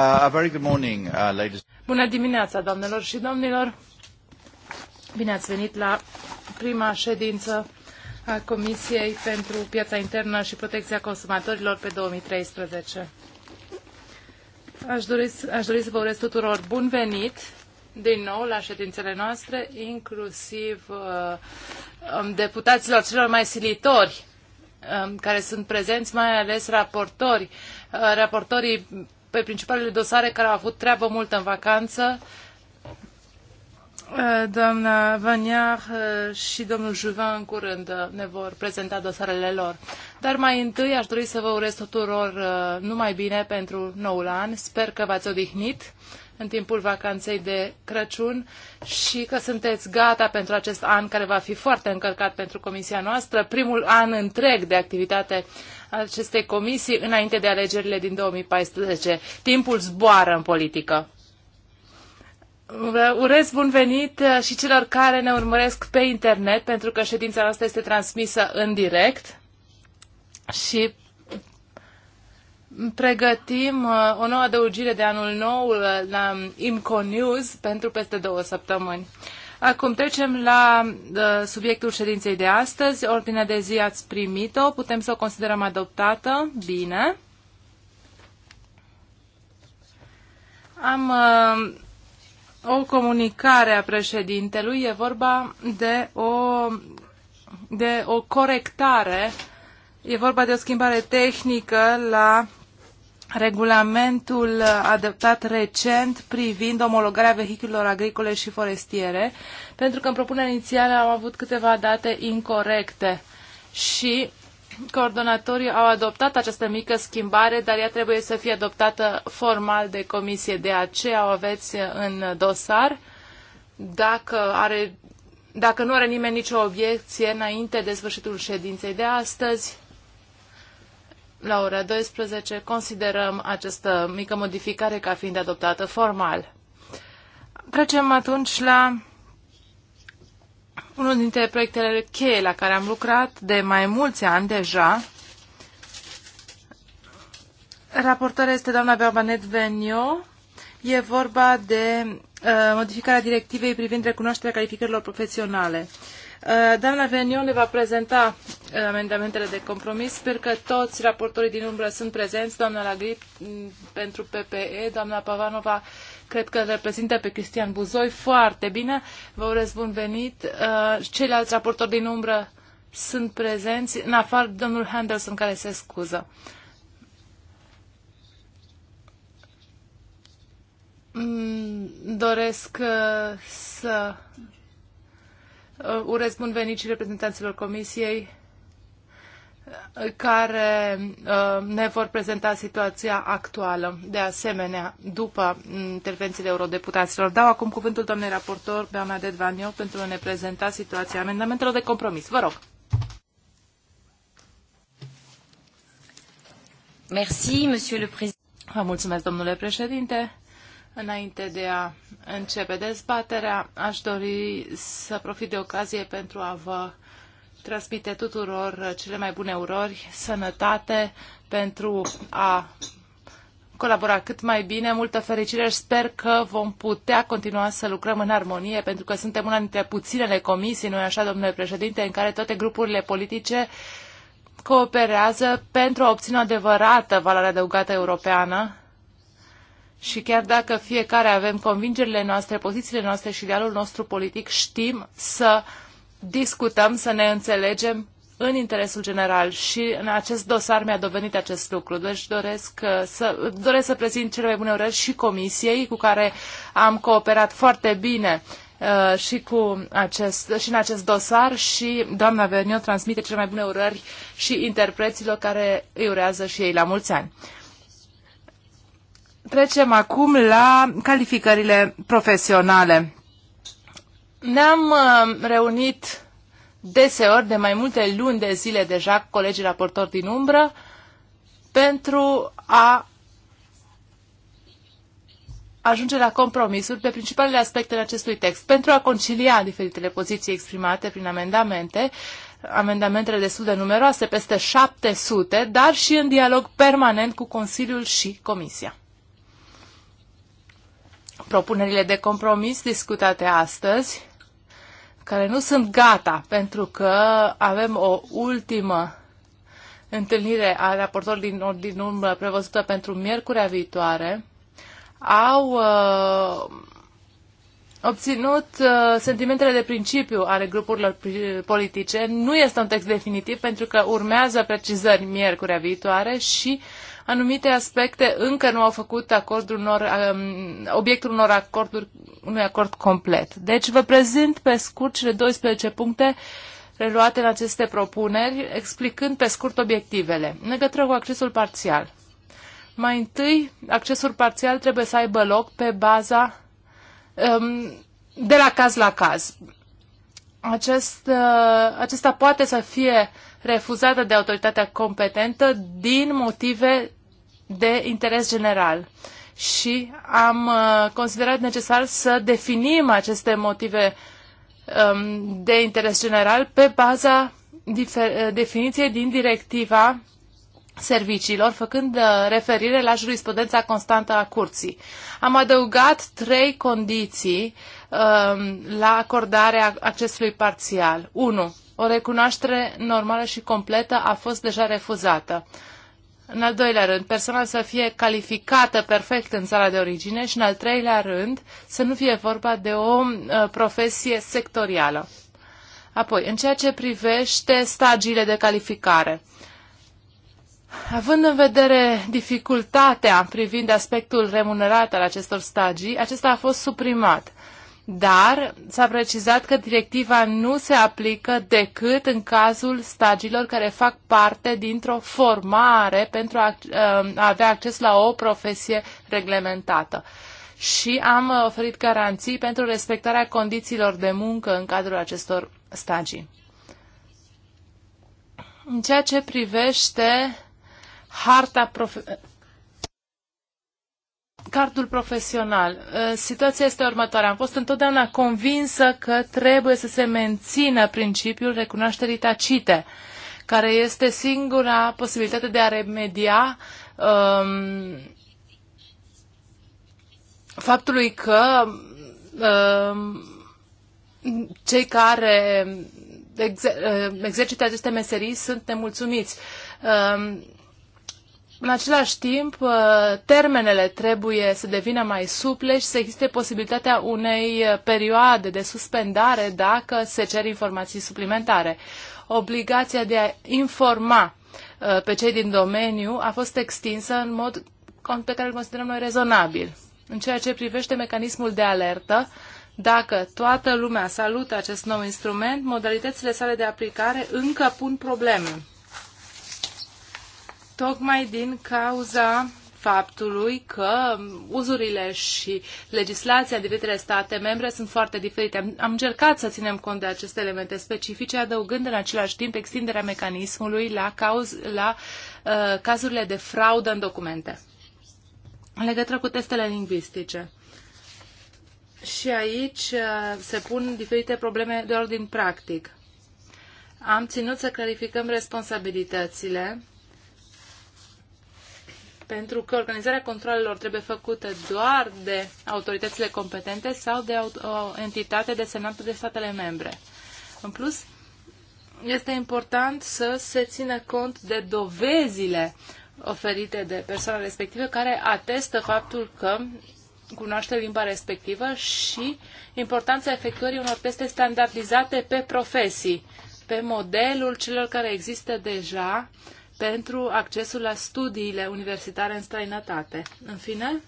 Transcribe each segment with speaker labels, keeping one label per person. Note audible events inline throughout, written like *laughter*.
Speaker 1: Uh, a very good morning, uh, ladies. Bună dimineața, doamnelor și domnilor. Bine ați venit la prima ședință a Comisiei pentru Piața Internă și Protecția Consumatorilor pe 2013. Aș dori, aș dori să vă urez tuturor bun venit din nou la ședințele noastre, inclusiv uh, um, deputaților celor mai silitori um, care sunt prezenți, mai ales raportori, uh, raportorii pe principalele dosare care au avut treabă mult în vacanță, eh, doamna Vaniar eh, și domnul Juvin în curând eh, ne vor prezenta dosarele lor. Dar mai întâi aș dori să vă urez tuturor numai bine pentru noul an. Sper că v-ați odihnit în timpul vacanței de Crăciun și că sunteți gata pentru acest an care va fi foarte încărcat pentru comisia noastră, primul an întreg de activitate acestei comisii înainte de alegerile din 2014. Timpul zboară în politică. Vă urez bun venit uh, și celor care ne urmăresc pe internet, pentru că ședința noastră este transmisă în direct și pregătim uh, o nouă adăugire de anul nou uh, la um, IMCO News pentru peste două săptămâni. Acum trecem la uh, subiectul ședinței de astăzi. Ordinea de zi ați primit-o. Putem să o considerăm adoptată? Bine. Am uh, o comunicare a președintelui. E vorba de o, de o corectare. E vorba de o schimbare tehnică la regulamentul adoptat recent privind omologarea vehiculelor agricole și forestiere, pentru că în propunerea inițială au avut câteva date incorrecte și coordonatorii au adoptat această mică schimbare, dar ea trebuie să fie adoptată formal de comisie. De aceea o aveți în dosar. Dacă, are, dacă nu are nimeni nicio obiecție înainte de sfârșitul ședinței de astăzi, la ora 12 considerăm această mică modificare ca fiind adoptată formal. Trecem atunci la unul dintre proiectele cheie la care am lucrat de mai mulți ani deja. Raportarea este doamna Beabanet Venio. E vorba de uh, modificarea directivei privind recunoașterea calificărilor profesionale. Uh, Uh, doamna Venion le va prezenta uh, amendamentele de compromis. Sper că toți raportorii din umbră sunt prezenți. Doamna Lagrip mm, pentru PPE, doamna Pavanova cred că îl reprezintă pe Cristian Buzoi foarte bine. Vă urez bun venit. Uh, ceilalți raportori din umbră sunt prezenți, în afară domnul Henderson care se scuză. Mm, doresc să Uh, urez bun venit și reprezentanților Comisiei care uh, ne vor prezenta situația actuală. De asemenea, după mm, intervențiile eurodeputaților, dau acum cuvântul doamnei raportor, Bernadette Vanio, pentru a ne prezenta situația amendamentelor de compromis. Vă rog. Merci, Vă mulțumesc, domnule președinte. Înainte de a începe dezbaterea, aș dori să profit de ocazie pentru a vă transmite tuturor cele mai bune urori, sănătate, pentru a colabora cât mai bine, multă fericire și sper că vom putea continua să lucrăm în armonie, pentru că suntem una dintre puținele comisii, nu așa, domnule președinte, în care toate grupurile politice cooperează pentru a obține o adevărată valoare adăugată europeană și chiar dacă fiecare avem convingerile noastre, pozițiile noastre și idealul nostru politic, știm să discutăm, să ne înțelegem în interesul general și în acest dosar mi-a dovenit acest lucru. Deci doresc uh, să, doresc să prezint cele mai bune urări și comisiei cu care am cooperat foarte bine uh, și, cu acest, și în acest dosar și doamna Vernio transmite cele mai bune urări și interpreților care îi urează și ei la mulți ani. Trecem acum la calificările profesionale. Ne-am uh, reunit deseori, de mai multe luni de zile deja, colegii raportori din umbră, pentru a ajunge la compromisuri pe principalele aspecte aspectele acestui text, pentru a concilia diferitele poziții exprimate prin amendamente, amendamentele destul de numeroase, peste 700, dar și în dialog permanent cu Consiliul și Comisia propunerile de compromis discutate astăzi, care nu sunt gata pentru că avem o ultimă întâlnire a raportorilor din, din urmă prevăzută pentru miercurea viitoare, au uh, obținut uh, sentimentele de principiu ale grupurilor politice. Nu este un text definitiv pentru că urmează precizări miercurea viitoare și anumite aspecte încă nu au făcut acordul unor, um, obiectul unor acorduri, unui acord complet. Deci vă prezint pe scurt cele 12 puncte reluate în aceste propuneri, explicând pe scurt obiectivele. În legătură cu accesul parțial. Mai întâi, accesul parțial trebuie să aibă loc pe baza um, de la caz la caz. Acest, uh, acesta poate să fie refuzată de autoritatea competentă din motive de interes general și am uh, considerat necesar să definim aceste motive um, de interes general pe baza uh, definiției din directiva serviciilor, făcând uh, referire la jurisprudența constantă a curții. Am adăugat trei condiții um, la acordarea accesului parțial. 1. O recunoaștere normală și completă a fost deja refuzată. În al doilea rând, persoana să fie calificată perfect în țara de origine și, în al treilea rând, să nu fie vorba de o uh, profesie sectorială. Apoi, în ceea ce privește stagiile de calificare, Având în vedere dificultatea privind aspectul remunerat al acestor stagii, acesta a fost suprimat dar s-a precizat că directiva nu se aplică decât în cazul stagiilor care fac parte dintr-o formare pentru a, um, a avea acces la o profesie reglementată. Și am oferit garanții pentru respectarea condițiilor de muncă în cadrul acestor stagii. În ceea ce privește harta profe- cardul profesional. Uh, situația este următoarea. Am fost întotdeauna convinsă că trebuie să se mențină principiul recunoașterii tacite, care este singura posibilitate de a remedia um, faptului că um, cei care uh, exer- uh, exercită aceste meserii sunt nemulțumiți. Um, în același timp, uh, termenele trebuie să devină mai suple și să existe posibilitatea unei uh, perioade de suspendare dacă se cer informații suplimentare. Obligația de a informa uh, pe cei din domeniu a fost extinsă în mod pe care îl considerăm noi rezonabil. În ceea ce privește mecanismul de alertă, dacă toată lumea salută acest nou instrument, modalitățile sale de aplicare încă pun probleme tocmai din cauza faptului că uzurile și legislația diferitele state membre sunt foarte diferite. Am, am încercat să ținem cont de aceste elemente specifice, adăugând în același timp extinderea mecanismului la, cauz, la uh, cazurile de fraudă în documente. În legătură cu testele lingvistice. Și aici uh, se pun diferite probleme de ordin practic. Am ținut să clarificăm responsabilitățile pentru că organizarea controlelor trebuie făcută doar de autoritățile competente sau de o entitate desemnată de statele membre. În plus, este important să se țină cont de dovezile oferite de persoana respectivă care atestă faptul că cunoaște limba respectivă și importanța efectuării unor teste standardizate pe profesii, pe modelul celor care există deja uh, pentru accesul la studiile universitare în străinătate. În fine,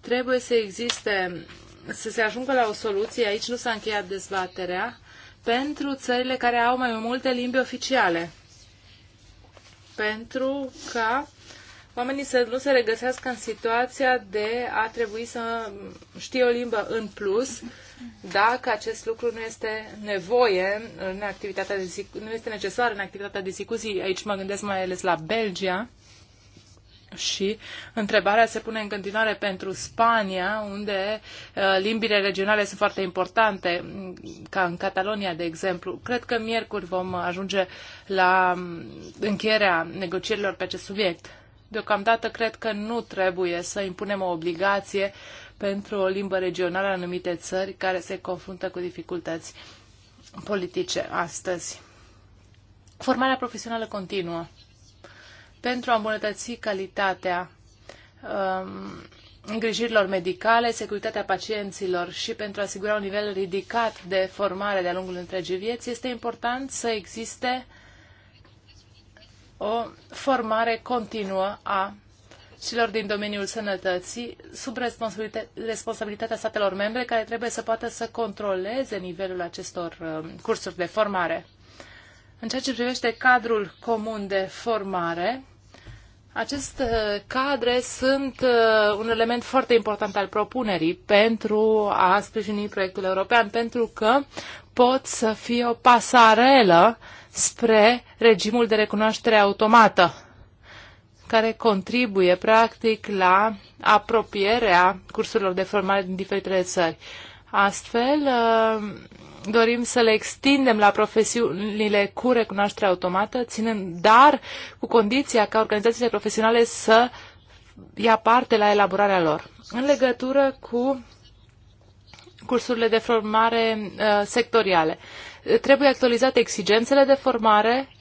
Speaker 1: trebuie să existe, să se ajungă la o soluție, aici nu s-a încheiat dezbaterea, pentru țările care au mai multe limbi oficiale. Pentru ca oamenii să nu se regăsească în situația de a trebui să știe o limbă în plus dacă acest lucru nu este nevoie în activitatea de zi, nu este necesar în activitatea de zi cu zi. Aici mă gândesc mai ales la Belgia și întrebarea se pune în continuare pentru Spania, unde uh, limbile regionale sunt foarte importante, ca în Catalonia, de exemplu. Cred că miercuri vom ajunge la mm, încheierea negocierilor pe acest subiect. Deocamdată cred că nu trebuie să impunem o obligație uh, pentru o limbă regională anumite țări care se confruntă cu dificultăți politice astăzi. Formarea profesională continuă pentru a îmbunătăți calitatea um, îngrijirilor medicale, securitatea pacienților și pentru a asigura un nivel ridicat de formare de-a lungul întregii vieți, este important să existe o formare continuă a celor din domeniul sănătății sub responsabilitatea statelor membre care trebuie să poată să controleze nivelul acestor um, cursuri de formare. În ceea ce privește cadrul comun de formare, aceste uh, cadre sunt uh, un element foarte important al propunerii pentru a sprijini proiectul european, pentru că pot să fie o pasarelă spre regimul de recunoaștere automată care contribuie practic la apropierea cursurilor de formare din diferitele țări. Astfel, uh, dorim să le extindem la profesiunile cu recunoaștere automată, ținând, dar cu condiția ca organizațiile profesionale să ia parte la elaborarea lor. În legătură cu cursurile de formare uh, sectoriale, trebuie actualizate exigențele de formare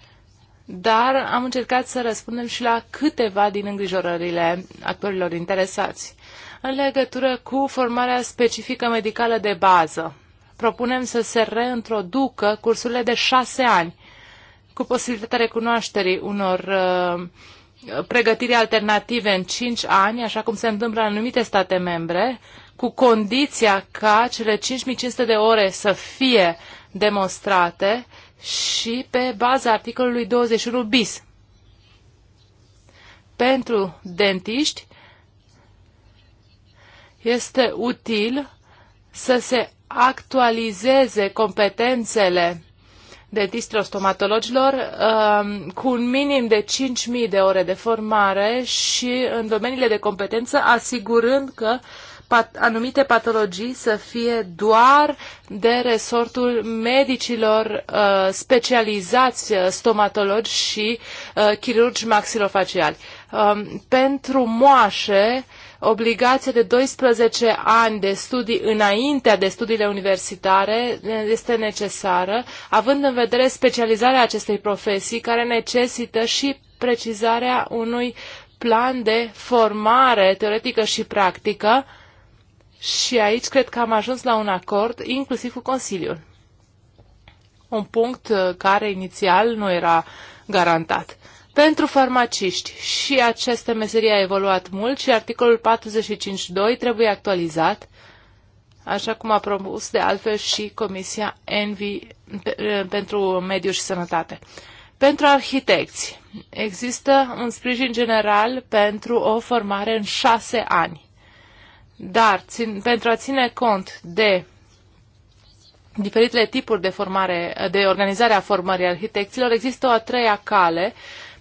Speaker 1: dar am încercat să răspundem și la câteva din îngrijorările actorilor interesați. În legătură cu formarea specifică medicală de bază, propunem să se reintroducă cursurile de șase ani, cu posibilitatea recunoașterii unor uh, pregătiri alternative în cinci ani, așa cum se întâmplă în anumite state membre, cu condiția ca cele 5500 de ore să fie demonstrate și pe baza articolului 21 bis. Pentru dentiști este util să se actualizeze competențele dentistilor stomatologilor uh, cu un minim de 5.000 de ore de formare și în domeniile de competență, asigurând că uh, pat- anumite patologii să fie doar de resortul medicilor uh, specializați, uh, stomatologi și uh, chirurgi maxilofaciali. Uh, pentru moașe, obligația de 12 ani de studii înaintea de studiile universitare uh, este necesară, având în vedere specializarea acestei profesii, care necesită și precizarea unui plan de formare teoretică și practică și aici cred că am ajuns la un acord, inclusiv cu Consiliul. Un punct uh, care inițial nu era garantat. Pentru farmaciști și această meserie a evoluat mult și articolul 45.2 trebuie actualizat, așa cum a propus de altfel și Comisia Envi uh, pentru Mediu și Sănătate. Pentru arhitecți există un sprijin general pentru o formare în șase ani. Dar țin, pentru a ține cont de diferitele tipuri de formare, de organizare a formării arhitecților, există o a treia cale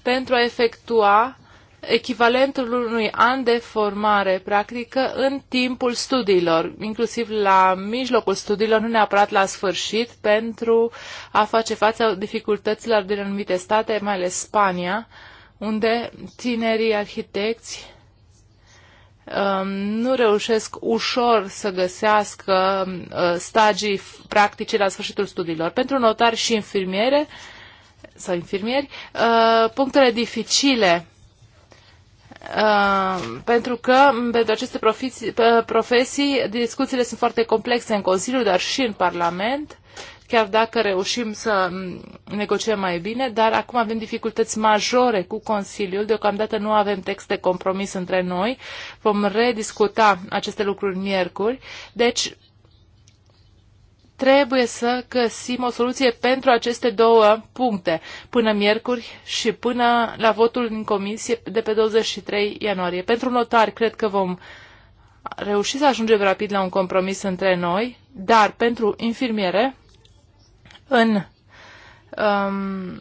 Speaker 1: pentru a efectua echivalentul unui an de formare practică în timpul studiilor, inclusiv la mijlocul studiilor, nu neapărat la sfârșit, pentru a face față dificultăților din anumite state, mai ales Spania, unde tinerii arhitecți Um, nu reușesc ușor să găsească uh, stagii practice la sfârșitul studiilor. Pentru notari și infirmiere sau infirmieri, uh, punctele dificile uh, pentru că pentru aceste profesii, profesii discuțiile sunt foarte complexe în Consiliu, dar și în Parlament chiar dacă reușim să negociem mai bine, dar acum avem dificultăți majore cu Consiliul. Deocamdată nu avem text de compromis între noi. Vom rediscuta aceste lucruri miercuri. Deci, trebuie să găsim o soluție pentru aceste două puncte până miercuri și până la votul din comisie de pe 23 ianuarie. Pentru notari cred că vom reuși să ajungem rapid la un compromis între noi, dar pentru infirmiere în um,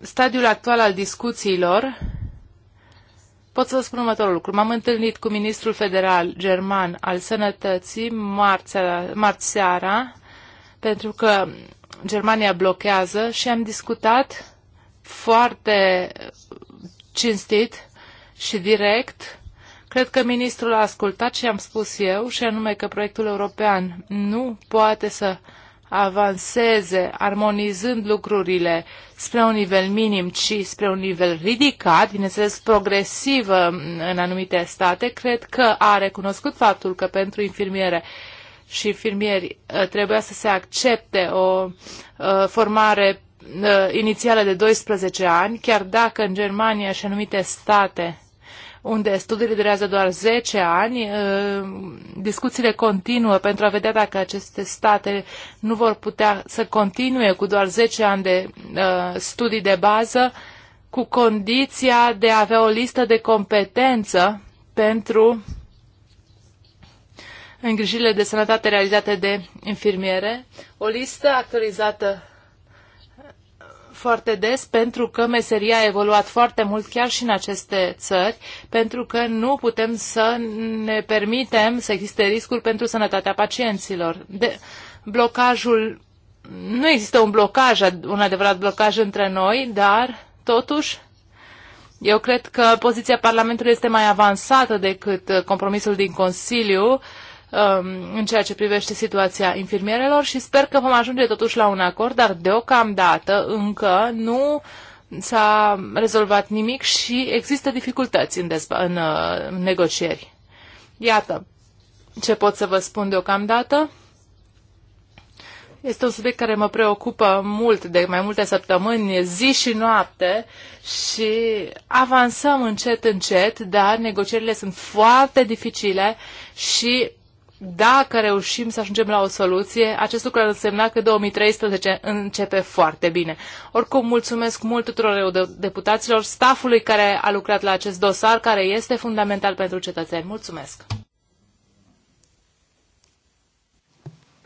Speaker 1: stadiul actual al discuțiilor, pot să vă spun următorul lucru. M-am întâlnit cu ministrul federal german al sănătății marți seara, pentru că Germania blochează și am discutat foarte cinstit și direct. Cred că ministrul a ascultat ce am spus eu și anume că proiectul european nu poate să uh, avanseze armonizând lucrurile spre un nivel minim, ci spre un nivel ridicat, bineînțeles progresiv în anumite state, cred că a recunoscut faptul că pentru infirmiere și infirmieri uh, trebuia să se accepte o uh, formare uh, inițială de 12 ani, chiar dacă în Germania și anumite state unde studiile durează doar 10 ani, ă, discuțiile continuă pentru a vedea dacă aceste state nu vor putea să continue cu doar 10 ani de ă, studii de bază, cu condiția de a avea o listă de competență pentru îngrijirile de sănătate realizate de infirmiere, o listă actualizată foarte des pentru că meseria a evoluat foarte mult chiar și în aceste țări, pentru că nu putem să ne permitem să existe riscuri pentru sănătatea pacienților. De, blocajul, nu există un blocaj, un adevărat blocaj între noi, dar totuși eu cred că poziția Parlamentului este mai avansată decât compromisul din Consiliu Um, în ceea ce privește situația infirmierelor și sper că vom ajunge totuși la un acord, dar deocamdată încă nu s-a rezolvat nimic și există dificultăți în, uh, în negocieri. Iată ce pot să vă spun deocamdată. Este un subiect care mă preocupă mult, de mai multe săptămâni, zi și noapte și avansăm încet, încet, dar negocierile sunt foarte dificile și dacă reușim să ajungem la o soluție, acest lucru ar însemna că 2013 începe foarte bine. Oricum, mulțumesc mult tuturor deputaților, stafului care a lucrat la acest dosar, care este fundamental pentru cetățeni. Mulțumesc!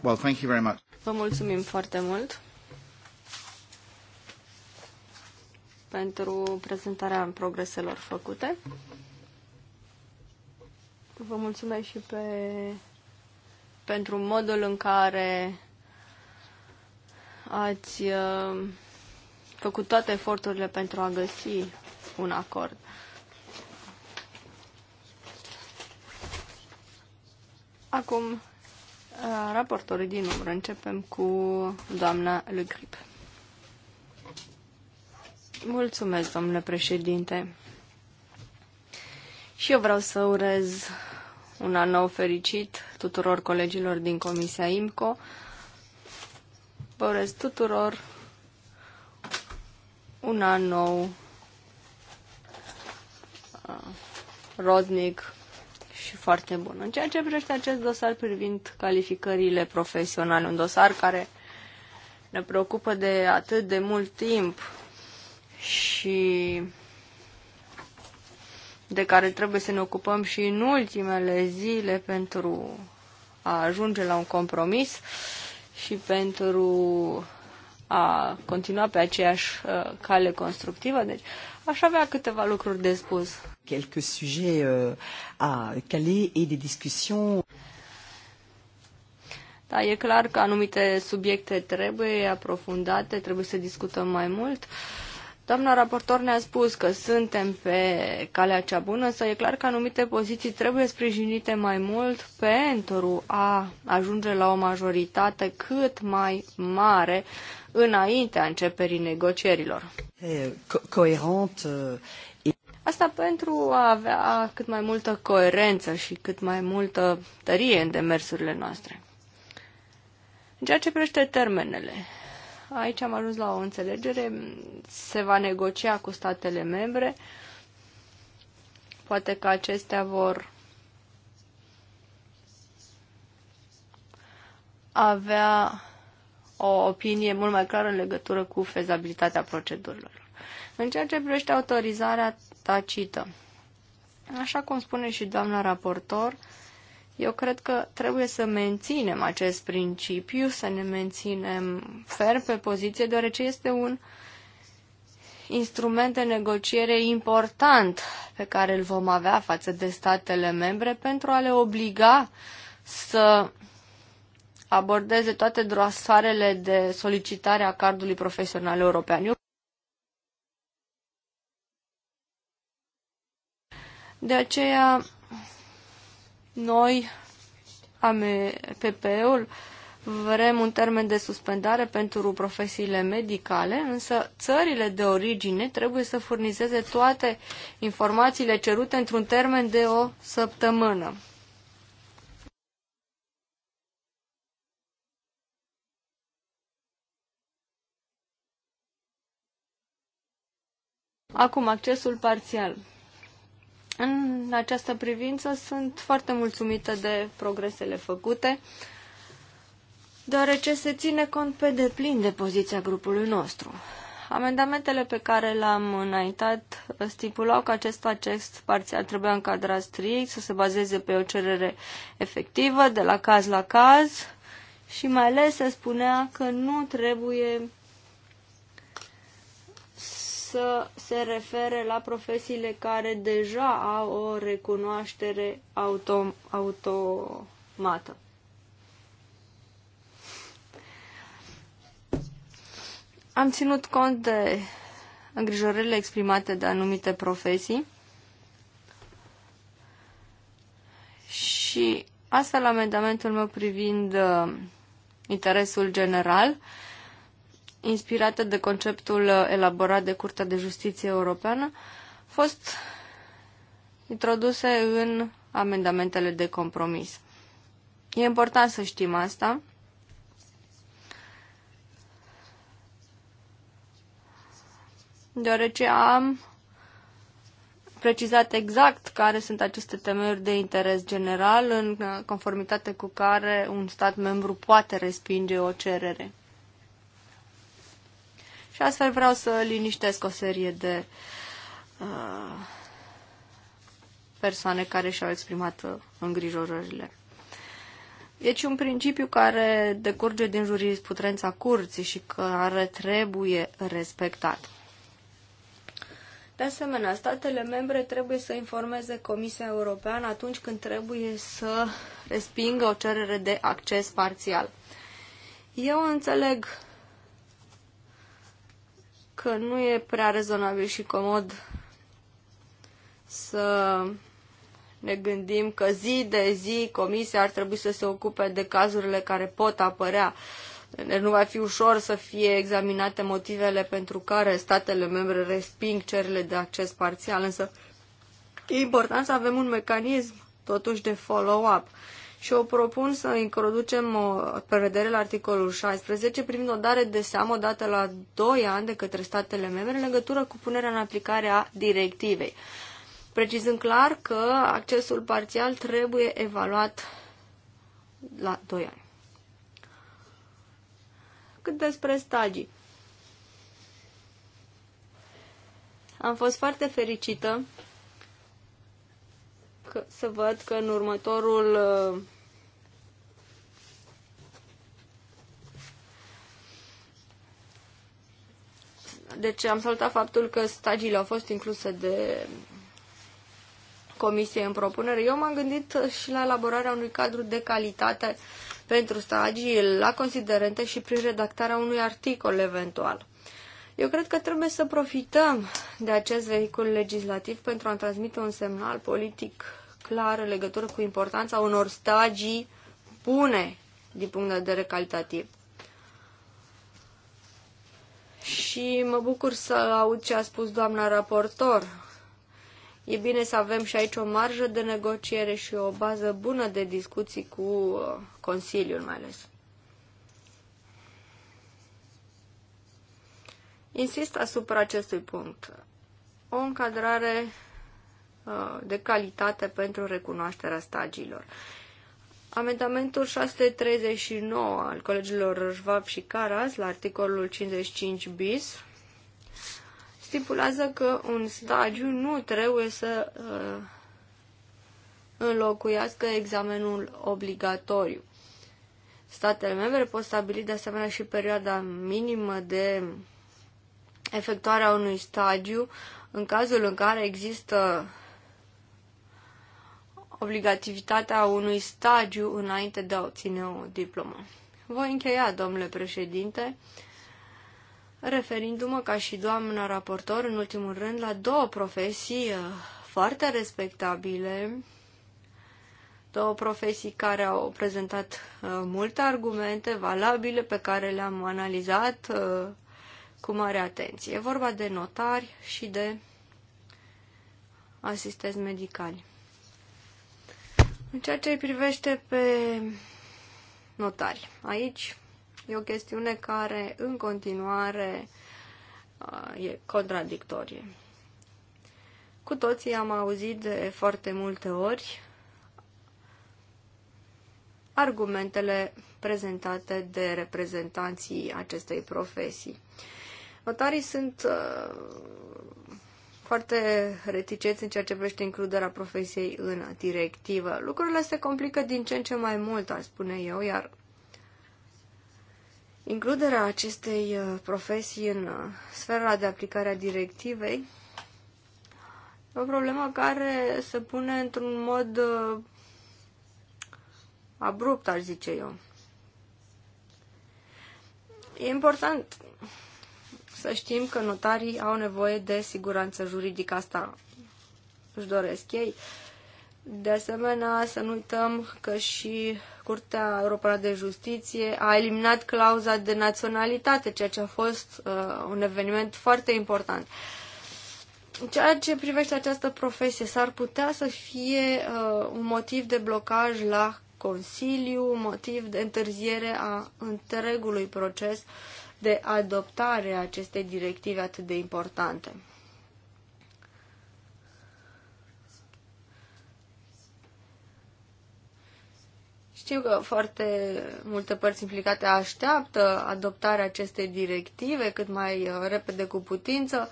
Speaker 2: Well, thank you very much.
Speaker 1: Vă mulțumim foarte mult
Speaker 2: pentru prezentarea progreselor făcute. Vă mulțumesc și pe pentru modul în care ați uh, făcut toate eforturile pentru a găsi un acord. Acum, uh, raportorii din umbră. Începem cu doamna Le Grip. Mulțumesc, domnule președinte. Și eu vreau să urez un an nou fericit tuturor colegilor din Comisia IMCO. Vă urez tuturor un an nou uh, rodnic și foarte bun. În ceea ce privește acest dosar privind calificările profesionale, un dosar care ne preocupă de atât de mult timp și de care trebuie să ne ocupăm și în ultimele zile pentru a ajunge la un compromis și pentru a continua pe aceeași uh, cale constructivă. Deci aș avea câteva lucruri de spus. Quelque sujet uh, a caler et des discussions. Da, e clar că anumite subiecte trebuie aprofundate, trebuie să discutăm mai mult. Uh, Doamna raportor ne-a spus că suntem pe calea cea bună, însă e clar că anumite poziții trebuie sprijinite mai mult pentru a ajunge la o majoritate cât mai mare înaintea începerii negocierilor. Asta pentru a avea cât mai multă coerență și cât mai multă tărie în demersurile noastre. În ceea ce privește termenele, aici am ajuns la o înțelegere, se va negocia cu statele membre, poate că acestea vor avea o opinie mult mai clară în legătură cu fezabilitatea procedurilor. În ceea ce privește autorizarea tacită, așa cum spune și doamna raportor, eu cred că trebuie să menținem acest principiu, să ne menținem ferm pe poziție, deoarece este un instrument de negociere important pe care îl vom avea față de statele membre pentru a le obliga să abordeze toate drosoarele de solicitare a cardului profesional european. Eu de aceea noi, AMPP-ul, vrem un termen de suspendare pentru profesiile medicale, însă țările de origine trebuie să furnizeze toate informațiile cerute într-un termen de o săptămână. Acum, accesul parțial. În această privință sunt foarte mulțumită de progresele făcute, deoarece se ține cont pe deplin de poziția grupului nostru. Amendamentele pe care le-am înaintat stipulau că acest acest parțial trebuia încadrat strict, să se bazeze pe o cerere efectivă, de la caz la caz, și mai ales se spunea că nu trebuie să se refere la profesiile care deja au o recunoaștere autom- automată. Am ținut cont de îngrijorările exprimate de anumite profesii și asta la amendamentul meu privind uh, interesul general. Uh, inspirată de conceptul uh, elaborat de Curtea de Justiție Europeană, fost introduse în amendamentele de compromis. E important să știm asta. Deoarece am precizat exact care sunt aceste temeri de interes general în conformitate cu care un stat membru poate respinge o cerere. Și astfel vreau să liniștesc o serie de uh, persoane care și-au exprimat uh, îngrijorările. Deci un principiu care decurge din jurisprudența curții și care trebuie respectat. De asemenea, statele membre trebuie să informeze Comisia Europeană atunci când trebuie să respingă o cerere de acces parțial. Eu înțeleg că nu e prea rezonabil și comod să ne gândim că zi de zi comisia ar trebui să se ocupe de cazurile care pot apărea. Deci nu va fi ușor să fie examinate motivele pentru care statele membre resping cerile de acces parțial, însă e important să avem un mecanism totuși de follow-up și o propun să introducem o prevedere la articolul 16 privind o dare de seamă dată la 2 ani de către statele membre în legătură cu punerea în aplicare a directivei, precizând clar că accesul parțial trebuie evaluat la 2 ani. Cât despre stagii. Am fost foarte fericită că, să văd că în următorul uh, Deci am salutat faptul că stagiile au fost incluse de comisie în propunere. Eu m-am gândit și la elaborarea unui cadru de calitate pentru stagii, la considerente și prin redactarea unui articol eventual. Eu cred că trebuie să profităm de acest vehicul legislativ pentru a transmite un semnal politic clar în legătură cu importanța unor stagii bune din punct de vedere calitativ și mă bucur să aud ce a spus doamna raportor. E bine să avem și aici o marjă de negociere și o bază bună de discuții cu uh, Consiliul mai ales. Insist asupra acestui punct. O încadrare uh, de calitate pentru recunoașterea stagiilor. Amendamentul 639 al colegilor Jvab și Caras la articolul 55 bis stipulează că un stagiu nu trebuie să uh, înlocuiască examenul obligatoriu. Statele membre pot stabili de asemenea și perioada minimă de efectuarea unui stagiu în cazul în care există obligativitatea unui stagiu înainte de a obține o diplomă. Voi încheia, domnule președinte, referindu-mă ca și doamna raportor, în ultimul rând, la două profesii uh, foarte respectabile, două profesii care au prezentat uh, multe argumente valabile pe care le-am analizat uh, cu mare atenție. E vorba de notari și de asistenți medicali. În ceea ce îi privește pe notari, aici e o chestiune care în continuare uh, e contradictorie. Cu toții am auzit de foarte multe ori argumentele prezentate de reprezentanții acestei profesii. Notarii sunt uh, foarte reticenți în ceea ce privește includerea profesiei în directivă. Lucrurile se complică din ce în ce mai mult, aș spune eu, iar includerea acestei uh, profesii în uh, sfera de aplicare a directivei e o problemă care se pune într-un mod uh, abrupt, aș zice eu. E important să știm că notarii au nevoie de siguranță juridică. Asta își doresc ei. De asemenea, să nu uităm că și Curtea Europeană de Justiție a eliminat clauza de naționalitate, ceea ce a fost uh, un eveniment foarte important. Ceea ce privește această profesie, s-ar putea să fie uh, un motiv de blocaj la Consiliu, un motiv de întârziere a întregului proces uh, de adoptare a acestei directive atât de importante. Știu că foarte multe părți implicate așteaptă adoptarea acestei directive cât mai uh, repede cu putință.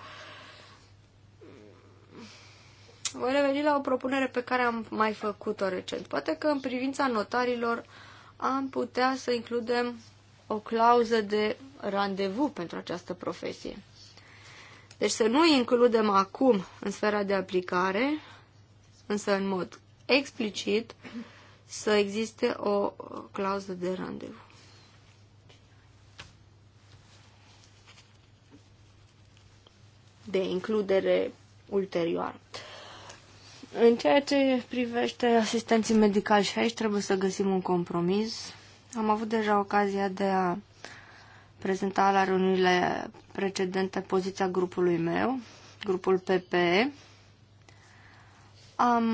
Speaker 2: Voi reveni la o propunere pe care am mai făcut-o recent. Poate că în privința notarilor am putea să includem o clauză de randevu pentru această profesie. Deci să nu includem acum în sfera de aplicare, însă în mod explicit, să existe o clauză de randevu. de includere ulterioară. În ceea ce privește asistenții medicali și aici trebuie să găsim un compromis am avut deja ocazia de a prezenta la reuniunile precedente poziția grupului meu, grupul PPE. Am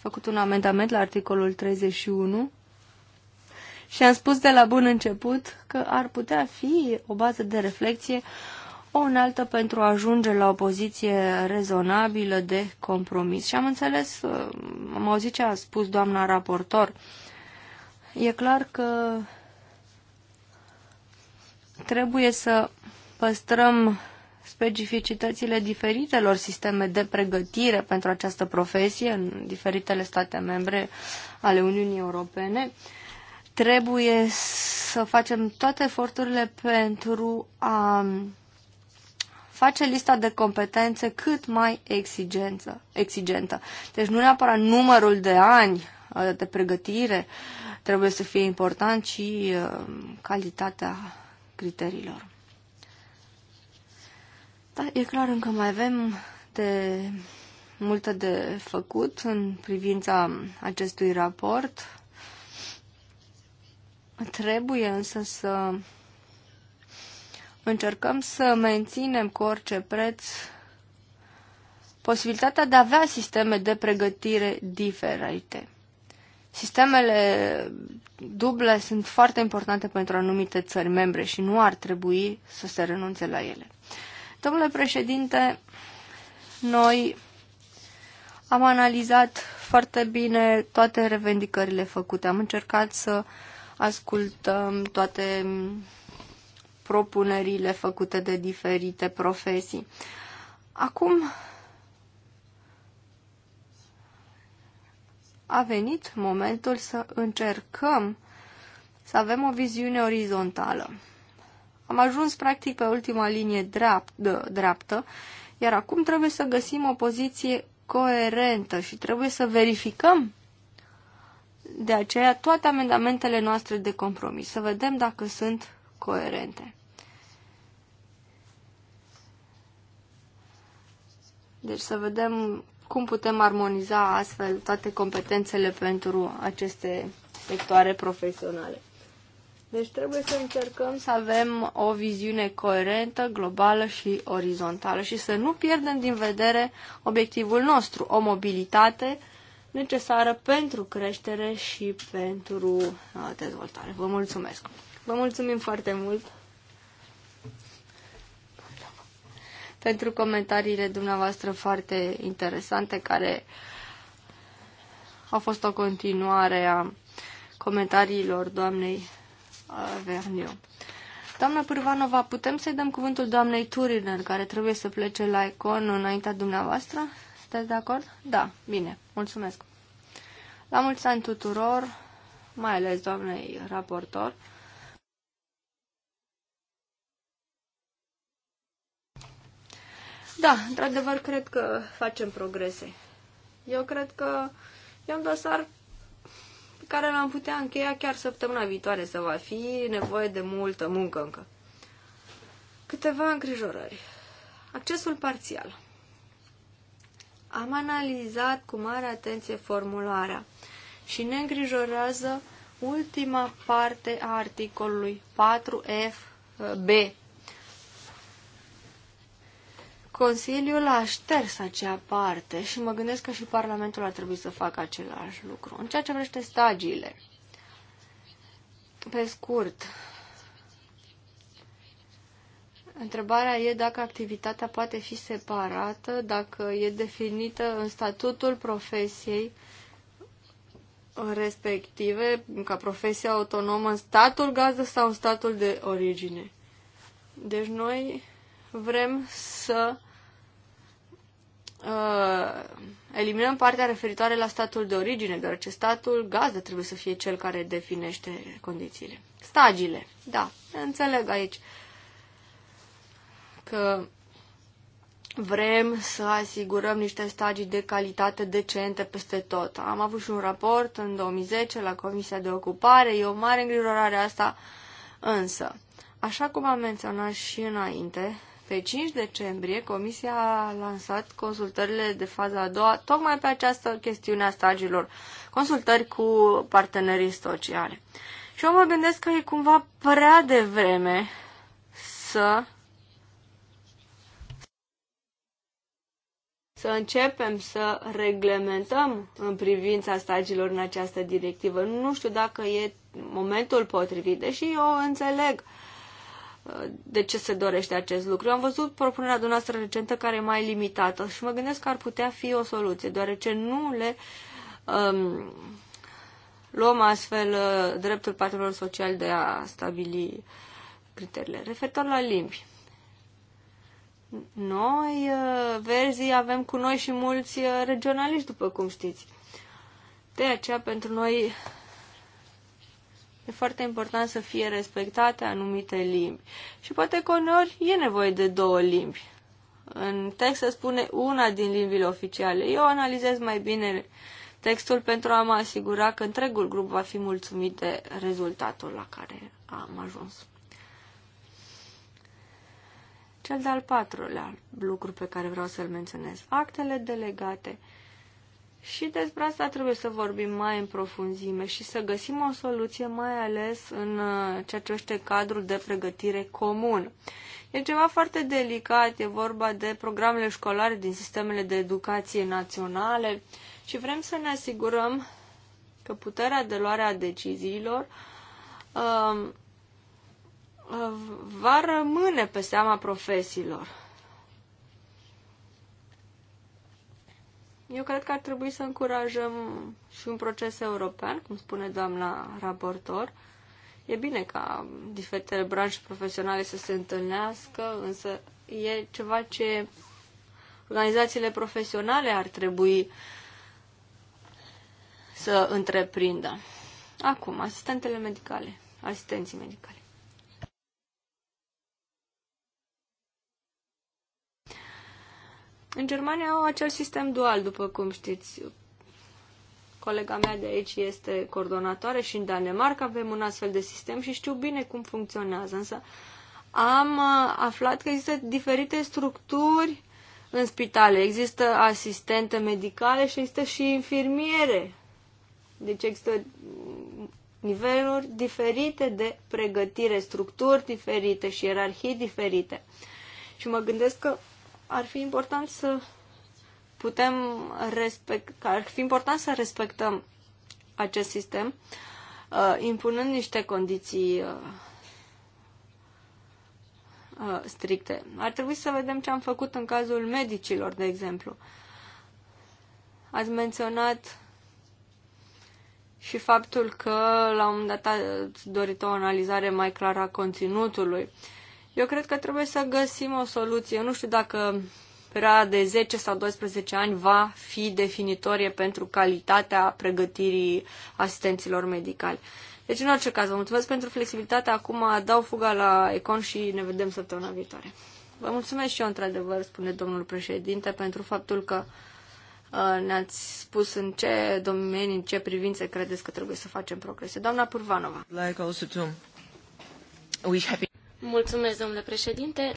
Speaker 2: făcut un amendament la articolul 31 și am spus de la bun început că ar putea fi o bază de reflexie, o înaltă pentru a ajunge la o poziție rezonabilă de compromis. Și am înțeles, am auzit ce a spus doamna raportor, uh, E clar că trebuie să păstrăm specificitățile diferitelor sisteme de pregătire pentru această profesie în diferitele state membre ale Uniunii Europene. Trebuie să facem toate eforturile pentru a face lista de competențe cât mai exigență, exigentă. Deci nu neapărat numărul de ani uh, de pregătire, uh, trebuie să fie important și uh, calitatea criteriilor. Da, e clar, încă mai avem de multe de făcut în privința acestui raport. Trebuie însă să încercăm să menținem cu orice preț posibilitatea de a avea sisteme de pregătire diferite. Sistemele duble sunt foarte importante pentru anumite țări membre și nu ar trebui să se renunțe la ele. Domnule președinte, noi am analizat foarte bine toate revendicările făcute. Am încercat să ascultăm toate propunerile făcute de diferite profesii. Acum a venit momentul să încercăm să avem o viziune orizontală. Am ajuns practic pe ultima linie dreaptă, dreaptă, iar acum trebuie să găsim o poziție coerentă și trebuie să verificăm de aceea toate amendamentele noastre de compromis, să vedem dacă sunt coerente. Deci să vedem cum putem armoniza astfel toate competențele pentru aceste sectoare profesionale. Deci trebuie să încercăm să avem o viziune coerentă, globală și orizontală și să nu pierdem din vedere obiectivul nostru, o mobilitate necesară pentru creștere și pentru uh, dezvoltare. Vă mulțumesc! Vă mulțumim foarte mult! pentru comentariile dumneavoastră foarte interesante care au fost o continuare a comentariilor doamnei uh, Verniu. Doamna Pârvanova, putem să-i dăm cuvântul doamnei Turiner, care trebuie să plece la icon înaintea dumneavoastră? Sunteți de acord? Da, bine, mulțumesc. La mulți ani tuturor, mai ales doamnei raportor. Da, într-adevăr, cred că facem progrese. Eu cred că e un dosar pe care l-am putea încheia chiar săptămâna viitoare, să va fi nevoie de multă muncă încă. Câteva îngrijorări. Accesul parțial. Am analizat cu mare atenție formularea și ne îngrijorează ultima parte a articolului 4F B Consiliul a șters acea parte și mă gândesc că și Parlamentul ar trebui să facă același lucru. În ceea ce vrește stagiile, pe scurt, întrebarea e dacă activitatea poate fi separată, dacă e definită în statutul profesiei respective, ca profesie autonomă în statul gazdă sau în statul de origine. Deci noi vrem să uh, eliminăm partea referitoare la statul de origine, deoarece statul gazdă trebuie să fie cel care definește condițiile. Stagile. da, înțeleg aici că vrem să asigurăm niște stagii de calitate decente peste tot. Am avut și un raport în 2010 la Comisia de Ocupare, e o mare îngrijorare asta, însă, așa cum am menționat și înainte, pe 5 decembrie, Comisia a lansat consultările de faza a doua, tocmai pe această chestiune a stagiilor, consultări cu partenerii sociale. Și eu mă gândesc că e cumva prea devreme să să începem să reglementăm în privința stagiilor în această directivă. Nu știu dacă e momentul potrivit, deși eu înțeleg uh, de ce se dorește acest lucru. Eu am văzut propunerea dumneavoastră recentă care e mai limitată și mă gândesc că ar putea fi o soluție, deoarece nu le um, luăm astfel uh, dreptul patrilor social de a stabili criteriile. Referitor la limbi, noi, uh, verzii, avem cu noi și mulți uh, regionaliști, după cum știți. De aceea, pentru noi, E foarte important să fie respectate anumite limbi. Și poate că uneori e nevoie de două limbi. În text se spune una din limbile oficiale. Eu analizez mai bine textul pentru a mă asigura că întregul grup va fi mulțumit de rezultatul la care am ajuns. Cel de-al patrulea lucru pe care vreau să-l menționez, actele delegate. Și despre asta trebuie să vorbim mai în profunzime și să găsim o soluție, mai ales în uh, ceea ce este cadrul de pregătire comun. E ceva foarte delicat, e vorba de programele școlare din sistemele de educație naționale și vrem să ne asigurăm că puterea de luare a deciziilor um, uh, va rămâne pe seama profesiilor. Eu cred că ar trebui să încurajăm și un proces european, cum spune doamna raportor. E bine ca diferitele branche profesionale să se întâlnească, însă e ceva ce organizațiile profesionale ar trebui să întreprindă. Acum, asistentele medicale, asistenții medicali. În Germania au acel sistem dual, după cum știți. Colega mea de aici este coordonatoare și în Danemarca avem un astfel de sistem și știu bine cum funcționează, însă am uh, aflat că există diferite structuri în spitale. Există asistente medicale și există și infirmiere. Deci există niveluri diferite de pregătire, structuri diferite și ierarhii diferite. Și mă gândesc că ar fi important să putem respect, ar fi important să respectăm acest sistem, uh, impunând niște condiții uh, uh, stricte. Ar trebui să vedem ce am făcut în cazul medicilor, de exemplu. Ați menționat și faptul că la un moment dat ați dorit o analizare mai clară a conținutului. Uh, eu cred că trebuie să găsim o soluție. Nu știu dacă perioada de 10 sau 12 ani va fi definitorie pentru calitatea pregătirii asistenților medicali. Deci, în orice caz, vă mulțumesc pentru flexibilitate. Acum dau fuga la Econ și ne vedem săptămâna viitoare. Vă mulțumesc și eu, într-adevăr, spune domnul președinte, pentru faptul că uh, ne-ați spus în ce domenii, în ce privințe credeți că trebuie să facem progrese. Doamna Purvanova.
Speaker 3: Like also to wish happy Mulțumesc, domnule președinte.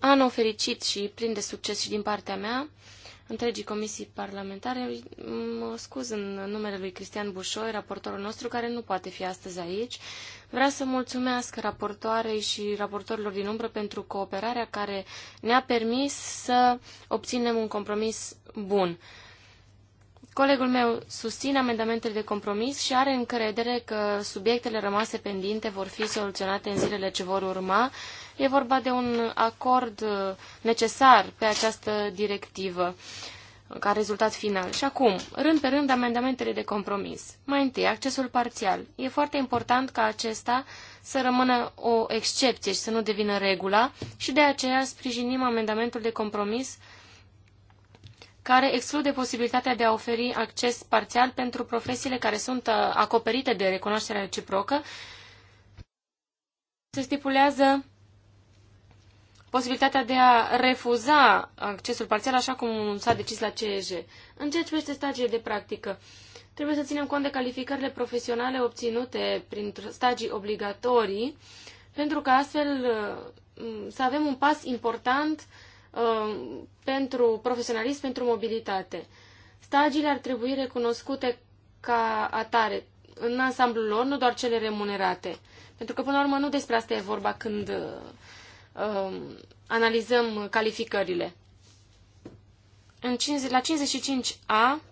Speaker 3: Anul fericit și plin de succes și din partea mea întregii comisii parlamentare. Mă scuz în numele lui Cristian Bușoi, raportorul nostru, care nu poate fi astăzi aici. Vreau să mulțumesc raportoarei și raportorilor din umbră pentru cooperarea care ne-a permis să obținem un compromis bun. Colegul meu susține amendamentele de compromis și are încredere că subiectele rămase pendinte vor fi soluționate în zilele ce vor urma. E vorba de un acord uh, necesar pe această directivă uh, ca rezultat final. Și acum, rând pe rând, amendamentele de compromis. Mai întâi, accesul parțial. E foarte important ca acesta să rămână o excepție și să nu devină regula și de aceea sprijinim amendamentul de compromis care exclude posibilitatea de a oferi acces parțial pentru profesiile care sunt uh, acoperite de recunoașterea reciprocă. Se stipulează posibilitatea de a refuza accesul parțial, așa cum s-a decis la CEJ. În ceea ce privește stagiile de practică, trebuie să ținem cont de calificările profesionale obținute prin stagii obligatorii, pentru că astfel uh, să avem un pas important Um, pentru profesionalism, pentru mobilitate. Stagiile ar trebui recunoscute ca atare în ansamblul lor, nu doar cele remunerate. Pentru că, până la urmă, nu despre asta e vorba când uh, analizăm calificările. În 50, la 55A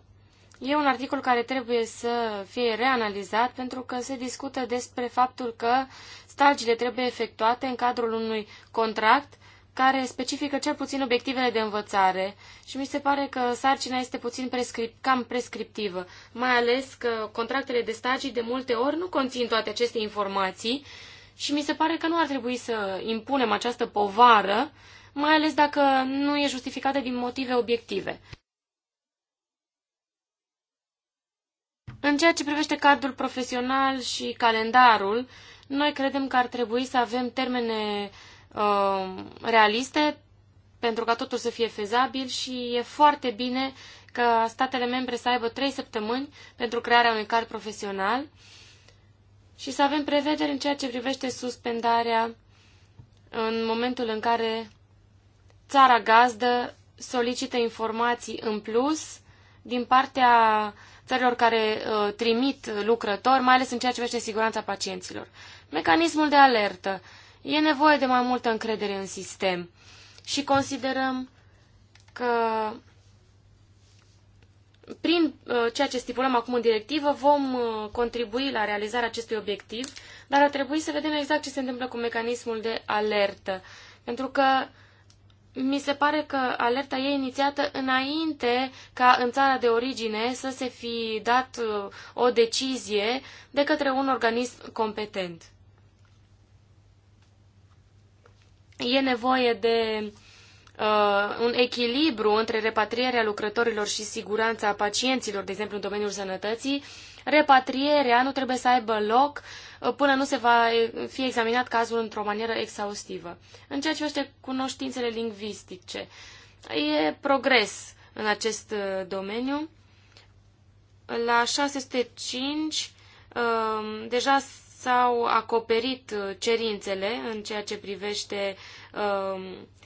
Speaker 3: e un articol care trebuie să fie reanalizat pentru că se discută despre faptul că stagiile trebuie efectuate în cadrul unui contract care specifică cel puțin obiectivele de învățare și mi se pare că sarcina este puțin prescript, cam prescriptivă, mai ales că contractele de stagii de multe ori nu conțin toate aceste informații și mi se pare că nu ar trebui să impunem această povară, mai ales dacă nu e justificată din motive obiective. În ceea ce privește cadrul profesional și calendarul, noi credem că ar trebui să avem termene Um, realiste pentru ca totul să fie fezabil și e foarte bine ca statele membre să aibă trei săptămâni pentru crearea unui card profesional și să avem prevederi în ceea ce privește suspendarea în momentul în care țara gazdă solicită informații în plus din partea țărilor care uh, trimit lucrători, mai ales în ceea ce privește siguranța pacienților. Mecanismul de alertă. E nevoie de mai multă încredere în sistem și considerăm că prin uh, ceea ce stipulăm acum în directivă vom uh, contribui la realizarea acestui obiectiv, dar ar trebui să vedem exact ce se întâmplă cu mecanismul de alertă. Pentru că mi se pare că alerta e inițiată înainte ca în țara de origine să se fi dat uh, o decizie de către un organism competent. e nevoie de uh, un echilibru între repatrierea lucrătorilor și siguranța pacienților, de exemplu în domeniul sănătății. Repatrierea nu trebuie să aibă loc uh, până nu se va uh, fi examinat cazul într-o manieră exhaustivă. În ceea ce privește cunoștințele lingvistice, e progres în acest uh, domeniu. La 605 deja s-au acoperit uh, cerințele în ceea ce privește um,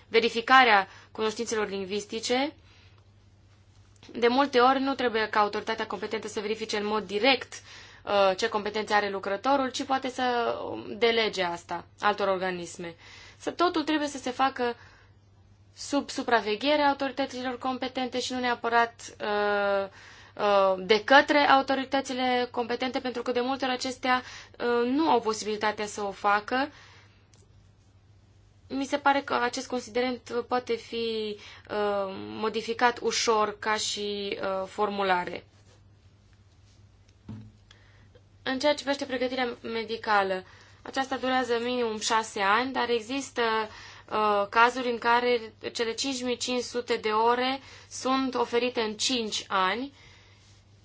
Speaker 3: verificarea cunoștințelor lingvistice. De multe ori nu trebuie ca autoritatea competentă să verifice în mod direct uh, ce competențe are lucrătorul, ci poate să um, delege asta altor organisme. Să totul trebuie să se facă sub supraveghere autorităților competente și nu neapărat uh, Uh, de către autoritățile competente, pentru că de multe ori acestea uh, nu au posibilitatea să o facă. Mi se pare că acest considerent poate fi uh, modificat ușor ca și formulare. În ceea ce privește pregătirea medicală, aceasta durează minim șase ani, dar există uh, cazuri în care cele 5500 de ore sunt oferite în 5 ani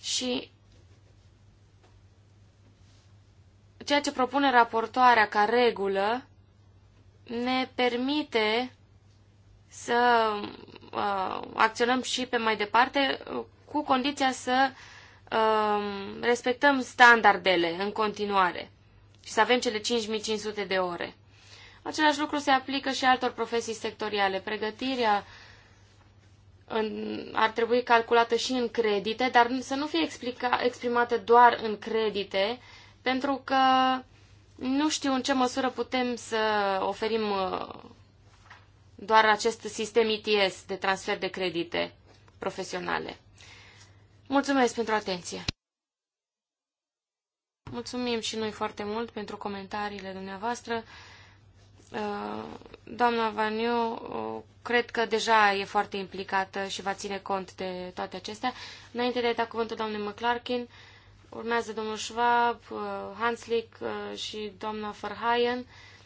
Speaker 3: și ceea ce propune raportoarea ca regulă ne permite să uh, acționăm și pe mai departe uh, cu condiția să uh, respectăm standardele în continuare și să avem cele 5500 de ore. Același lucru se aplică și altor profesii sectoriale. Pregătirea în, ar trebui calculată și în credite, dar să nu fie explica, exprimată doar în credite, pentru că nu știu în ce măsură putem să oferim uh, doar acest sistem ITS de transfer de credite profesionale. Mulțumesc pentru atenție! Mulțumim și noi foarte mult pentru comentariile dumneavoastră. Uh, doamna Vaniu, uh, cred că deja e foarte implicată și va ține cont de toate acestea. Înainte de a da cuvântul doamnei McClarkin, urmează domnul Schwab, uh, Hanslick și doamna Verhaien.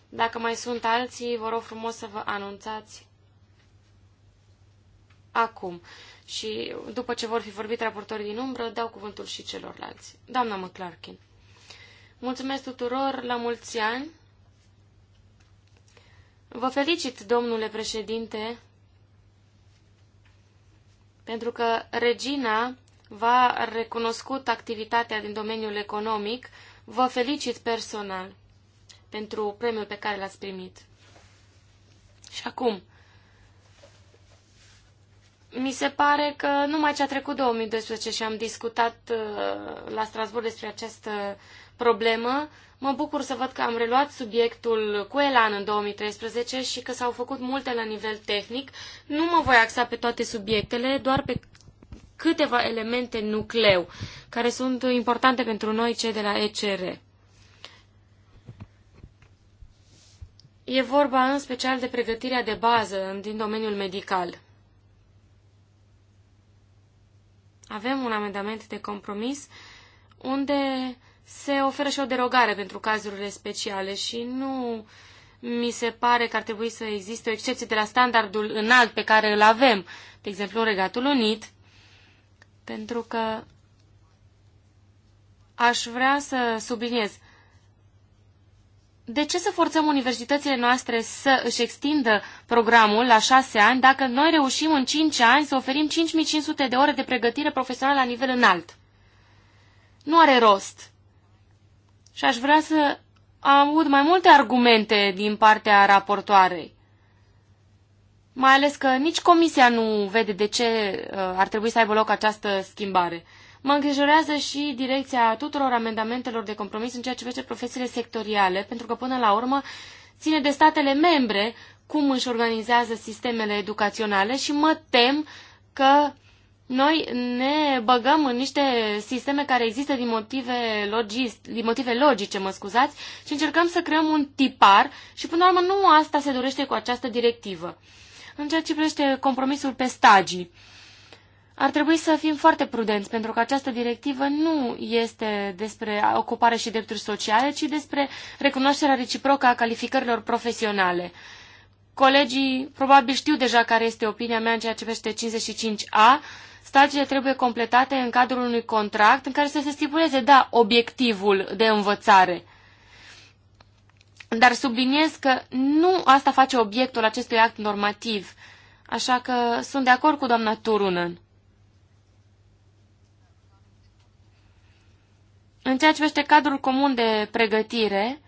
Speaker 3: Dacă mai sunt alții, vă rog frumos să vă anunțați acum. Și după ce vor fi vorbit raportorii din umbră, dau cuvântul și celorlalți. Doamna McClarkin. Mulțumesc tuturor, la mulți ani! Vă felicit, domnule președinte, pentru că regina v-a recunoscut activitatea din domeniul economic. Vă felicit personal pentru premiul pe care l-ați primit. Și acum, mi se pare că numai ce a trecut 2012 și am discutat uh, la Strasbourg despre această problemă, Mă bucur să văd că am reluat subiectul cu elan în 2013 și că s-au făcut multe la nivel tehnic. Nu mă voi axa pe toate subiectele, doar pe câteva elemente nucleu, care sunt importante pentru noi, cei de la ECR. E vorba în special de pregătirea de bază din domeniul medical. Avem un amendament de compromis unde se oferă și o derogare pentru cazurile speciale și nu mi se pare că ar trebui să existe o excepție de la standardul înalt pe care îl avem, de exemplu în Regatul Unit, pentru că aș vrea să subliniez. De ce să forțăm universitățile noastre să își extindă programul la șase ani dacă noi reușim în cinci ani să oferim 5500 de ore de pregătire profesională la nivel înalt? Nu are rost și aș vrea să am avut mai multe argumente din partea raportoarei. Mai ales că nici comisia nu vede de ce uh, ar trebui să aibă loc această schimbare. Mă îngrijorează și direcția tuturor amendamentelor de compromis în ceea ce privește profesiile sectoriale, pentru că până la urmă ține de statele membre cum își organizează sistemele educaționale și mă tem că noi ne băgăm în niște sisteme care există din motive, logist, din motive logice, mă scuzați, și încercăm să creăm un tipar și până la urmă nu asta se dorește cu această directivă. În ceea ce privește compromisul pe stagii, ar trebui să fim foarte prudenți, pentru că această directivă nu este despre ocupare și drepturi sociale, ci despre recunoașterea reciprocă a calificărilor profesionale. Colegii probabil știu deja care este opinia mea în ceea ce privește 55A, stagiile trebuie completate în cadrul unui contract în care să se stipuleze, da, obiectivul de învățare. Dar subliniez că nu asta face obiectul acestui act normativ, așa că sunt de acord cu doamna Turunen. În ceea ce vește cadrul comun de pregătire,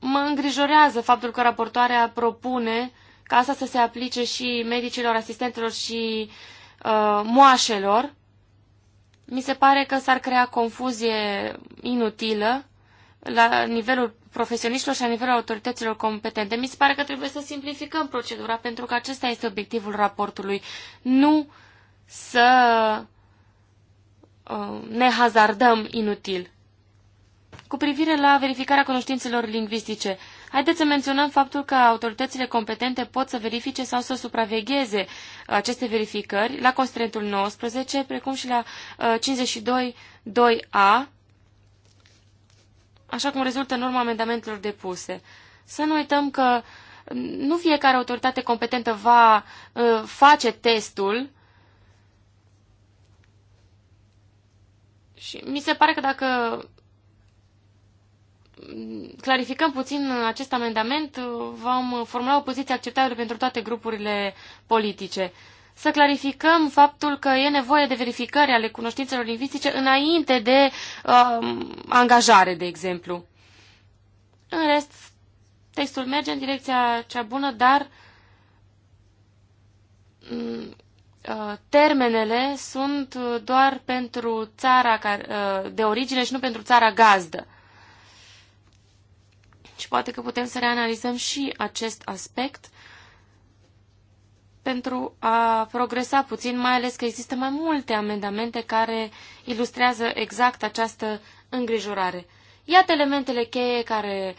Speaker 3: mă îngrijorează faptul că raportoarea propune ca asta să se aplice și medicilor, asistentelor și Uh, moașelor, mi se pare că s-ar crea confuzie inutilă la nivelul profesioniștilor și la nivelul autorităților competente. Mi se pare că trebuie să simplificăm procedura pentru că acesta este obiectivul raportului. Nu să uh, ne hazardăm inutil. Cu privire la verificarea cunoștințelor lingvistice, Haideți să menționăm faptul că autoritățile competente pot să verifice sau să supravegheze aceste verificări la constrentul 19, precum și la 52.2a, uh, așa cum rezultă în urma amendamentelor depuse. Să nu uităm că nu fiecare autoritate competentă va uh, face testul, și mi se pare că dacă clarificăm puțin acest amendament, vom formula o poziție acceptabilă pentru toate grupurile politice. Să clarificăm faptul că e nevoie de verificări ale cunoștințelor lingvistice înainte de uh, angajare, de exemplu. În rest, textul merge în direcția cea bună, dar mm, uh, termenele sunt doar pentru țara uh, de origine și nu pentru țara gazdă și poate că putem să reanalizăm și acest aspect pentru a progresa puțin, mai ales că există mai multe amendamente care ilustrează exact această îngrijorare. Iată elementele cheie care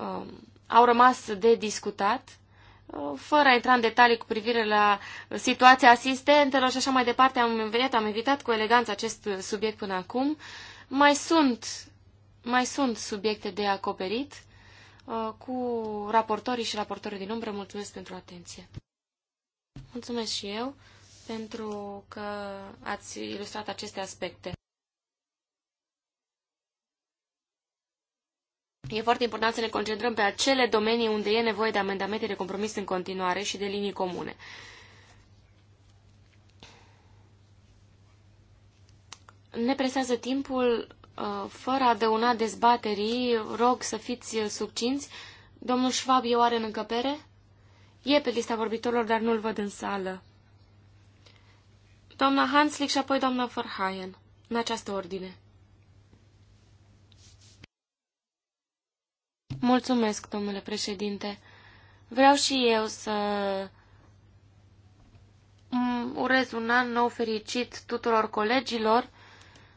Speaker 3: uh, au rămas de discutat, uh, fără a intra în detalii cu privire la situația asistentelor și așa mai departe. Am venit, am evitat cu eleganță acest subiect până acum. Mai sunt, mai sunt subiecte de acoperit Uh, cu raportorii și raportorii din umbră. Mulțumesc pentru atenție. Mulțumesc și eu pentru că ați ilustrat aceste aspecte. E foarte important să ne concentrăm pe acele domenii unde e nevoie de amendamente de compromis în continuare și de linii comune. Ne presează timpul, Uh, fără a adăuna dezbaterii, rog să fiți uh, succinți. Domnul Schwab, e oare în încăpere? E pe lista vorbitorilor, dar nu-l văd în sală. Doamna Hanslick și apoi doamna Verhaien, în această ordine. Mulțumesc, domnule președinte. Vreau și eu să mm, urez un an nou fericit tuturor colegilor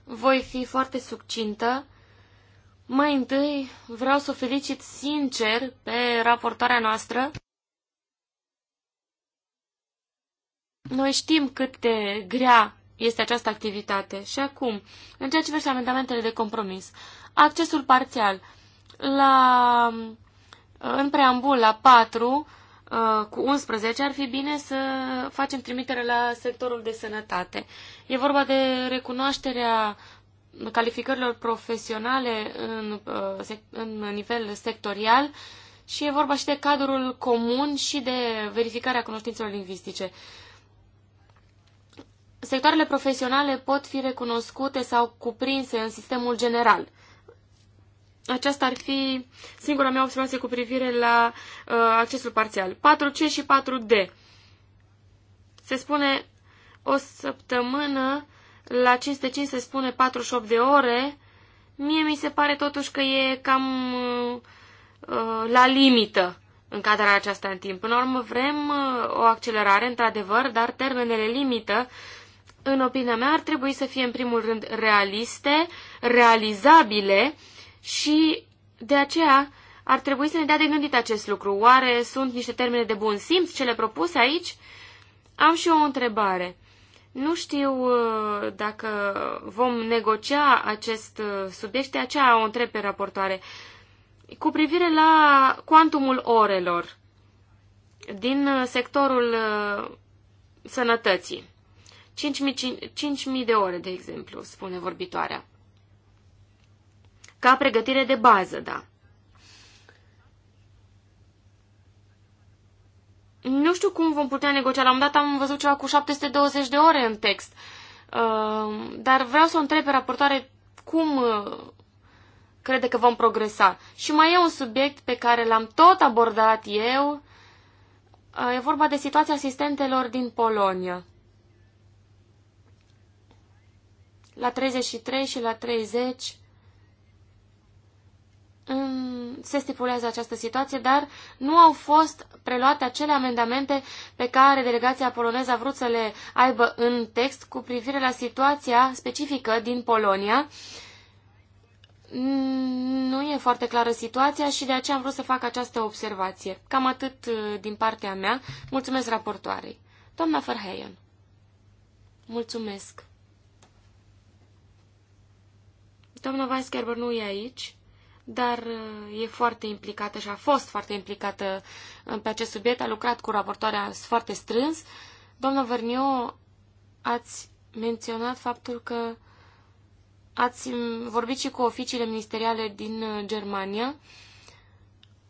Speaker 3: voi fi foarte succintă. Mai întâi vreau să o felicit sincer pe raportoarea noastră. Noi știm cât de grea este această activitate. Și acum, în ceea ce privește amendamentele de compromis, accesul parțial la, în preambul la 4, Uh, cu 11 ar fi bine să facem trimitere la sectorul de sănătate. E vorba de recunoașterea calificărilor profesionale în, uh, în nivel sectorial și e vorba și de cadrul comun și de verificarea cunoștințelor lingvistice. Sectoarele profesionale pot fi recunoscute sau cuprinse în sistemul general – aceasta ar fi singura mea observație cu privire la uh, accesul parțial. 4C și 4D. Se spune o săptămână, la 505 se spune 48 de ore. Mie mi se pare totuși că e cam uh, uh, la limită încadrarea aceasta în timp. În urmă vrem uh, o accelerare, într-adevăr, dar termenele limită în opinia mea, ar trebui să fie, în primul rând, realiste, realizabile și de aceea ar trebui să ne dea de gândit acest lucru. Oare sunt niște termene de bun simț cele propuse aici? Am și eu o întrebare. Nu știu uh, dacă vom negocia acest uh, subiect, de aceea o întreb pe raportoare. Cu privire la cuantumul orelor din uh, sectorul sănătății, 5.000 de ore, de exemplu, spune vorbitoarea ca pregătire de bază, da. Nu știu cum vom putea negocia. La un dat am văzut ceva cu 720 de ore în text. Uh, dar vreau să o întreb pe raportoare cum uh, crede că vom progresa. Și mai e un subiect pe care l-am tot abordat eu. Uh, e vorba de situația asistentelor din Polonia. La 33 și la 30 se stipulează această situație, dar nu au fost preluate acele amendamente pe care delegația poloneză a vrut să le aibă în text cu privire la situația specifică din Polonia. Nu e foarte clară situația și de aceea am vrut să fac această observație. Cam atât uh, din partea mea. Mulțumesc raportoarei. Doamna Verheyen. Mulțumesc. Doamna Weisgerber nu e aici dar uh, e foarte implicată și a fost foarte implicată uh, pe acest subiect, a lucrat cu raportoarea foarte strâns. Doamna Vărniu, ați menționat faptul că ați vorbit și cu oficiile ministeriale din uh, Germania,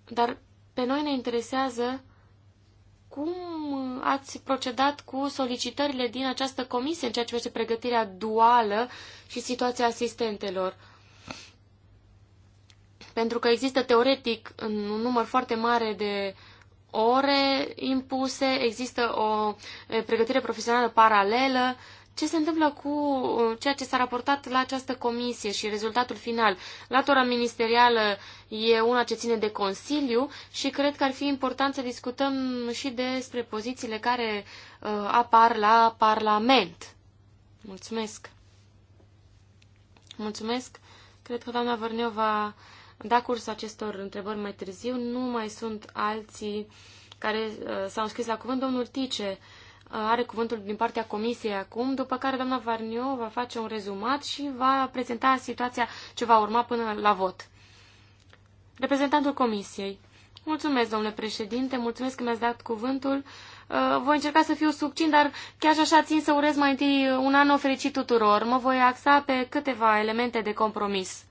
Speaker 3: dar pe noi ne interesează cum ați procedat cu solicitările din această comisie în ceea ce privește pregătirea duală și situația asistentelor pentru că există teoretic un număr foarte mare de ore impuse, există o pregătire profesională paralelă. Ce se întâmplă cu uh, ceea ce s-a raportat la această comisie și rezultatul final? Latura ministerială e una ce ține de Consiliu și cred că ar fi important să discutăm și despre pozițiile care uh, apar la Parlament. Mulțumesc! Mulțumesc! Cred că doamna Vărneu va da curs acestor întrebări mai târziu. Nu mai sunt alții care uh, s-au înscris la cuvânt. Domnul Tice uh, are cuvântul din partea comisiei acum, după care doamna Varniu va face un rezumat și va prezenta situația ce va urma până la vot. Reprezentantul comisiei. Mulțumesc, domnule președinte, mulțumesc că mi-ați dat cuvântul. Uh, voi încerca să fiu succint, dar chiar și așa țin să urez mai întâi un an fericit tuturor. Mă voi axa pe câteva elemente de compromis.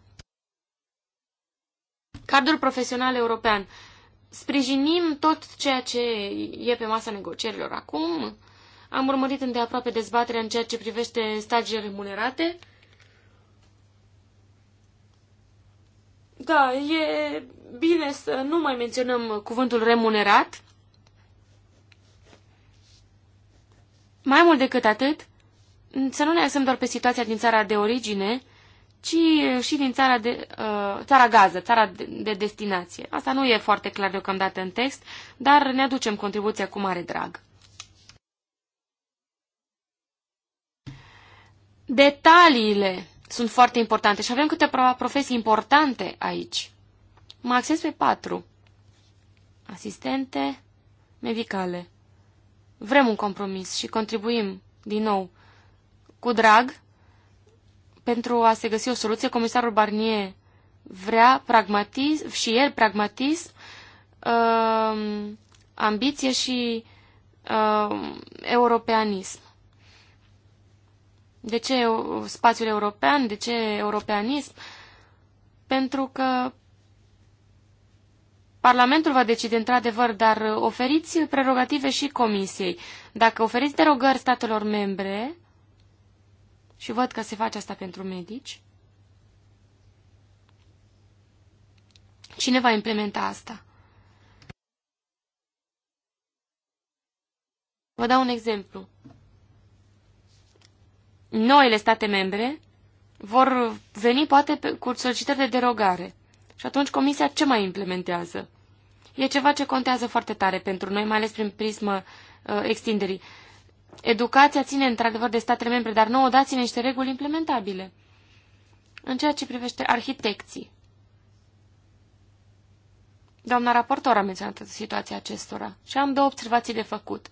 Speaker 3: Cadrul profesional european. Sprijinim tot ceea ce e pe masa negocierilor acum. Am urmărit îndeaproape dezbaterea în ceea ce privește stagiile remunerate. Da, e bine să nu mai menționăm cuvântul remunerat. Mai mult decât atât, să nu ne axăm doar pe situația din țara de origine, ci eh, și din țara, de, uh, țara gază, țara de destinație. Asta nu e foarte clar deocamdată în text, dar ne aducem contribuția cu mare drag. Detaliile sunt foarte importante și avem câteva profesii importante aici. Mă acces pe patru. Asistente medicale. Vrem un compromis și contribuim, din nou, cu drag, pentru a se găsi o soluție, comisarul Barnier vrea pragmatism și el pragmatism, uh, ambiție și uh, europeanism. De ce spațiul european? De ce europeanism? Pentru că Parlamentul va decide într-adevăr, dar oferiți prerogative și Comisiei. Dacă oferiți derogări statelor membre, și văd că se face asta pentru medici. Cine va implementa asta? Vă dau un exemplu. Noile state membre vor veni poate cu solicitări de derogare. Și atunci Comisia ce mai implementează? E ceva ce contează foarte tare pentru noi, mai ales prin prisma uh, extinderii. Educația ține într-adevăr de statele membre, dar nouă dați-ne niște reguli implementabile. În ceea ce privește arhitecții, doamna raportor a menționat situația acestora și am două observații de făcut.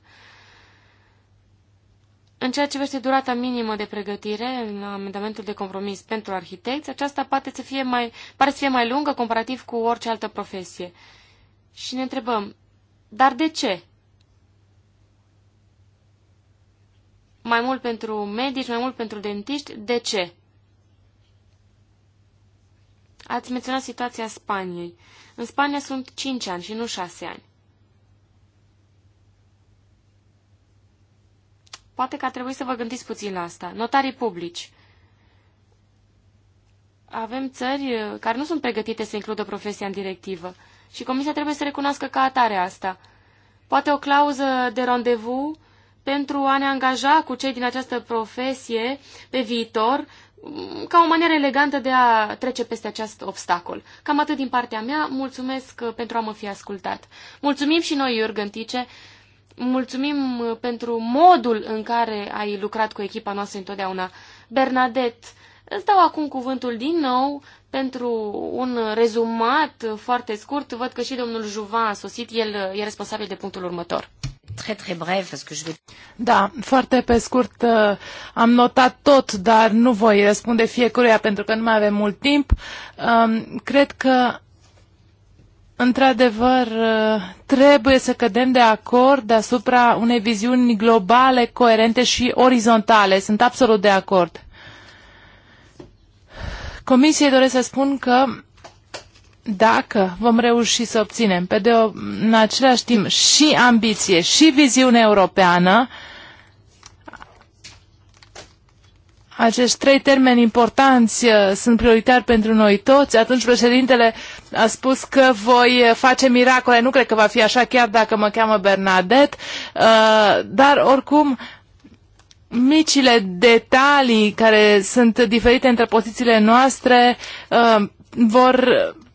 Speaker 3: În ceea ce vește durata minimă de pregătire în amendamentul de compromis pentru arhitecți, aceasta poate să fie mai, pare să fie mai lungă comparativ cu orice altă profesie. Și ne întrebăm, dar de ce? mai mult pentru medici, mai mult pentru dentiști. De ce? Ați menționat situația Spaniei. În Spania sunt 5 ani și nu 6 ani. Poate că ar trebui să vă gândiți puțin la asta. Notarii publici. Avem țări uh, care nu sunt pregătite să includă profesia în directivă și Comisia trebuie să recunoască ca atare asta. Poate o clauză de rendezvous pentru a ne angaja cu cei din această profesie pe viitor mm, ca o manieră elegantă de a trece peste acest obstacol. Cam atât din partea mea, mulțumesc uh, pentru a mă fi ascultat. Mulțumim și noi, Iurgen Tice, mulțumim uh, pentru modul în care ai lucrat cu echipa noastră întotdeauna. Bernadette, îți dau acum cuvântul din nou pentru un rezumat foarte scurt. Văd că și domnul Juvan a sosit, el uh, e responsabil de punctul următor très très parce que je vais...
Speaker 1: Da, foarte pe scurt uh, am notat tot, dar nu voi răspunde fiecăruia pentru că nu mai avem mult timp. Um, cred că Într-adevăr, uh, trebuie să cădem de acord deasupra unei viziuni globale, coerente și orizontale. Sunt absolut de acord. Comisiei doresc să spun că dacă vom reuși să obținem pe de o, în același timp și ambiție și viziune europeană, acești trei termeni importanți uh, sunt prioritari pentru noi toți. Atunci președintele a spus că voi uh, face miracole. Nu cred că va fi așa chiar dacă mă cheamă Bernadette, uh, dar oricum micile detalii care sunt diferite între pozițiile noastre vor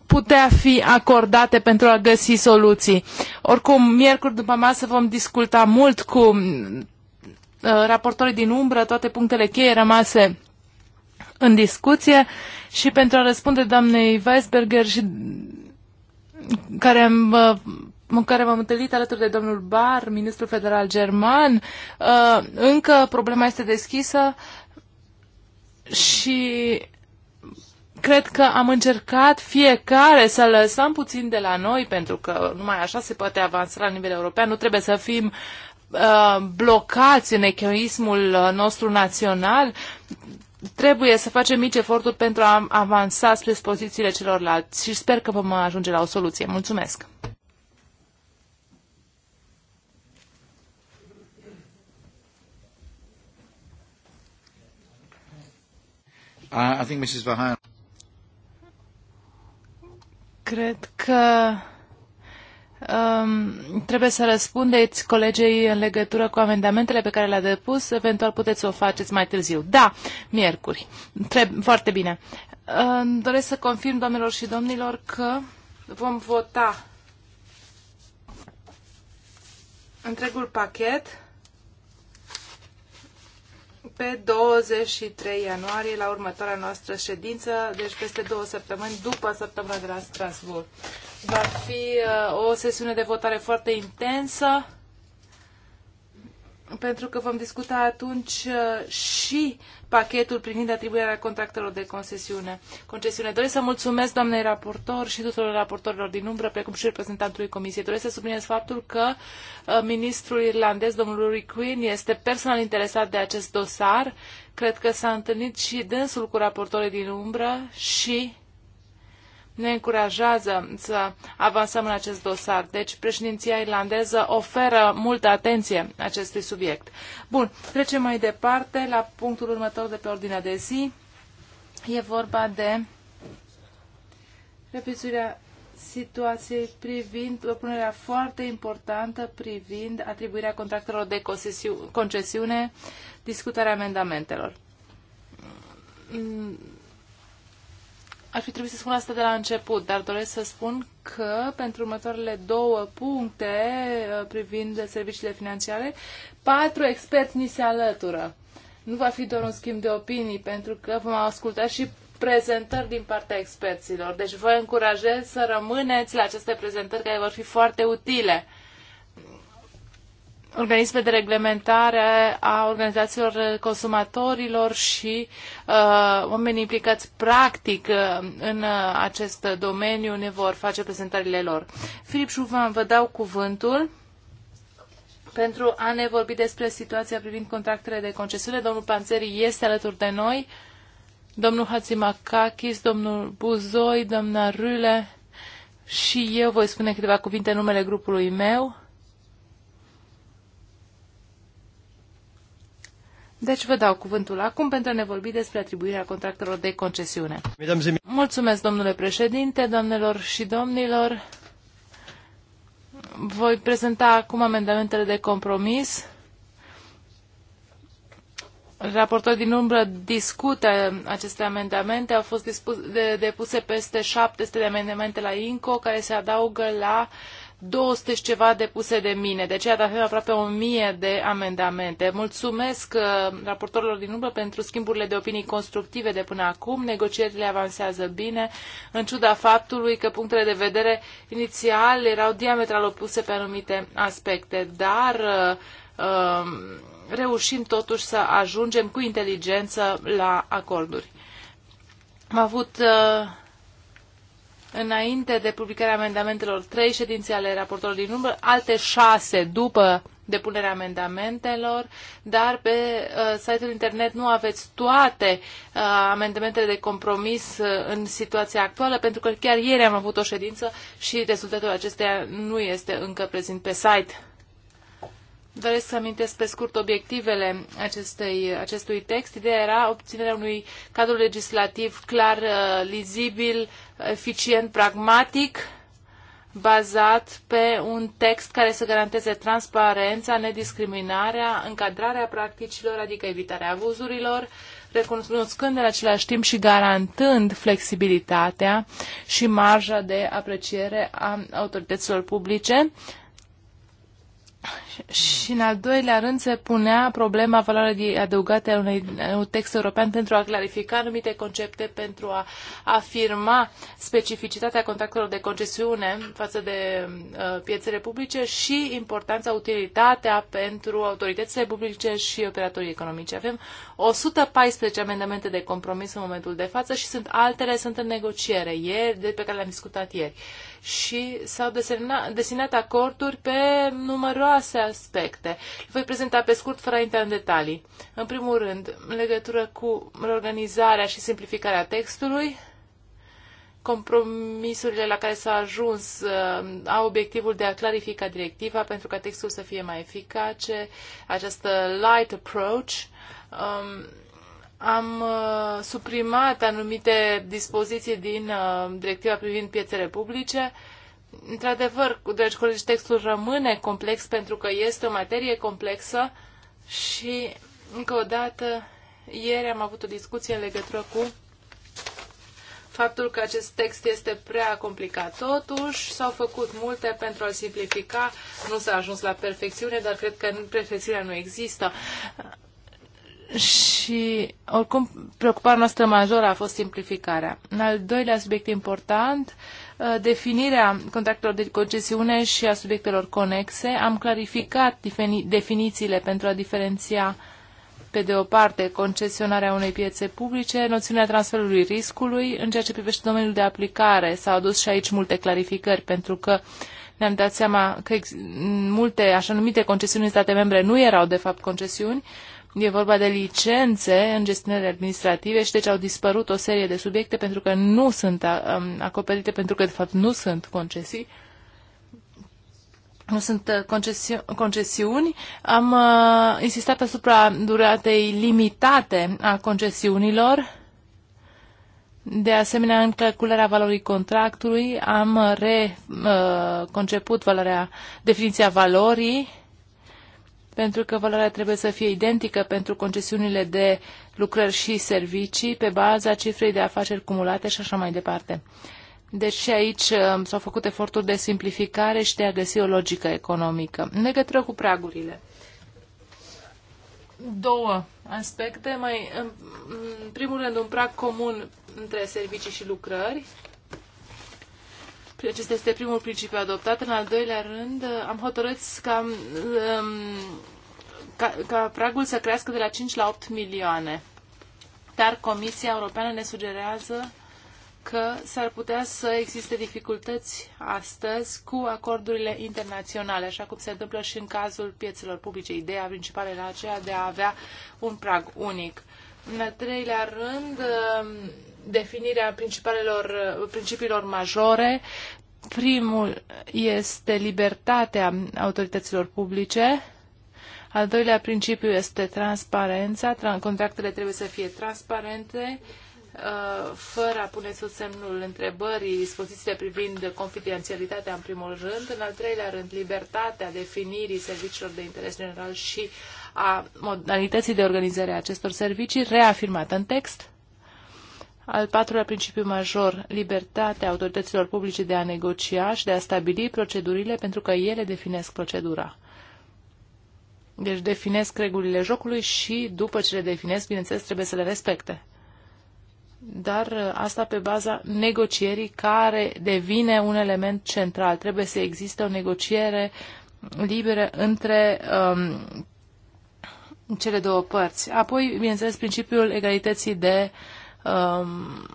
Speaker 1: putea fi acordate pentru a găsi soluții. Oricum, miercuri după masă vom discuta mult cu uh, raportorii din umbră, toate punctele cheie rămase în discuție și pentru a răspunde doamnei Weisberger și care am uh, în care m-am întâlnit alături de domnul Bar, ministrul federal german, uh, încă problema este deschisă și cred că am încercat fiecare să lăsăm puțin de la noi, pentru că numai așa se poate avansa la nivel european. Nu trebuie să fim uh, blocați în echoismul uh, nostru național. Trebuie să facem mici eforturi pentru a avansa spre pozițiile celorlalți și sper că vom ajunge la o soluție. Mulțumesc! Uh, I think Mrs. Cred că um, trebuie să răspundeți colegei în legătură cu amendamentele pe care le-a depus. Eventual puteți să o faceți mai târziu. Da, miercuri. Treb- foarte bine. Um, doresc să confirm, doamnelor și domnilor, că vom vota întregul pachet pe 23 ianuarie la următoarea noastră ședință, deci peste două săptămâni după săptămâna de la Strasbourg. Va fi uh, o sesiune de votare foarte intensă pentru că vom discuta atunci uh, și pachetul privind atribuirea contractelor de concesiune. concesiune. Doresc să mulțumesc doamnei raportor și tuturor raportorilor din umbră, precum și reprezentantului Comisiei. Doresc să subliniez faptul că uh, ministrul irlandez, domnul Rory Quinn, este personal interesat de acest dosar. Cred că s-a întâlnit și dânsul cu raportorii din umbră și ne încurajează să avansăm în acest dosar. Deci președinția irlandeză oferă multă atenție acestui subiect. Bun, trecem mai departe la punctul următor de pe ordinea de zi. E vorba de repizuirea situației privind propunerea foarte importantă privind atribuirea contractelor de concesiune, discutarea amendamentelor ar fi trebuit să spun asta de la început, dar doresc să spun că pentru următoarele două puncte uh, privind serviciile financiare, patru experți ni se alătură. Nu va fi doar un schimb de opinii, pentru că vom asculta și prezentări din partea experților. Deci vă încurajez să rămâneți la aceste prezentări care vor fi foarte utile organisme de reglementare a organizațiilor consumatorilor și uh, oamenii implicați practic uh, în uh, acest domeniu ne vor face prezentările lor. Filip Șuvan, vă dau cuvântul pentru a ne vorbi despre situația privind contractele de concesiune. Domnul Panțeri este alături de noi, domnul Hatzimakakis, domnul Buzoi, doamna Rule și eu voi spune câteva cuvinte în numele grupului meu Deci vă dau cuvântul acum pentru a ne vorbi despre atribuirea contractelor de concesiune. Mulțumesc, domnule președinte, doamnelor și domnilor. Voi prezenta acum amendamentele de compromis. Raportorii din umbră discută aceste amendamente. Au fost depuse peste 700 de amendamente la INCO, care se adaugă la uh, 200 și ceva depuse de mine, deci aceea avem aproape 1000 de amendamente. Mulțumesc uh, raportorilor din urmă pentru schimburile de opinii constructive de până acum. Negocierile avansează bine, în ciuda faptului că punctele de vedere inițial erau diametral opuse pe anumite aspecte, dar uh, uh, reușim totuși să ajungem cu inteligență la acorduri. Am avut uh, înainte de publicarea amendamentelor trei ședințe ale raportorului din număr, alte șase după depunerea amendamentelor, dar pe uh, site-ul internet nu aveți toate uh, amendamentele de compromis uh, în situația actuală, pentru că chiar ieri am avut o ședință și rezultatul acesteia nu este încă prezent pe site. Doresc să amintesc pe scurt obiectivele acestei, acestui text. Ideea era obținerea unui cadru legislativ clar, uh, lizibil, eficient, pragmatic, bazat pe un text care să garanteze transparența, nediscriminarea, încadrarea practicilor, adică evitarea abuzurilor, recunoscând în același timp și garantând flexibilitatea și marja de apreciere a autorităților publice și în al doilea rând se punea problema valorii adăugate a unui, text european pentru a clarifica anumite concepte, pentru a afirma specificitatea contractelor de concesiune față de uh, piețele publice și importanța, utilitatea pentru autoritățile publice și operatorii economici. Avem 114 amendamente de compromis în momentul de față și sunt altele, sunt în negociere, ieri, de pe care le-am discutat ieri. Și s-au desenat desinat acorduri pe numeroase aspecte. Le voi prezenta pe scurt, fără a intra în detalii. În primul rând, în legătură cu reorganizarea și simplificarea textului, compromisurile la care s-a ajuns uh, au obiectivul de a clarifica directiva pentru ca textul să fie mai eficace, această light approach. Um, am uh, suprimat anumite dispoziții din uh, directiva privind piețele publice, uh, Într-adevăr, dragi colegi, textul rămâne complex pentru că este o materie complexă și, încă o dată, ieri am avut o discuție în legătură cu faptul că acest text este prea complicat. Totuși, s-au făcut multe pentru a-l simplifica. Nu s-a ajuns la perfecțiune, dar cred că perfecțiunea nu există. Și, oricum, preocuparea noastră majoră a fost simplificarea. În al doilea subiect important, uh, Uh, definirea contractelor de concesiune și a subiectelor conexe. Am clarificat definițiile pentru a diferenția pe de o parte, concesionarea unei piețe publice, noțiunea transferului riscului. În ceea ce privește domeniul de aplicare, s-au adus și aici multe clarificări, pentru că ne-am dat seama că multe așa numite concesiuni în state membre nu erau de fapt concesiuni, E vorba de licențe în gestionările administrative și deci au dispărut o serie de subiecte pentru că nu sunt acoperite, pentru că de fapt nu sunt concesii. Nu sunt uh, concesi- concesiuni. Am uh, insistat asupra duratei limitate a concesiunilor. De asemenea, în calcularea valorii contractului am reconceput uh, valoarea, definiția valorii pentru că valoarea trebuie să fie identică pentru concesiunile de lucrări și servicii pe baza cifrei de afaceri cumulate și așa mai departe. Deci și aici um, s-au făcut eforturi de simplificare și de a găsi o logică economică. În legătură cu pragurile. Două aspecte. Mai, în primul rând, un prag comun între servicii și lucrări, acesta este primul principiu adoptat. În al doilea rând, am hotărât ca, um, ca, ca pragul să crească de la 5 la 8 milioane. Dar Comisia Europeană ne sugerează că s-ar putea să existe dificultăți astăzi cu acordurile internaționale, așa cum se întâmplă și în cazul piețelor publice. Ideea principală era aceea de a avea un prag unic. În al treilea rând, um, definirea principalelor, principiilor majore. Primul este libertatea autorităților publice. Al doilea principiu este transparența. Contractele trebuie să fie transparente, uh, fără a pune sub semnul întrebării dispozițiile privind confidențialitatea în primul rând. În al treilea rând, libertatea definirii serviciilor de interes general și a modalității de organizare a acestor servicii, reafirmată în text. Al patrulea principiu major, libertatea autorităților publice de a negocia și de a stabili procedurile pentru că ele definesc procedura. Deci definesc regulile jocului și după ce le definesc, bineînțeles, trebuie să le respecte. Dar uh, asta pe baza negocierii care devine un element central. Trebuie să existe o negociere liberă între um, cele două părți. Apoi, bineînțeles, principiul egalității de uh, Um,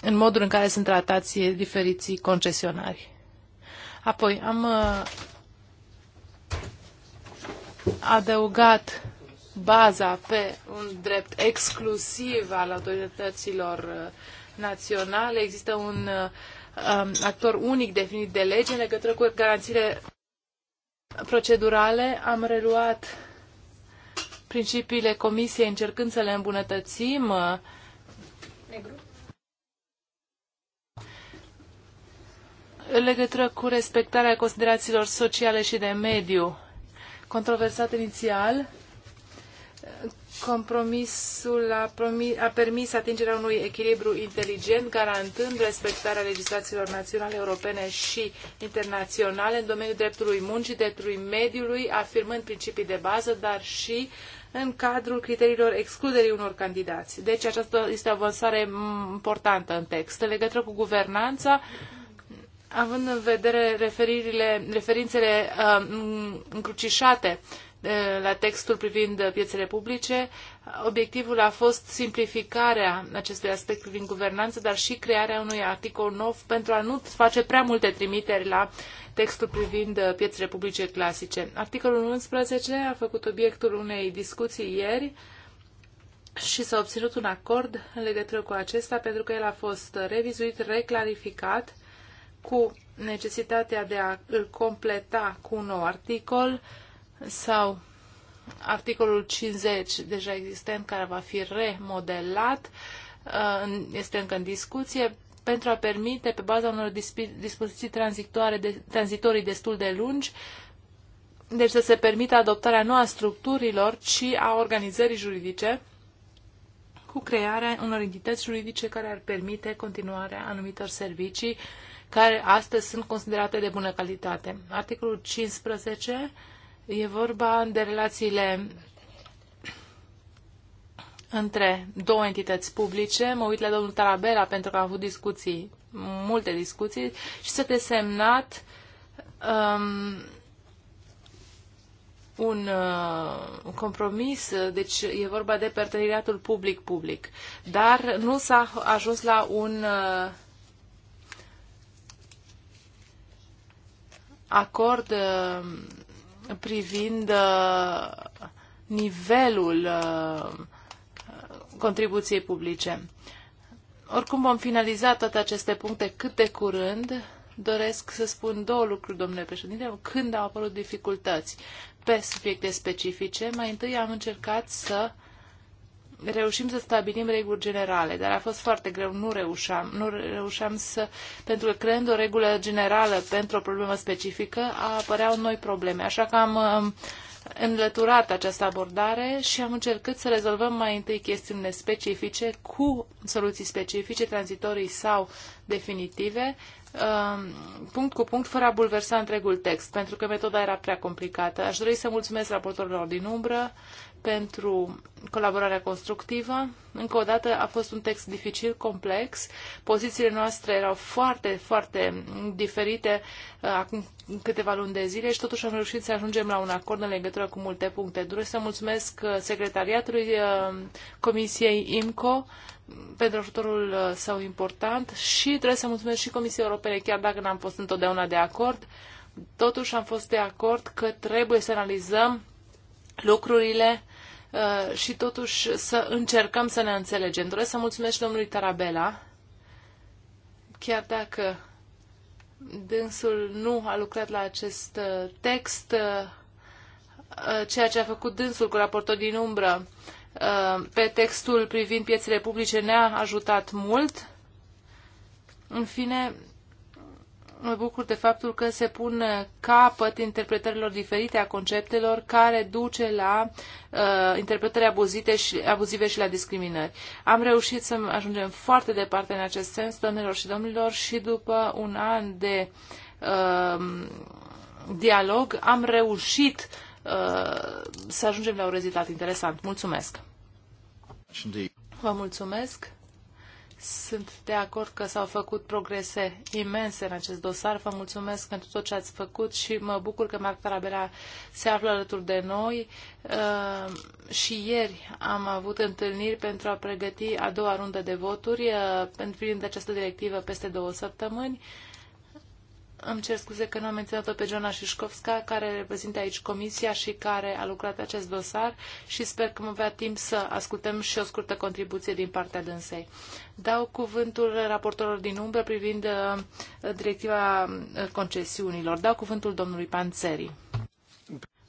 Speaker 1: în modul în care sunt tratați diferiții concesionari. Apoi am uh, adăugat baza pe un drept exclusiv al autorităților uh, naționale. Există un uh, um, actor unic definit de lege în legătură cu garanțiile procedurale. Am reluat principiile comisiei încercând să le îmbunătățim în legătură cu respectarea considerațiilor sociale și de mediu. Controversat inițial, compromisul a, promis, a permis atingerea unui echilibru inteligent, garantând respectarea legislațiilor naționale, europene și internaționale în domeniul dreptului muncii, dreptului mediului, afirmând principii de bază, dar și în cadrul criteriilor excluderii unor candidați. Deci aceasta este o avansare importantă în text. În legătură cu guvernanța, având în vedere referirile, referințele uh, încrucișate uh, la textul privind piețele publice, obiectivul a fost simplificarea acestui aspect privind guvernanță, dar și crearea unui articol nou pentru a nu face prea multe trimiteri la textul privind piețele publice clasice. Articolul 11 a făcut obiectul unei discuții ieri și s-a obținut un acord în legătură cu acesta pentru că el a fost revizuit, reclarificat cu necesitatea de a îl completa cu un nou articol sau articolul 50 deja existent care va fi remodelat, uh, este încă în discuție, pentru a permite, pe baza unor dispoziții tranzitoare de, tranzitorii destul de lungi, deci să se permită adoptarea nu a structurilor, ci a organizării juridice cu crearea unor entități juridice care ar permite continuarea anumitor servicii uh, care astăzi sunt considerate de bună calitate. Articolul 15 e vorba de relațiile între două entități publice. Mă uit la domnul Tarabela pentru că a avut discuții, multe discuții, și s-a desemnat um, un uh, compromis, deci e vorba de parteneriatul public-public. Dar nu s-a ajuns la un uh, acord uh, privind uh, nivelul uh, contribuției publice. Oricum vom finaliza toate aceste puncte cât de curând. Doresc să spun două lucruri, domnule președinte, când au apărut dificultăți pe subiecte specifice. Mai întâi am încercat să reușim să stabilim reguli generale, dar a fost foarte greu, nu reușeam, nu reușeam să, pentru că creând o regulă generală pentru o problemă specifică, apăreau noi probleme. Așa că am um, înlăturat această abordare și am încercat să rezolvăm mai întâi chestiunile specifice cu soluții specifice, tranzitorii sau definitive, um, punct cu punct, fără a bulversa întregul text, pentru că metoda era prea complicată. Aș dori să mulțumesc raportorilor din umbră pentru colaborarea constructivă. Încă o dată a fost un text dificil, complex. Pozițiile noastre erau foarte, foarte diferite uh, acum câteva luni de zile și totuși am reușit să ajungem la un acord în legătură cu multe puncte. Doresc să mulțumesc uh, secretariatului uh, Comisiei IMCO pentru ajutorul său important și trebuie să mulțumesc și Comisiei Europene, chiar dacă n-am fost întotdeauna de acord. Totuși am fost de acord că trebuie să analizăm lucrurile Uh, și totuși să încercăm să ne înțelegem. Doresc să mulțumesc și domnului Tarabela, chiar dacă dânsul nu a lucrat la acest uh, text, uh, ceea ce a făcut dânsul cu raportul din umbră pe textul privind piețele publice ne-a ajutat mult. În fine, mă bucur de faptul că se pun capăt interpretărilor diferite a conceptelor care duce la uh, interpretări abuzite și, abuzive și la discriminări. Am reușit să ajungem foarte departe în acest sens, doamnelor și domnilor, și după un an de uh, dialog am reușit uh, să ajungem la un rezultat interesant. Mulțumesc! Vă mulțumesc! Sunt de acord că s-au făcut progrese imense în acest dosar. Vă mulțumesc pentru tot ce ați făcut și mă bucur că Marc Tarabela se află alături de noi. Uh, și ieri am avut întâlniri pentru a pregăti a doua rundă de voturi uh, privind această directivă peste două săptămâni. Îmi cer scuze că nu am menționat-o pe Joana Șișcovska, care reprezintă aici comisia și care a lucrat acest dosar și sper că vom avea timp să ascultăm și o scurtă contribuție din partea dânsei. Dau cuvântul raportorilor din umbră privind uh, directiva uh, concesiunilor. Dau cuvântul domnului Panțeri.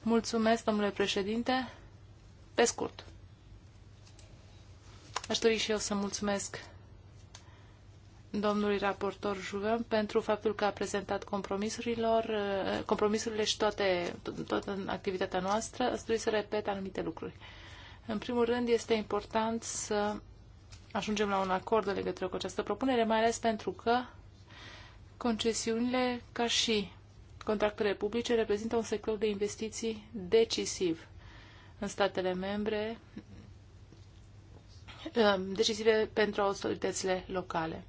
Speaker 1: Mulțumesc, domnule președinte. Pe scurt. Aș dori și eu să mulțumesc domnului raportor Juven pentru faptul că a prezentat compromisurilor, eh, compromisurile și toate, toată activitatea noastră. Îți trebuie să repet anumite lucruri. În primul rând, este important să ajungem la un acord de legătură cu această propunere, mai ales pentru că concesiunile, ca și contractele publice, reprezintă un sector de investiții decisiv în statele membre, eh, decisive pentru autoritățile locale.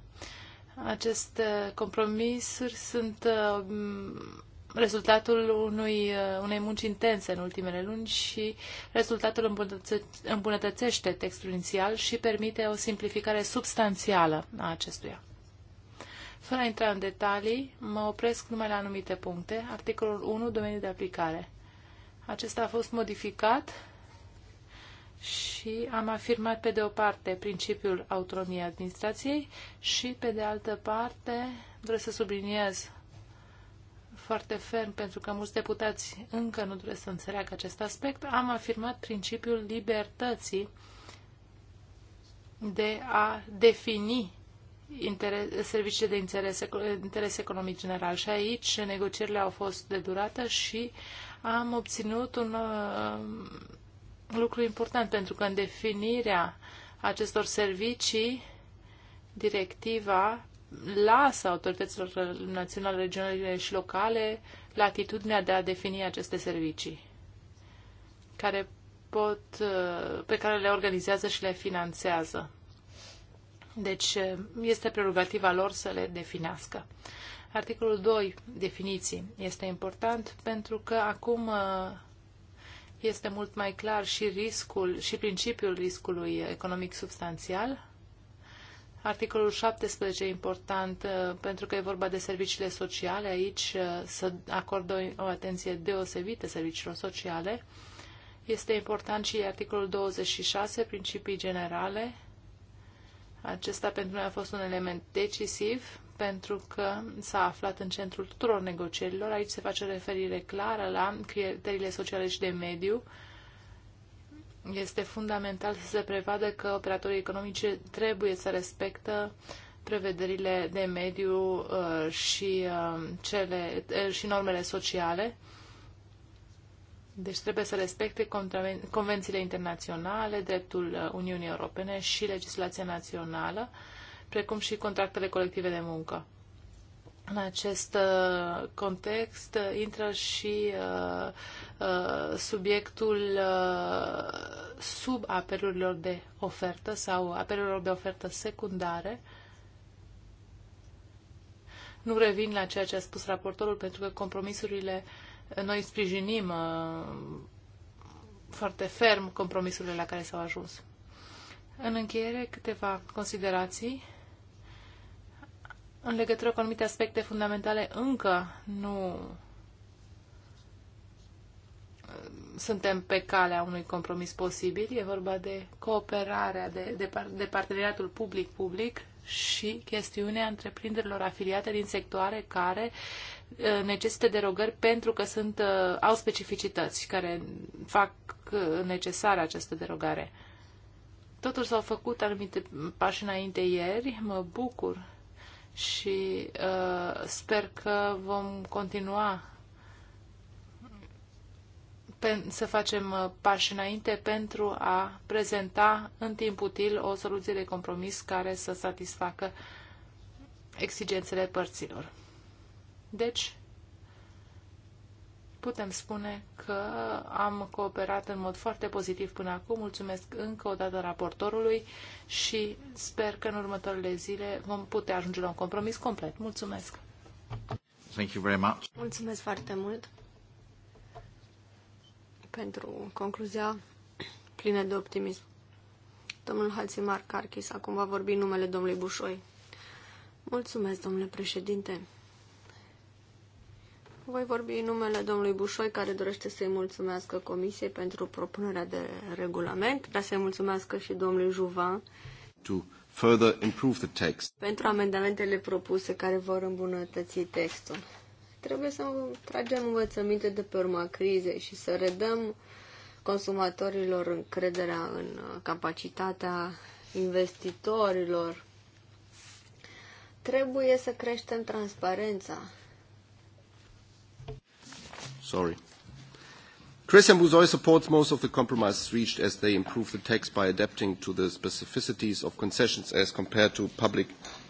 Speaker 1: Aceste compromisuri sunt uh, rezultatul unui, uh, unei munci intense în ultimele luni și rezultatul îmbunătățe, îmbunătățește textul inițial și permite o simplificare substanțială a acestuia. Fără a intra în detalii, mă opresc numai la anumite puncte. Articolul 1, domeniul de aplicare. Acesta a fost modificat și am afirmat pe de o parte principiul autonomiei administrației și pe de altă parte vreau să subliniez foarte ferm, pentru că mulți deputați încă nu doresc să înțeleagă acest aspect, am afirmat principiul libertății de a defini interes, servicii de interes, interes economic general. Și aici negocierile au fost de durată și am obținut un lucru important pentru că în definirea acestor servicii, directiva lasă autorităților naționale, regionale și locale latitudinea de a defini aceste servicii care pot, pe care le organizează și le finanțează. Deci este prerogativa lor să le definească. Articolul 2, definiții, este important pentru că acum este mult mai clar și riscul și principiul riscului economic substanțial. Articolul 17 e important uh, pentru că e vorba de serviciile sociale. Aici uh, să acordă o atenție deosebită serviciilor sociale. Este important și articolul 26, principii generale. Acesta pentru noi a fost un element decisiv pentru că s-a aflat în centrul tuturor negocierilor. Aici se face referire clară la criteriile sociale și de mediu. Este fundamental să se prevadă că operatorii economice trebuie să respectă prevederile de mediu uh, și, uh, cele, uh, și normele sociale. Deci trebuie să respecte convențiile internaționale, dreptul Uniunii Europene și legislația națională precum și contractele colective de muncă. În acest uh, context uh, intră și uh, subiectul sub apelurilor de ofertă sau apelurilor de ofertă secundare. Nu revin la ceea ce a spus raportorul, pentru că compromisurile noi sprijinim foarte ferm compromisurile la care s-au ajuns. În încheiere, câteva considerații în legătură cu anumite aspecte fundamentale încă nu uh, suntem pe calea unui compromis posibil. E vorba de cooperarea, de, de, de parteneriatul public-public și chestiunea întreprinderilor afiliate din sectoare care uh, necesită derogări pentru că sunt, uh, au specificități care fac necesară această derogare. Totuși s-au făcut anumite pași înainte ieri. Mă bucur și uh, sper că vom continua să facem uh, pași înainte pentru a prezenta în timp util o soluție de compromis care să satisfacă exigențele părților. Deci, putem spune că am cooperat în mod foarte pozitiv până acum. Mulțumesc încă o dată raportorului și sper că în următoarele zile vom putea ajunge la un compromis complet. Mulțumesc!
Speaker 2: Thank you very much.
Speaker 1: Mulțumesc foarte mult pentru concluzia
Speaker 2: plină de optimism. Domnul Halsimar Carchis acum va vorbi numele domnului Bușoi. Mulțumesc, domnule președinte. Voi vorbi în numele domnului Bușoi, care dorește să-i mulțumească Comisiei pentru propunerea de regulament, dar să-i mulțumească și domnului Juvan
Speaker 1: to further improve the text.
Speaker 2: pentru amendamentele propuse care vor îmbunătăți textul. Trebuie să tragem învățăminte de pe urma crizei și să redăm consumatorilor încrederea în capacitatea investitorilor. Trebuie să creștem transparența
Speaker 1: Sorry. Christian Bouzoy supports most of the compromises reached as they improve the text by adapting to the specificities of concessions as compared to public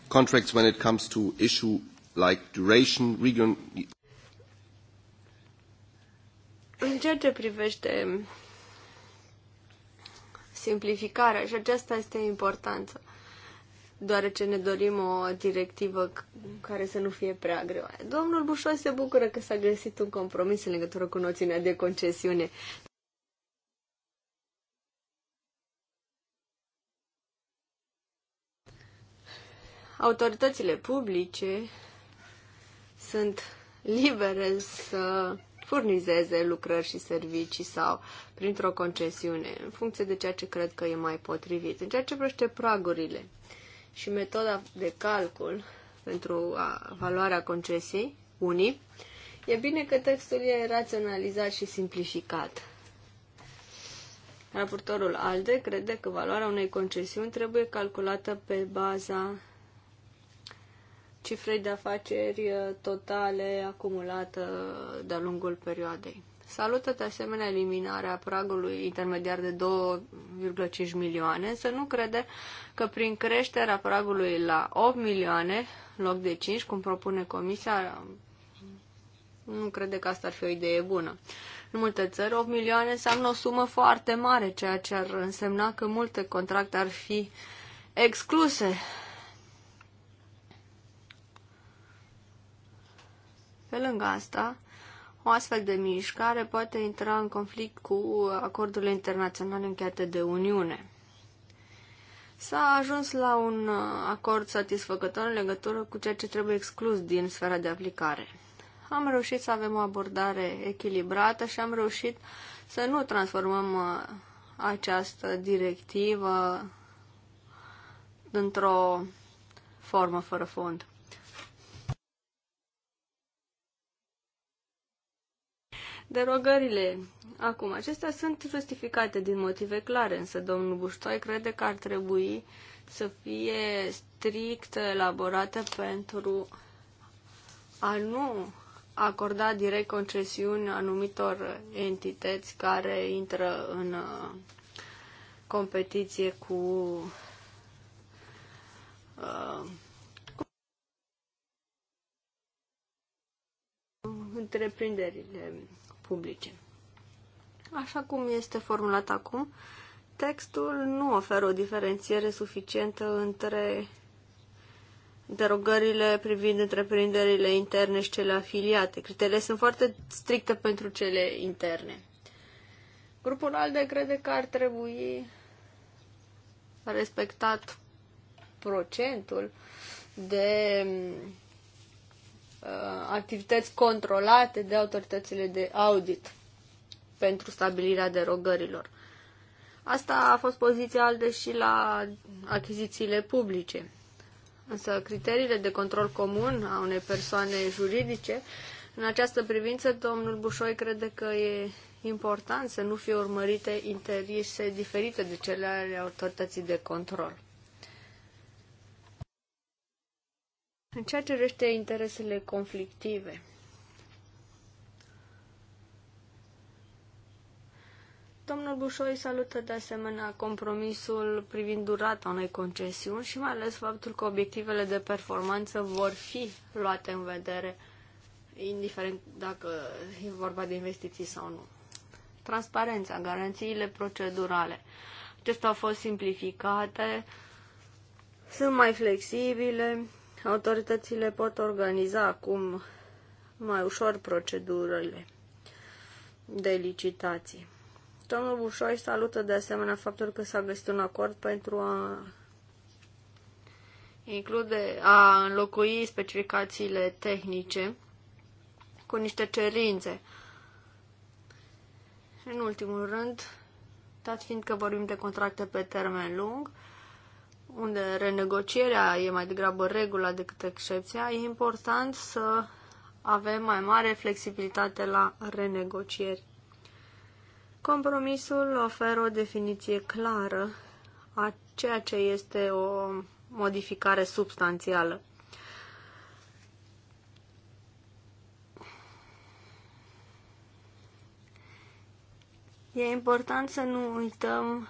Speaker 1: contracts when it comes to issue like duration, region...
Speaker 2: În ceea ce privește simplificarea, și aceasta este importantă, deoarece ne dorim o directivă care să nu fie prea greu. Domnul Bușoi se bucură că s-a găsit un compromis în legătură cu noțiunea de concesiune. Autoritățile publice sunt libere să furnizeze lucrări și servicii sau printr-o concesiune, în funcție de ceea ce cred că e mai potrivit. În ceea ce vrește pragurile, uh, și metoda de calcul pentru valoarea concesiei, unii, e bine că textul e raționalizat și simplificat. Raportorul ALDE crede că valoarea unei concesiuni trebuie calculată pe baza cifrei de afaceri uh, totale acumulată de-a lungul perioadei. Salută de asemenea eliminarea pragului intermediar de 2,5 milioane, să nu crede că prin creșterea pragului la 8 milioane, în loc de 5, cum propune Comisia, nu crede că asta ar fi o idee bună. În multe țări, 8 milioane înseamnă o sumă foarte mare, ceea ce ar însemna că multe contracte ar fi excluse Pe lângă asta, o astfel de mișcare poate intra în conflict cu acordurile internaționale încheiate de Uniune. S-a ajuns la un acord satisfăcător în legătură cu ceea ce trebuie exclus din sfera de aplicare. Am reușit să avem o abordare echilibrată și am reușit să nu transformăm uh, această directivă într-o formă fără fond. derogările. Acum, acestea sunt justificate din motive clare, însă domnul Buștoi crede că ar trebui să fie strict elaborate pentru a nu acorda direct concesiuni anumitor entități care intră în uh, competiție cu uh, întreprinderile publice. Așa cum este formulat acum, textul nu oferă o diferențiere suficientă între derogările privind întreprinderile interne și cele afiliate. Criteriile sunt foarte stricte pentru cele interne. Grupul ALDE crede că ar trebui respectat procentul de Uh, activități controlate de autoritățile de audit pentru stabilirea derogărilor. Asta a fost poziția ALDE și la achizițiile publice. Însă criteriile de control comun a unei persoane juridice, în această privință, domnul Bușoi crede că e important să nu fie urmărite interese diferite de cele ale autorității de control. În ceea ce rește interesele conflictive, Domnul Bușoi salută de asemenea compromisul privind durata unei concesiuni și mai ales faptul că obiectivele de performanță vor fi luate în vedere, indiferent dacă e vorba de investiții sau nu. Transparența, garanțiile procedurale. Acestea au fost simplificate, sunt mai flexibile, autoritățile pot organiza acum mai ușor procedurile de licitații. Domnul Bușoi salută de asemenea faptul că s-a găsit un acord pentru a include, a înlocui specificațiile tehnice cu niște cerințe. În ultimul rând, dat fiind că vorbim de contracte pe termen lung, unde renegocierea e mai degrabă regula decât excepția, e important să avem mai mare flexibilitate la renegocieri. Compromisul oferă o definiție clară a ceea ce este o modificare substanțială. E important să nu uităm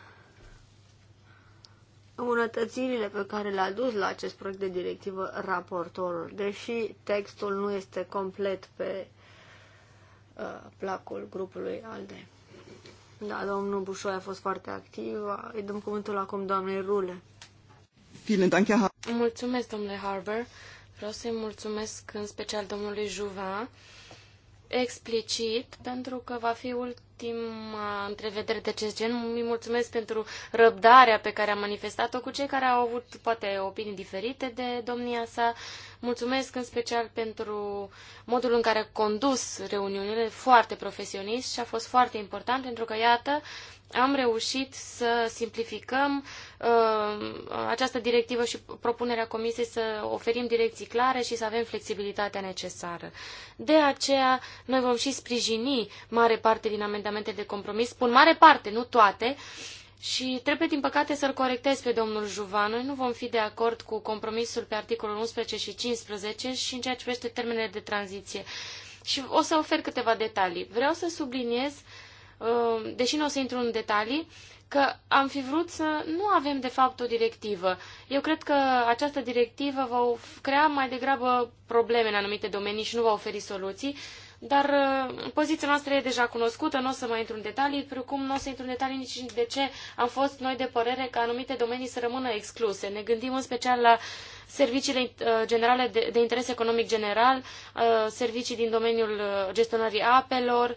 Speaker 2: îmbunătățirile pe care le-a dus la acest proiect de directivă raportorul, deși textul nu este complet pe uh, placul grupului ALDE. Da, domnul Bușoi a fost foarte activ.
Speaker 3: Îi dăm cuvântul acum doamnei Rule. Mulțumesc, domnule Harbour. Vreau să-i mulțumesc în special domnului Juva explicit, pentru că va fi ultima întrevedere de acest gen. Îi mulțumesc pentru răbdarea pe care a manifestat-o cu cei care au avut poate opinii diferite de domnia sa. Mulțumesc în special pentru modul în care a condus reuniunile, foarte profesionist și a fost foarte important pentru că, iată, am reușit să simplificăm uh, această directivă și propunerea Comisiei să oferim direcții clare și să avem flexibilitatea necesară. De aceea, noi vom și sprijini mare parte din amendamentele amendamente de compromis, spun mare parte, nu toate, și trebuie, din păcate, să-l corectez pe domnul Juvan. Noi nu vom fi de acord cu compromisul pe articolul 11 și 15 și în ceea ce privește termenele de tranziție. Și o să ofer câteva detalii. Vreau să subliniez, uh, deși nu o să intru în detalii, că am fi vrut să nu avem, de fapt, o directivă. Eu cred că această directivă va crea mai degrabă probleme în anumite domenii și nu va oferi soluții. Dar uh, poziția noastră e deja cunoscută, nu o să mai intru în detalii, precum nu o să intru în detalii nici de ce am fost noi de părere că anumite domenii să rămână excluse. Ne gândim în special la serviciile uh, generale de, de interes economic general, uh, servicii din domeniul gestionării apelor,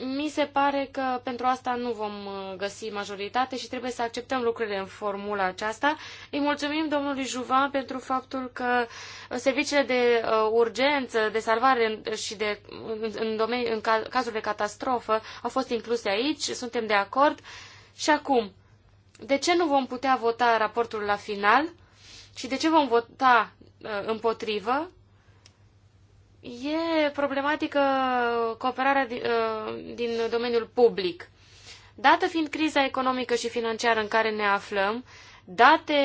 Speaker 3: mi se pare că pentru asta nu vom uh, găsi majoritate și trebuie să acceptăm lucrurile în formula aceasta. Îi mulțumim domnului Juva pentru faptul că uh, serviciile de uh, urgență, de salvare și de, în, domeni, în cazul de catastrofă au fost incluse aici, suntem de acord. Și acum, de ce nu vom putea vota raportul la final și de ce vom vota împotrivă? E problematică cooperarea din, uh, din domeniul public. Dată fiind criza economică și financiară în care ne aflăm, date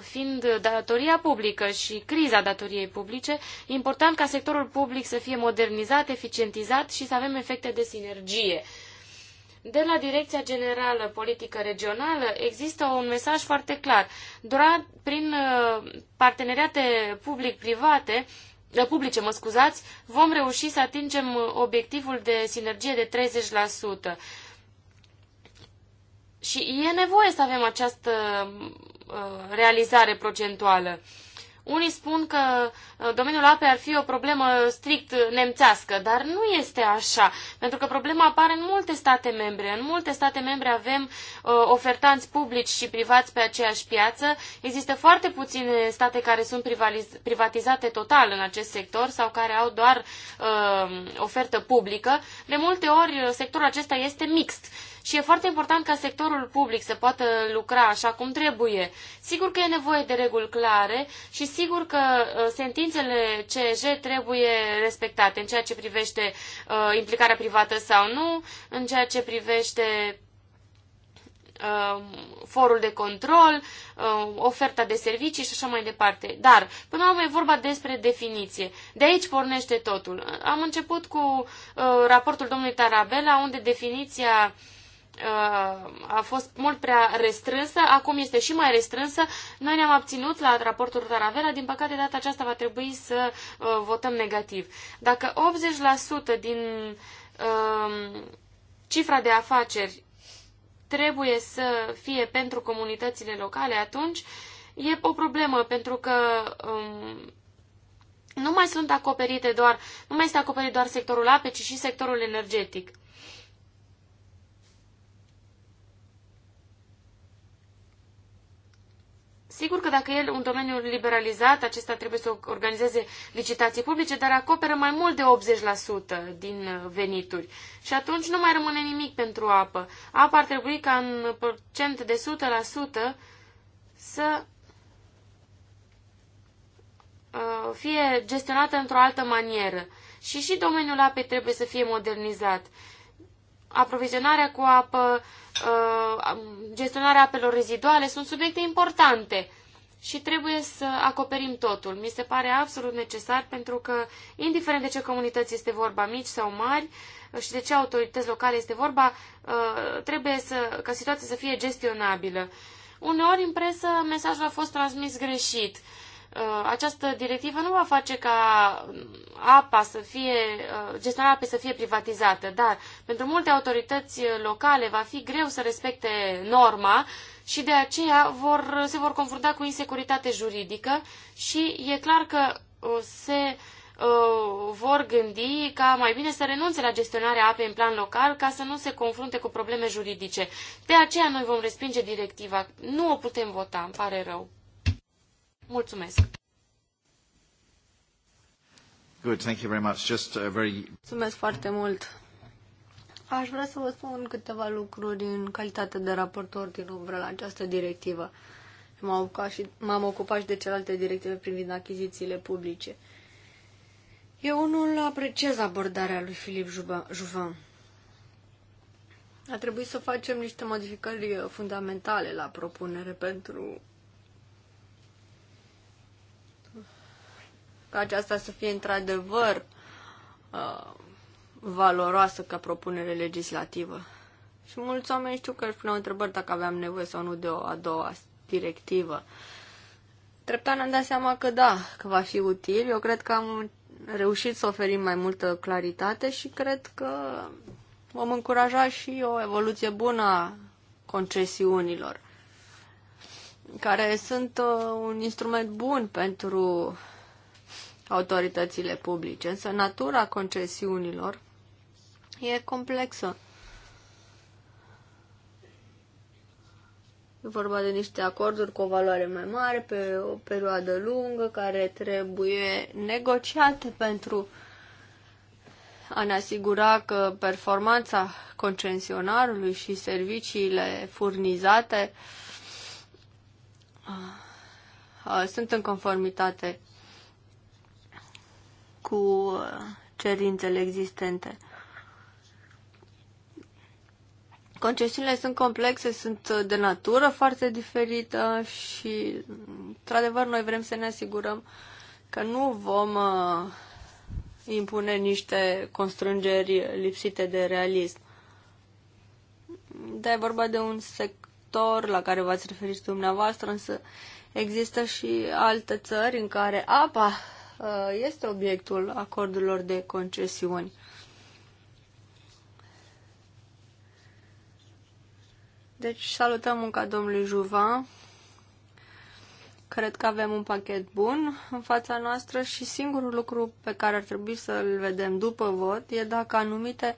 Speaker 3: fiind datoria publică și criza datoriei publice, e important ca sectorul public să fie modernizat, eficientizat și să avem efecte de sinergie. De la Direcția Generală Politică Regională există un mesaj foarte clar. Doar prin uh, parteneriate public-private Eh, publice, mă scuzați, vom reuși să atingem eh, obiectivul de sinergie de 30%. Și e nevoie să avem această eh, realizare procentuală. Unii spun că uh, domeniul apei ar fi o problemă strict nemțească, dar nu este așa, pentru că problema apare în multe state membre. În multe state membre avem uh, ofertanți publici și privați pe aceeași piață. Există foarte puține state care sunt privatizate total în acest sector sau care au doar uh, ofertă publică. De multe ori uh, sectorul acesta este mixt. Uh, și e foarte important ca sectorul public să poată lucra așa cum trebuie. Sigur că e nevoie de reguli clare și sigur că uh, sentințele CEJ trebuie respectate în ceea ce privește uh, implicarea privată sau nu, în ceea ce privește uh, forul de control, uh, oferta de servicii și așa mai departe. Dar, până la urmă, e vorba despre definiție. De aici pornește totul. Am început cu raportul domnului Tarabella, unde definiția uh, Uh, a fost mult prea restrânsă, acum este și mai restrânsă. Noi ne-am abținut la raportul Taravera, din păcate data aceasta va trebui să uh, votăm negativ. Dacă 80% din uh, cifra de afaceri trebuie să fie pentru comunitățile locale, atunci e o problemă, pentru că um, nu mai sunt acoperite doar, nu mai este acoperit doar sectorul apei, ci și sectorul energetic. Sigur că dacă el, un domeniu liberalizat, acesta trebuie să organizeze licitații publice, dar acoperă mai mult de 80% din uh, venituri. Și atunci nu mai rămâne nimic pentru apă. Apa ar trebui ca în procent de 100% să uh, fie gestionată într-o altă manieră. Și și domeniul apei trebuie să fie modernizat aprovizionarea cu apă, uh, gestionarea apelor reziduale sunt subiecte importante și trebuie să acoperim totul. Mi se pare absolut necesar pentru că, indiferent de ce comunități este vorba, mici sau mari, uh, și de ce autorități locale este vorba, uh, trebuie să, ca situația să fie gestionabilă. Uneori, în presă, mesajul a fost transmis greșit. Uh, această directivă nu va face ca mm, apa să fie, uh, gestionarea apei să fie privatizată, dar pentru multe autorități locale va fi greu să respecte norma și de aceea vor, se vor confrunta cu insecuritate juridică și e clar că uh, se vor gândi ca mai bine să renunțe la gestionarea apei în plan local ca să nu se confrunte cu probleme juridice. De aceea noi vom respinge directiva. Nu o putem vota, îmi pare rău. Mulțumesc!
Speaker 2: Good, thank you very much. Just a very...
Speaker 3: Mulțumesc foarte
Speaker 2: mult! Aș vrea să vă spun câteva lucruri în calitate de raportor din umbră la această directivă. M-am ocupat, și, m-am ocupat și de celelalte directive privind achizițiile publice. Eu unul apreciez abordarea lui Filip Juvan. A trebuit să facem niște modificări uh, fundamentale la propunere pentru ca aceasta să fie într-adevăr uh, valoroasă ca propunere legislativă. Și mulți oameni știu că își puneau întrebări dacă aveam nevoie sau nu de o a doua directivă. Treptat ne-am dat seama că da, că va fi util. Eu cred că am reușit să oferim mai multă claritate și cred că vom încuraja și o evoluție bună a concesiunilor, care sunt uh, un instrument bun pentru autoritățile publice. Însă natura concesiunilor e complexă. E vorba de niște acorduri cu o valoare mai mare pe o perioadă lungă care trebuie negociate pentru a ne asigura că performanța concesionarului și serviciile furnizate sunt în conformitate cu uh, cerințele existente. Concesiunile sunt complexe, sunt uh, de natură foarte diferită și, într-adevăr, noi vrem să ne asigurăm că nu vom uh, impune niște constrângeri lipsite de realism. Dar e vorba de un sector la care v-ați referit dumneavoastră, însă există și alte țări în care apa Uh, este obiectul acordurilor de concesiuni. Deci salutăm munca domnului Juva. Cred că avem un pachet bun în fața noastră și singurul lucru pe care ar trebui să-l vedem după vot e dacă anumite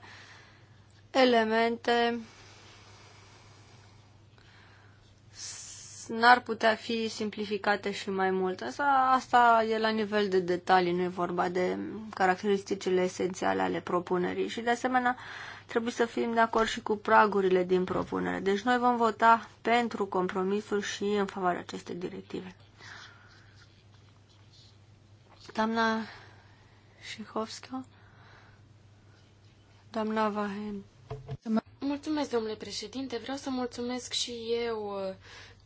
Speaker 2: elemente n-ar putea fi simplificate și mai mult. Asta, asta e la nivel de detalii, nu e vorba de caracteristicile esențiale ale propunerii. Și de asemenea, trebuie să fim de acord și cu pragurile din propunere. Deci noi vom vota pentru compromisul și în favoarea acestei directive.
Speaker 3: Doamna Șihovska, doamna Vahem? Mulțumesc, domnule președinte. Vreau să mulțumesc și eu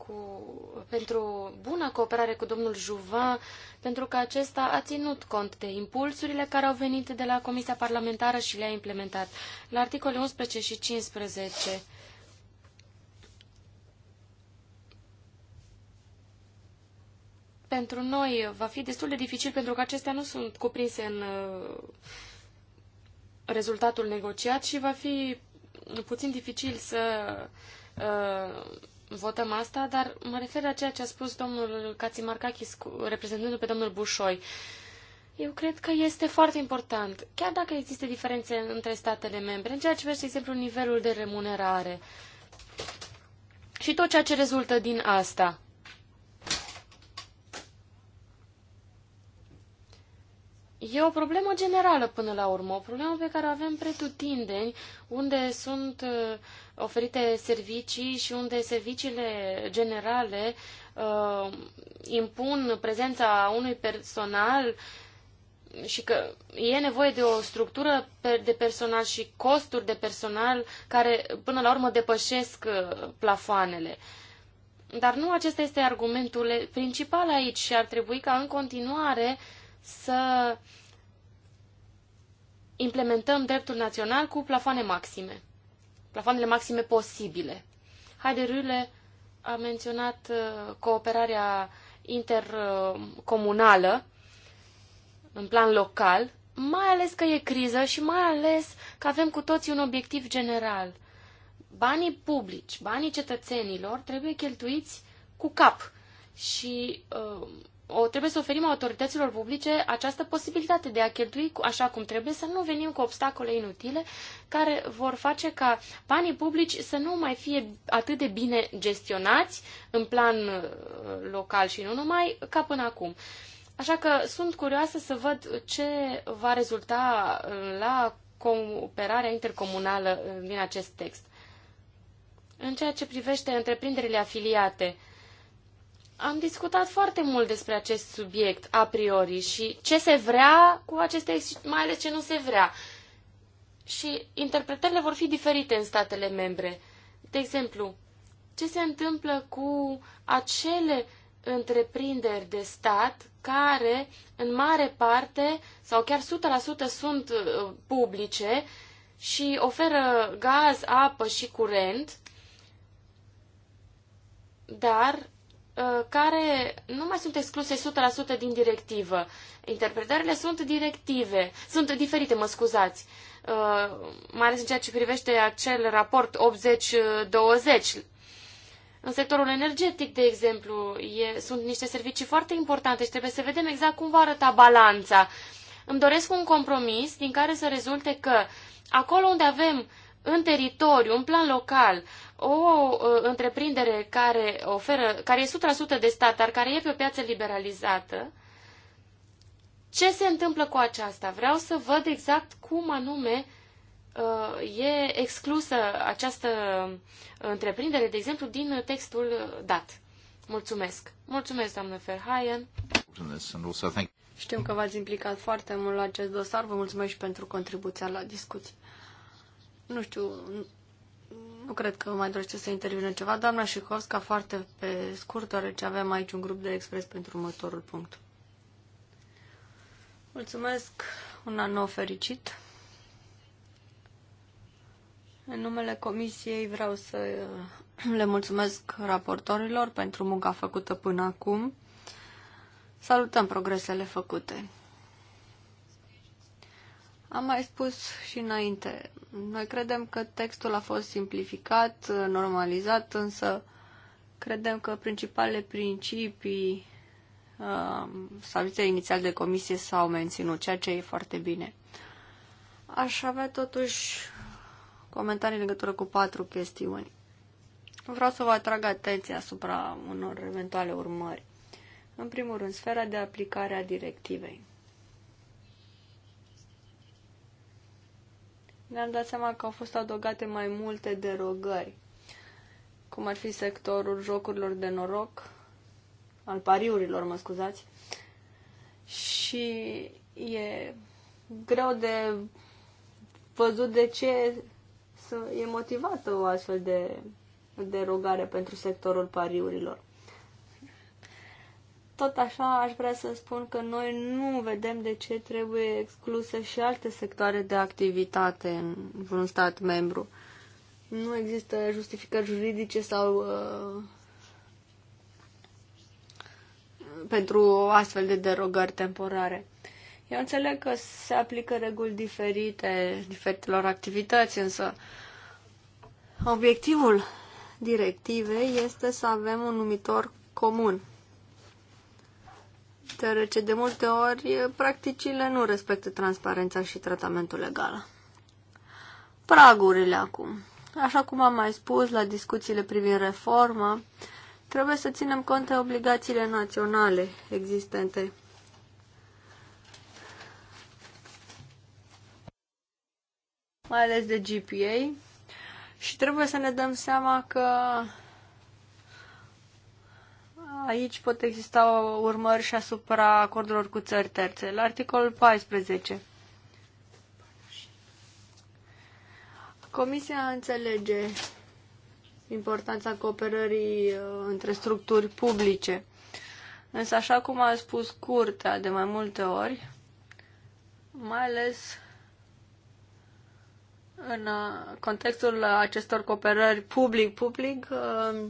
Speaker 3: cu, pentru buna cooperare cu domnul Juvin, pentru că acesta a ținut cont de impulsurile care au venit de la Comisia Parlamentară și le-a implementat. La articole 11 și 15 pentru noi va fi destul de dificil pentru că acestea nu sunt cuprinse în uh, rezultatul negociat și va fi puțin dificil să uh, votăm asta, dar mă refer la ceea ce a spus domnul Kațimarkakis, reprezentându pe domnul Bușoi. Eu cred că este foarte important, chiar dacă există diferențe între statele membre, în ceea ce vezi, de exemplu, nivelul de remunerare și tot ceea ce rezultă din asta. E o problemă generală până la urmă, o problemă pe care o avem pretutindeni, unde sunt uh, oferite servicii și unde serviciile generale uh, impun prezența unui personal și că e nevoie de o structură de personal și costuri de personal care până la urmă depășesc uh, plafoanele. Dar nu acesta este argumentul principal aici și ar trebui ca în continuare uh, să implementăm dreptul național cu plafoane maxime, plafoanele maxime posibile. Haide Rule a menționat uh, cooperarea intercomunală în plan local, mai ales că e criză și mai ales că avem cu toții un obiectiv general. Banii publici, banii cetățenilor trebuie cheltuiți cu cap și uh, o, trebuie să oferim autorităților publice această posibilitate de a cheltui așa cum trebuie, să nu venim cu obstacole inutile care vor face ca banii publici să nu mai fie atât de bine gestionați în plan uh, local și nu numai ca până acum. Așa că sunt curioasă să văd ce va rezulta uh, la cooperarea intercomunală uh, din acest text. În ceea ce privește întreprinderile afiliate, uh, am discutat foarte mult despre acest subiect a priori și ce se vrea cu aceste, mai ales ce nu se vrea. Și interpretările vor fi diferite în statele membre. De exemplu, ce se întâmplă cu acele întreprinderi de stat care, în mare parte, sau chiar 100% sunt uh, publice și oferă gaz, apă și curent, dar Uh, care nu mai sunt excluse 100% din directivă. Interpretările sunt directive, sunt diferite, mă scuzați, uh, mai ales în ceea ce privește acel raport 80-20. În sectorul energetic, de exemplu, e, sunt niște servicii foarte importante și trebuie să vedem exact cum va arăta balanța. Îmi doresc un compromis din care să rezulte că acolo unde avem în teritoriu, în plan local, o uh, întreprindere care oferă, care e 100% de stat, dar care e pe o piață liberalizată, ce se întâmplă cu aceasta? Vreau să văd exact cum anume uh, e exclusă această întreprindere, de exemplu, din textul dat. Mulțumesc. Mulțumesc, doamnă Ferhaien. Știm că v-ați implicat foarte mult la acest dosar. Vă mulțumesc și pentru contribuția la discuții.
Speaker 2: Nu știu, nu cred că mai dorește să intervină ceva. Doamna Șihovska, foarte pe scurt, deoarece avem aici un grup de expres pentru următorul punct. Mulțumesc, un an nou fericit. În numele Comisiei vreau să le mulțumesc raportorilor pentru munca făcută până acum. Salutăm progresele făcute. Am mai spus și înainte, noi credem că textul a fost simplificat, normalizat, însă credem că principalele principii uh, inițial de comisie s-au menținut, ceea ce e foarte bine. Aș avea totuși comentarii în legătură cu patru chestiuni. Vreau să vă atrag atenția asupra unor eventuale urmări. În primul rând, sfera de aplicare a directivei. ne-am dat seama că au fost adăugate mai multe derogări, cum ar fi sectorul jocurilor de noroc, al pariurilor, mă scuzați, și e greu de văzut de ce e motivată o astfel de derogare pentru sectorul pariurilor. Tot așa aș vrea să spun că noi nu vedem de ce trebuie excluse și alte sectoare de activitate în vreun stat membru. Nu există justificări juridice sau uh, pentru astfel de derogări temporare. Eu înțeleg că se aplică reguli diferite diferitelor activități, însă obiectivul directivei este să avem un numitor comun deoarece de multe ori practicile nu respectă transparența și tratamentul legal. Pragurile acum. Așa cum am mai spus la discuțiile privind reforma, trebuie să ținem cont de obligațiile naționale existente. Mai ales de GPA. Și trebuie să ne dăm seama că Aici pot exista urmări și asupra acordurilor cu țări terțe. La articolul 14. Comisia înțelege importanța cooperării uh, între structuri publice. Însă, așa cum a spus curtea de mai multe ori, mai ales în uh, contextul acestor cooperări public-public, uh,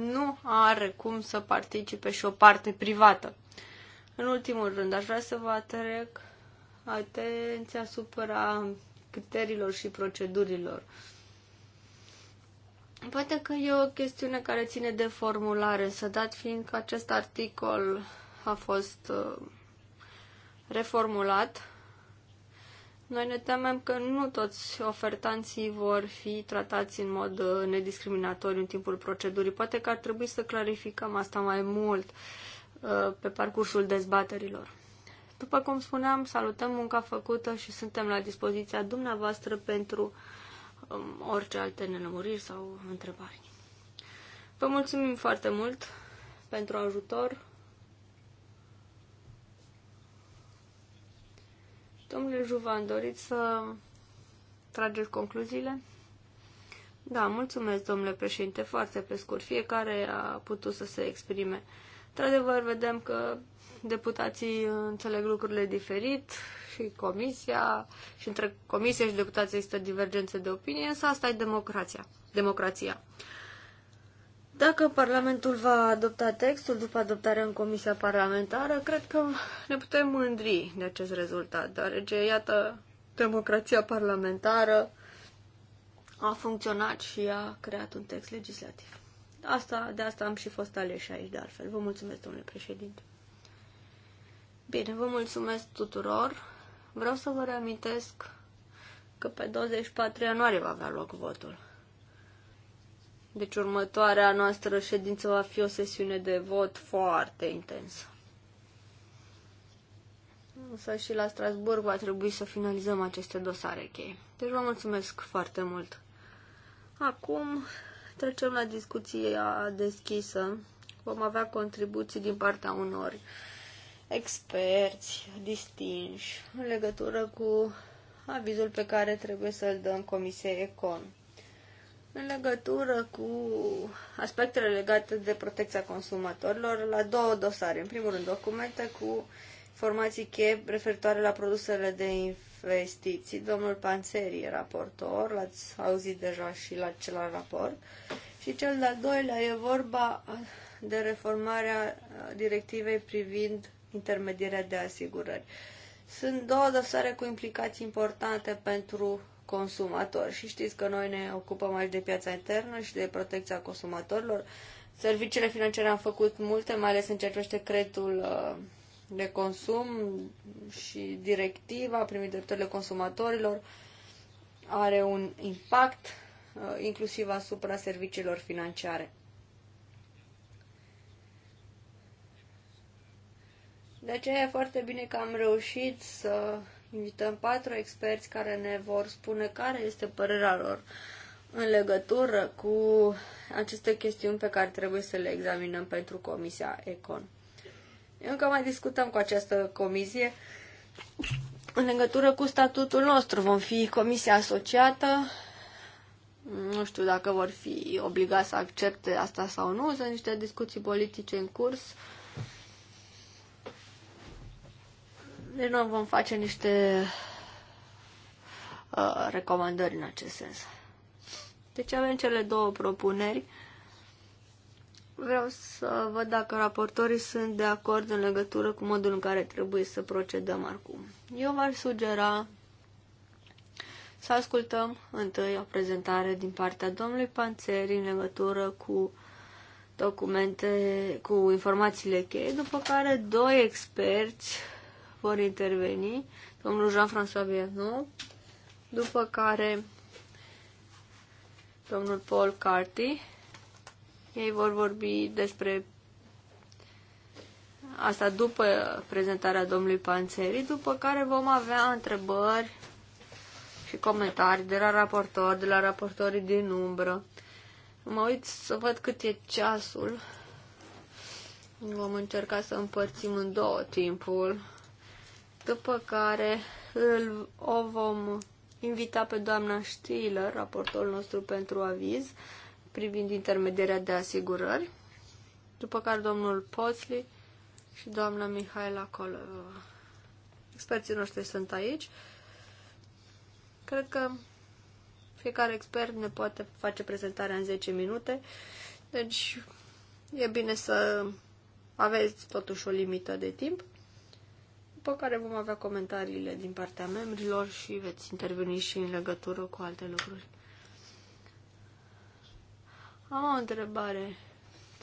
Speaker 2: nu are cum să participe și o parte privată. În ultimul rând, aș vrea să vă atrag atenția asupra criteriilor și procedurilor. Poate că e o chestiune care ține de formulare, să dat fiind că acest articol a fost uh, reformulat noi ne temem că nu toți ofertanții vor fi tratați în mod uh, nediscriminatoriu în timpul procedurii. Poate că ar trebui să clarificăm asta mai mult uh, pe parcursul dezbaterilor. După cum spuneam, salutăm munca făcută și suntem la dispoziția dumneavoastră pentru um, orice alte nelămuriri sau întrebări. Vă mulțumim foarte mult pentru ajutor. Domnule Juvan, doriți să trageți concluziile? Da, mulțumesc, domnule președinte, foarte pe scurt. Fiecare a putut să se exprime. Într-adevăr, vedem că deputații înțeleg lucrurile diferit și comisia și între comisie și deputații există divergențe de opinie, însă asta e democrația. democrația. Dacă Parlamentul va adopta textul după adoptarea în Comisia Parlamentară, cred că ne putem mândri de acest rezultat, deoarece, iată, democrația parlamentară a funcționat și a creat un text legislativ. Asta, de asta am și fost aleși aici, de altfel. Vă mulțumesc, domnule președinte. Bine, vă mulțumesc tuturor. Vreau să vă reamintesc că pe 24 ianuarie va avea loc votul. Deci următoarea noastră ședință va fi o sesiune de vot foarte intensă. Însă și la Strasburg va trebui să finalizăm aceste dosare cheie. Deci vă mulțumesc foarte mult. Acum trecem la discuția deschisă. Vom avea contribuții din partea unor experți distinși în legătură cu avizul pe care trebuie să-l dăm Comisiei Econ în legătură cu aspectele legate de protecția consumatorilor la două dosare. În primul rând, documente cu informații cheie referitoare la produsele de investiții. Domnul Panțeri e raportor, l-ați auzit deja și la celălalt raport. Și cel de-al doilea e vorba de reformarea directivei privind intermedierea de asigurări. Sunt două dosare cu implicații importante pentru consumator Și știți că noi ne ocupăm aici de piața internă și de protecția consumatorilor. Serviciile financiare am făcut multe, mai ales în ceea ce privește creditul uh, de consum și directiva primit drepturile consumatorilor are un impact uh, inclusiv asupra serviciilor financiare. De aceea e foarte bine că am reușit să Invităm patru experți care ne vor spune care este părerea lor în legătură cu aceste chestiuni pe care trebuie să le examinăm pentru Comisia Econ. Încă mai discutăm cu această comisie în legătură cu statutul nostru. Vom fi comisia asociată, nu știu dacă vor fi obligați să accepte asta sau nu, sunt niște discuții politice în curs. Uh, Deci noi vom face niște uh, recomandări în acest sens. Deci avem cele două propuneri. Vreau să văd dacă raportorii sunt de acord în legătură cu modul în care trebuie să procedăm acum. Eu v-aș sugera să ascultăm întâi o prezentare din partea domnului Panțeri în legătură cu documente, cu informațiile cheie, după care doi experți vor interveni, domnul Jean-François Viernou, după care domnul Paul Carty. Ei vor vorbi despre asta după prezentarea domnului Panțeri, după care vom avea întrebări și comentarii de la raportor, de la raportorii din umbră. Mă uit să văd cât e ceasul. Vom încerca să împărțim în două timpul după care îl, o vom invita pe doamna Stiller, raportorul nostru pentru aviz, privind intermedierea de asigurări, după care domnul Poțli și doamna Mihaela Colova. Experții noștri sunt aici. Cred că fiecare expert ne poate face prezentarea în 10 minute, deci e bine să aveți totuși o limită de timp după care vom avea comentariile din partea membrilor și veți interveni și în legătură cu alte lucruri. Am o întrebare,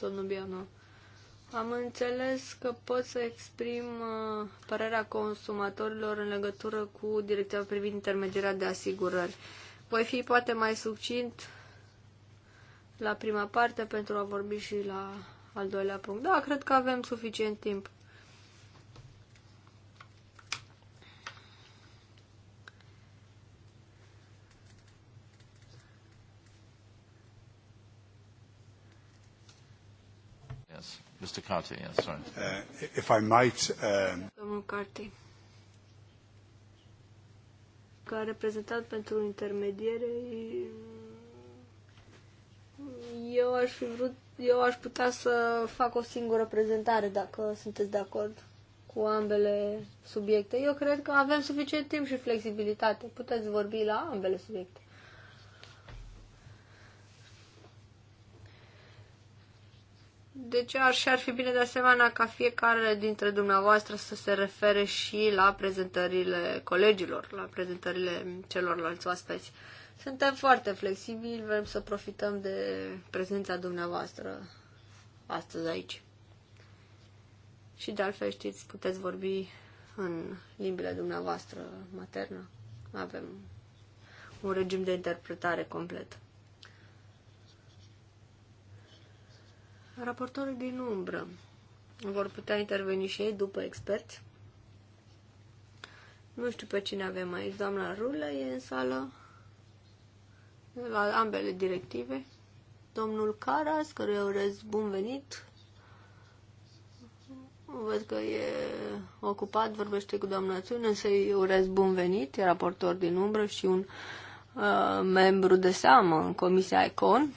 Speaker 2: domnul Biano. Am înțeles că pot să exprim uh, părerea consumatorilor în legătură cu directiva privind intermedierea de asigurări. Voi fi poate mai succint la prima parte pentru a vorbi și la al doilea punct. Da, cred că avem suficient timp.
Speaker 1: Mr. Carty, yeah, sorry. Uh, if I might... Uh...
Speaker 2: Domnul Carty. Ca reprezentant pentru intermediere, eu aș fi vrut, eu aș putea să fac o singură prezentare, dacă sunteți de acord cu ambele subiecte. Eu cred că avem suficient timp și flexibilitate. Puteți vorbi la ambele subiecte. Deci ar, și ar fi bine de asemenea ca fiecare dintre dumneavoastră să se refere și la prezentările colegilor, la prezentările celorlalți oaspeți. Suntem foarte flexibili, vrem să profităm de prezența dumneavoastră astăzi aici. Și de altfel știți, puteți vorbi în limbile dumneavoastră maternă. Avem un regim de interpretare complet. Raportorii din umbră vor putea interveni și ei după experți. Nu știu pe cine avem aici. Doamna Rulă e în sală la ambele directive. Domnul Caras, care eu urez bun venit. Văd că e ocupat, vorbește cu doamna Țună, să-i urez bun venit, e raportor din umbră și un uh, membru de seamă în Comisia ICON.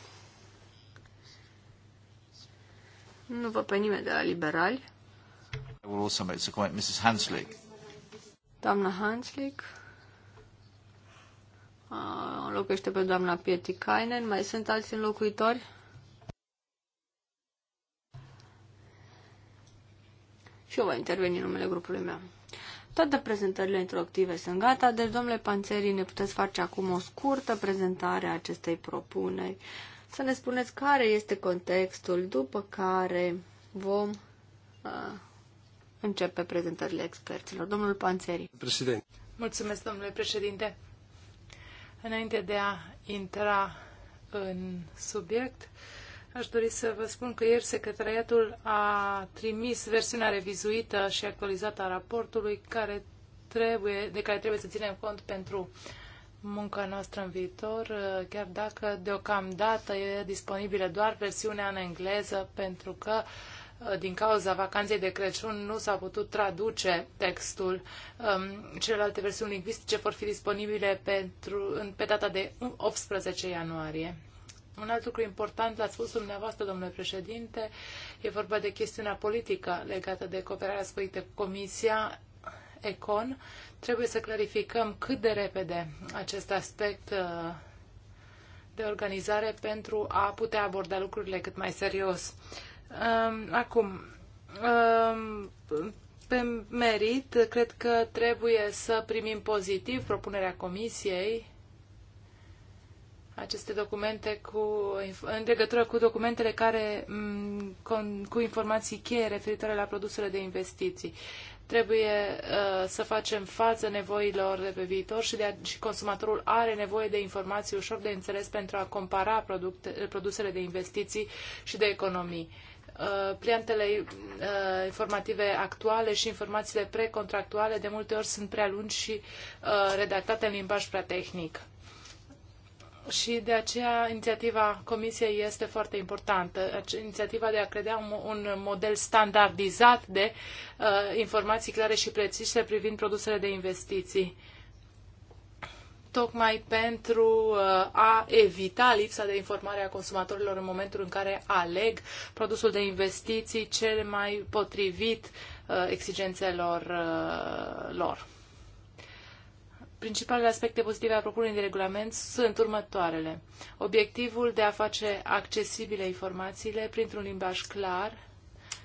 Speaker 2: Nu văd pe nimeni de la liberali.
Speaker 1: I will also make a comment. Mrs. Hanslick.
Speaker 2: Doamna Hanslick înlocuiește pe doamna Pietikainen. Mai sunt alți înlocuitori? Și eu voi interveni în numele grupului meu. Toate prezentările introductive sunt gata, deci, domnule Panțeri, ne puteți face acum o scurtă prezentare a acestei propuneri să ne spuneți care este contextul după care vom uh, începe prezentările experților. Domnul Panțeri.
Speaker 3: Președinte.
Speaker 1: Mulțumesc, domnule președinte. Înainte de a intra în subiect, aș dori să vă spun că ieri secretariatul a trimis versiunea revizuită și actualizată a raportului care trebuie, de care trebuie să ținem cont pentru munca noastră în viitor, uh, chiar dacă deocamdată e disponibilă doar versiunea în engleză, pentru că uh, din cauza vacanței de Crăciun nu s-a putut traduce textul. Um, celelalte versiuni lingvistice vor fi disponibile pentru, pe data de 18 ianuarie. Un alt lucru important, l-ați spus dumneavoastră, domnule președinte, e vorba de chestiunea politică legată de cooperarea sporită cu Comisia Econ. Trebuie să clarificăm cât de repede acest aspect uh, de organizare pentru a putea aborda lucrurile cât mai serios. Um, acum, um, pe merit, cred că trebuie să primim pozitiv propunerea Comisiei aceste documente cu, în legătură cu documentele care, mm, cu informații cheie referitoare la produsele de investiții. Trebuie uh, să facem față nevoilor de pe viitor și, de a, și consumatorul are nevoie de informații ușor de înțeles pentru a compara producte, produsele de investiții și de economii uh, pliantele uh, informative actuale și informațiile precontractuale de multe ori sunt prea lungi și uh, redactate în limbaj prea tehnic și de aceea inițiativa Comisiei este foarte importantă. Inițiativa de a crea un, un model standardizat de uh, informații clare și precise privind produsele de investiții tocmai pentru uh, a evita lipsa de informare a consumatorilor în momentul în care aleg produsul de investiții cel mai potrivit uh, exigențelor uh, lor. Principalele aspecte pozitive a propunerii de regulament sunt următoarele. Obiectivul de a face accesibile informațiile printr-un limbaj clar,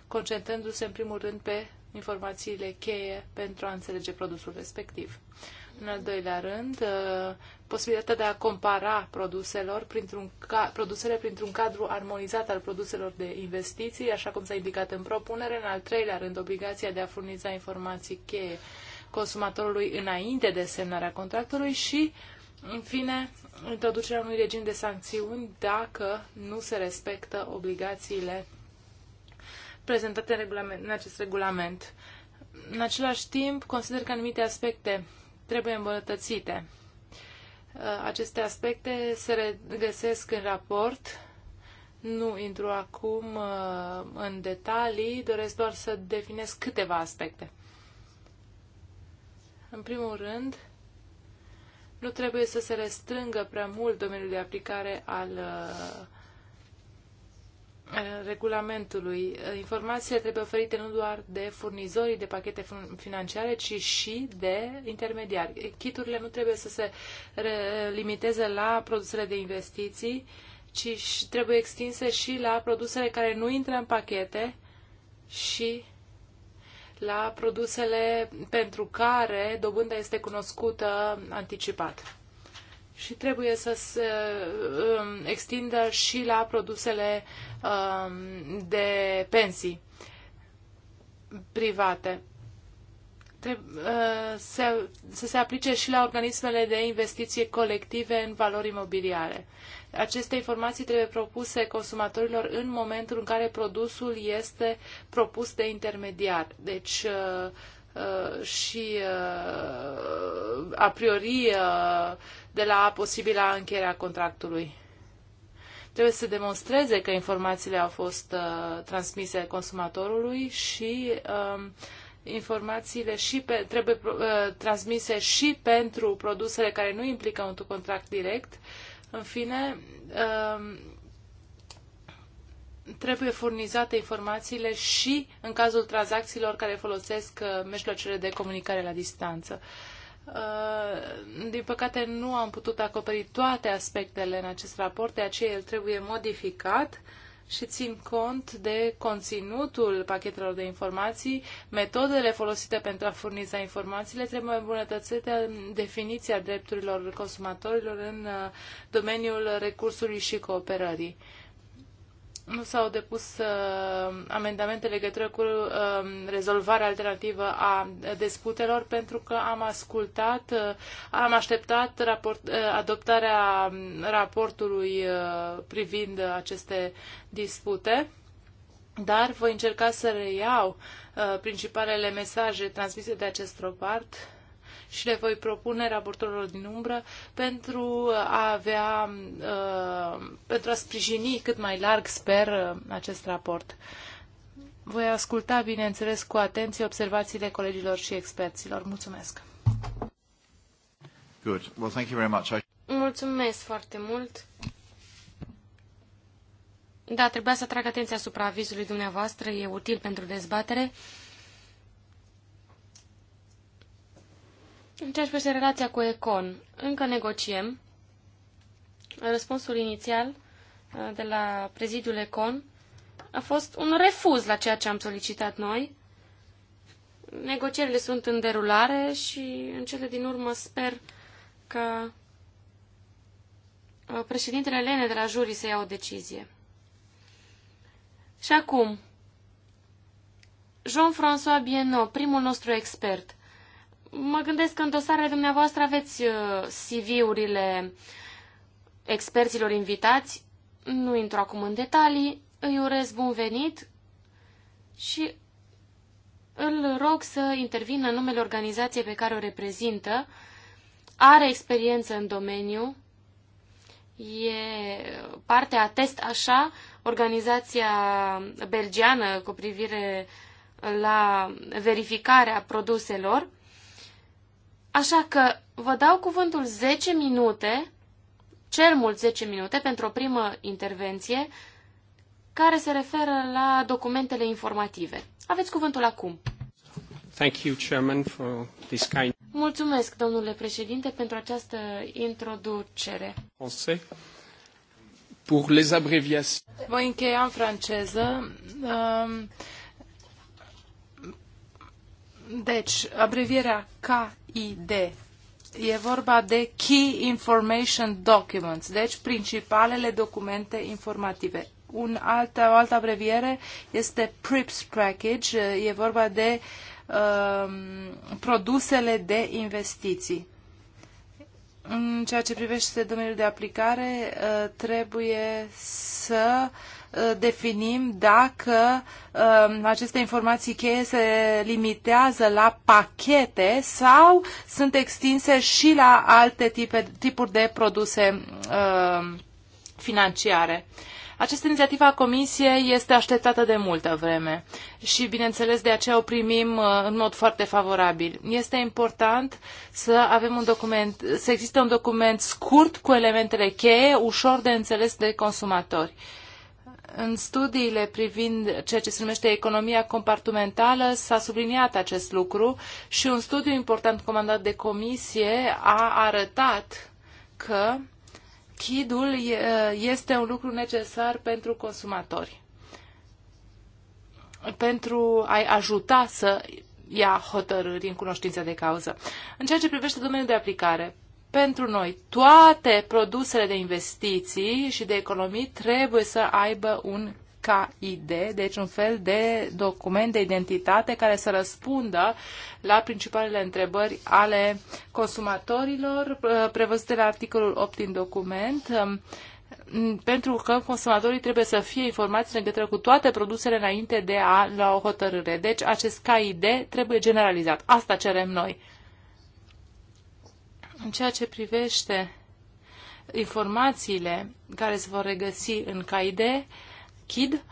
Speaker 1: concentrându-se în primul rând pe informațiile cheie pentru a înțelege produsul respectiv. În al doilea rând, uh, posibilitatea de a compara produselor printr-un ca, produsele printr-un cadru armonizat al produselor de investiții, așa cum s-a indicat în propunere. În al treilea rând, obligația de a furniza informații cheie consumatorului înainte de semnarea contractului și, în fine, introducerea unui regim de sancțiuni dacă nu se respectă obligațiile prezentate în, regulament, în acest regulament. În același timp, consider că anumite aspecte trebuie îmbunătățite. Uh, aceste aspecte se regăsesc în raport. Nu intru acum uh, în detalii, doresc doar să definez câteva aspecte. În primul rând, nu trebuie să se restrângă prea mult domeniul de aplicare al uh, regulamentului. Informațiile trebuie oferite nu doar de furnizorii de pachete financiare, ci și de intermediari. Chiturile nu trebuie să se limiteze la produsele de investiții, ci trebuie extinse și la produsele care nu intră în pachete și la produsele pentru care dobânda este cunoscută anticipat. Și trebuie să se um, extindă și la produsele um, de pensii private. Uh, să se aplice și la organismele de investiție colective în valori imobiliare. Aceste informații trebuie propuse consumatorilor în momentul în care produsul este propus de intermediar. Deci, uh, uh, și uh, a priori uh, de la posibila încheierea contractului. Trebuie să demonstreze că informațiile au fost uh, transmise consumatorului și um, informațiile și pe, trebuie uh, transmise și pentru produsele care nu implică un contract direct în fine, um, trebuie furnizate informațiile și în cazul tranzacțiilor care folosesc uh, mijloacele de comunicare la distanță. Uh, din păcate, nu am putut acoperi toate aspectele în acest raport, de aceea el trebuie modificat și țin cont de conținutul pachetelor de informații, metodele folosite pentru a furniza informațiile, trebuie îmbunătățită definiția drepturilor consumatorilor în uh, domeniul recursului și cooperării nu s-au depus uh, amendamente legătură cu uh, rezolvarea alternativă a disputelor pentru că am ascultat, uh, am așteptat raport, uh, adoptarea raportului uh, privind uh, aceste dispute, dar voi încerca să reiau uh, principalele mesaje transmise de acest raport și le voi propune raportorilor din umbră pentru a avea, uh, pentru a sprijini cât mai larg, sper, uh, acest raport. Voi asculta, bineînțeles, cu atenție observațiile colegilor și experților. Mulțumesc! Good. Well, thank you very much. I...
Speaker 3: Mulțumesc foarte mult! Da, trebuia să atrag atenția asupra avizului dumneavoastră, e util pentru dezbatere. În ceea ce privește relația cu Econ, încă negociem. Răspunsul inițial uh, de la prezidiul Econ a fost un refuz la ceea ce am solicitat noi. Negocierile sunt în derulare și în cele din urmă sper că uh, președintele Lene de la Juri să ia o decizie. Și acum, Jean-François Bienot, primul nostru expert, mă gândesc că în dosarele dumneavoastră aveți uh, CV-urile experților invitați. Nu intru acum în detalii. Îi urez bun venit și îl rog să intervină în numele organizației pe care o reprezintă. Are experiență în domeniu. E partea test așa, organizația belgiană cu privire la verificarea produselor Așa că vă dau cuvântul 10 minute, cel mult 10 minute, pentru o primă intervenție, care se referă la documentele informative. Aveți cuvântul acum.
Speaker 2: Thank you, Chairman, for this kind...
Speaker 3: Mulțumesc, domnule președinte, pentru această introducere.
Speaker 1: Pour les abréviations. Voi încheia în franceză. uh deci, abrevierea KID. E vorba de Key Information Documents, deci principalele documente informative. Un alt, o altă abreviere este PRIPS Package, e vorba de um, produsele de investiții. În ceea ce privește domeniul de aplicare, uh, trebuie să Uh, definim dacă uh, aceste informații cheie se limitează la pachete sau sunt extinse și la alte tipe, tipuri de produse uh, financiare. Această inițiativă a Comisiei este așteptată de multă vreme și, bineînțeles, de aceea o primim în mod foarte favorabil. Este important să avem un document, să existe un document scurt cu elementele cheie, ușor de înțeles de consumatori. În studiile privind ceea ce se numește economia compartimentală s-a subliniat acest lucru și un studiu important comandat de comisie a arătat că chidul este un lucru necesar pentru consumatori, pentru a-i ajuta să ia hotărâri în cunoștință de cauză. În ceea ce privește domeniul de aplicare, pentru noi, toate produsele de investiții și de economii trebuie să aibă un KID, deci un fel de document de identitate care să răspundă la principalele întrebări ale consumatorilor uh, prevăzute la articolul 8 din document um, pentru că consumatorii trebuie să fie informați în legătură cu toate produsele înainte de a lua o hotărâre. Deci acest KID trebuie generalizat. Asta cerem noi. În ceea ce privește informațiile care se vor regăsi în CAIDE, KID,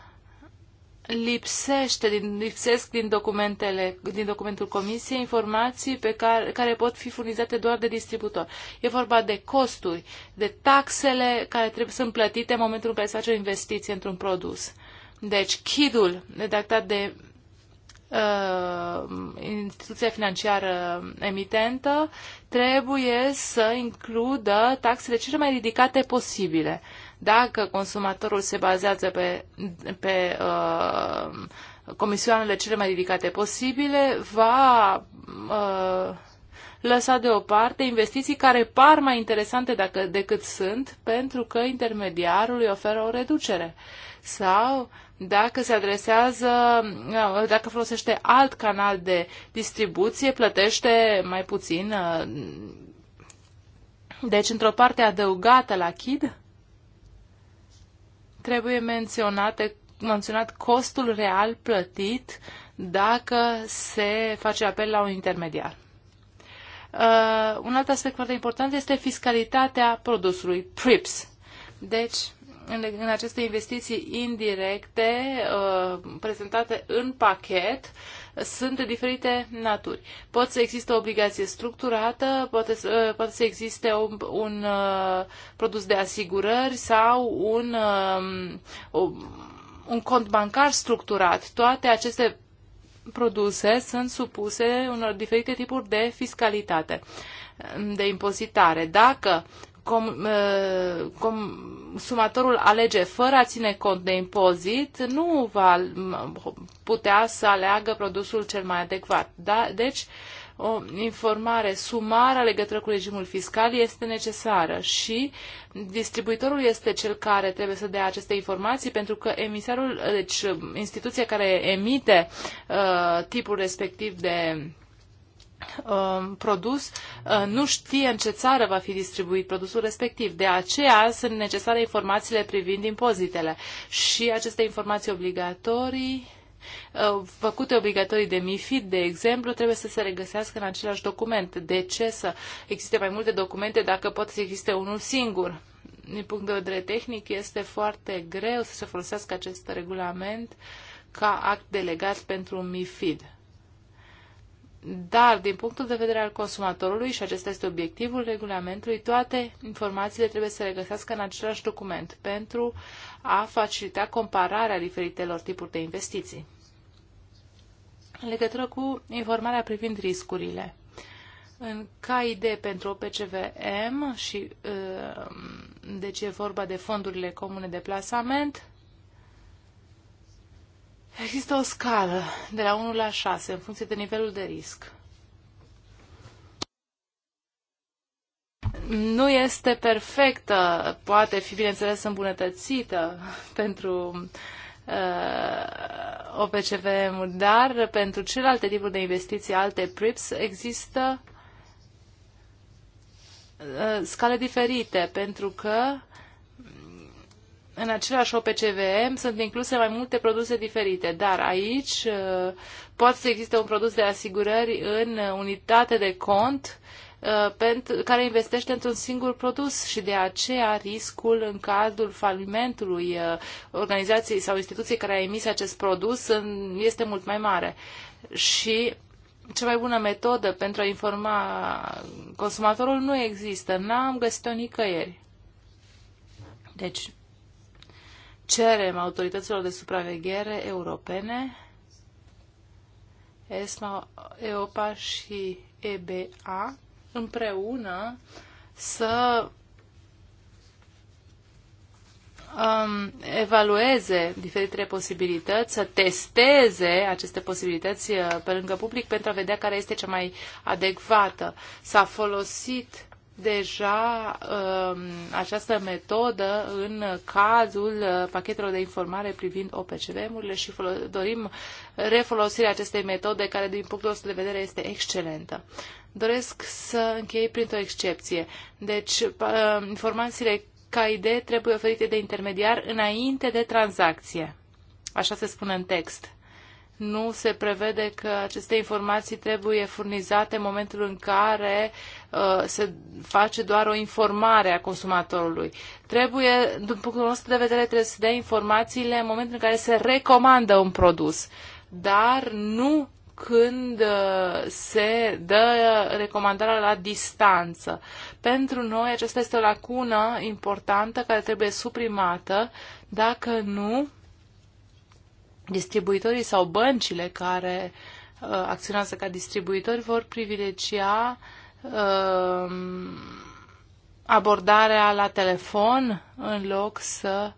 Speaker 1: lipsește din, lipsesc din documentele, din documentul comisiei informații pe care, care pot fi furnizate doar de distributor. E vorba de costuri, de taxele care trebuie, să sunt plătite în momentul în care se face o investiție într-un produs. Deci, chidul redactat de Uh, instituția financiară emitentă trebuie să includă taxele cele mai ridicate posibile. Dacă consumatorul se bazează pe, pe uh, comisioanele cele mai ridicate posibile, va uh, lăsa deoparte investiții care par mai interesante dacă, decât sunt, pentru că intermediarul îi oferă o reducere. Sau dacă se adresează, dacă folosește alt canal de distribuție, plătește mai puțin. Uh, deci, într-o parte adăugată la chid, trebuie menționate, menționat costul real plătit dacă se face apel la un intermediar. Uh, un alt aspect foarte important este fiscalitatea produsului PRIPS. Deci, în, în aceste investiții indirecte uh, prezentate în pachet sunt de diferite naturi. Pot să existe o obligație structurată, poate, uh, poate să existe un, un uh, produs de asigurări sau un, um, o, un cont bancar structurat. Toate aceste produse sunt supuse unor diferite tipuri de fiscalitate, de impozitare. Dacă com, uh, com, consumatorul alege fără a ține cont de impozit, nu va putea să aleagă produsul cel mai adecvat. Da? Deci, o informare sumară legătură cu regimul fiscal este necesară și distribuitorul este cel care trebuie să dea aceste informații pentru că emisarul, deci instituția care emite uh, tipul respectiv de uh, Um, produs uh, nu știe în ce țară va fi distribuit produsul respectiv. De aceea sunt necesare informațiile privind impozitele și aceste informații obligatorii uh, făcute obligatorii de MIFID, de exemplu, trebuie să se regăsească în același document. De ce să existe mai multe documente dacă pot să existe unul singur? Din punct de vedere tehnic, este foarte greu să se folosească acest regulament ca act delegat pentru MIFID dar, din punctul de vedere al consumatorului, și acesta este obiectivul regulamentului, toate informațiile trebuie să le găsească în același document pentru a facilita compararea diferitelor tipuri de investiții. În legătură cu informarea privind riscurile, în KID pentru OPCVM și uh, deci e vorba de fondurile comune de plasament, Există o scală de la 1 la 6 în funcție de nivelul de risc. Nu este perfectă, poate fi bineînțeles îmbunătățită *laughs* pentru uh, opcvm dar pentru celelalte tipuri de investiții, alte PRIPS, există uh, scale diferite, pentru că uh, în același OPCVM sunt incluse mai multe produse diferite, dar aici uh, poate să existe un produs de asigurări în unitate de cont uh, care investește într-un singur produs și de aceea riscul în cadrul falimentului uh, organizației sau instituției care a emis acest produs este mult mai mare. Și cea mai bună metodă pentru a informa consumatorul nu există. N-am găsit-o nicăieri. Deci, cerem autorităților de supraveghere europene, ESMA, EOPA și EBA, împreună să um, evalueze diferitele posibilități, să testeze aceste posibilități uh, pe lângă public pentru a vedea care este cea mai adecvată. S-a folosit deja um, această metodă în cazul uh, pachetelor de informare privind OPCVM-urile și dorim refolosirea acestei metode care din punctul nostru de vedere este excelentă. Doresc să închei printr-o excepție. Deci uh, informațiile ca idee trebuie oferite de intermediar înainte de tranzacție. Așa se spune în text nu se prevede că aceste informații trebuie furnizate în momentul în care uh, se face doar o informare a consumatorului. Trebuie, din punctul nostru de vedere, trebuie să dea informațiile în momentul în care se recomandă un produs, dar nu când uh, se dă recomandarea la distanță. Pentru noi aceasta este o lacună importantă care trebuie suprimată, dacă nu, distribuitorii sau băncile care uh, acționează ca distribuitori vor privilegia uh, abordarea la telefon în loc să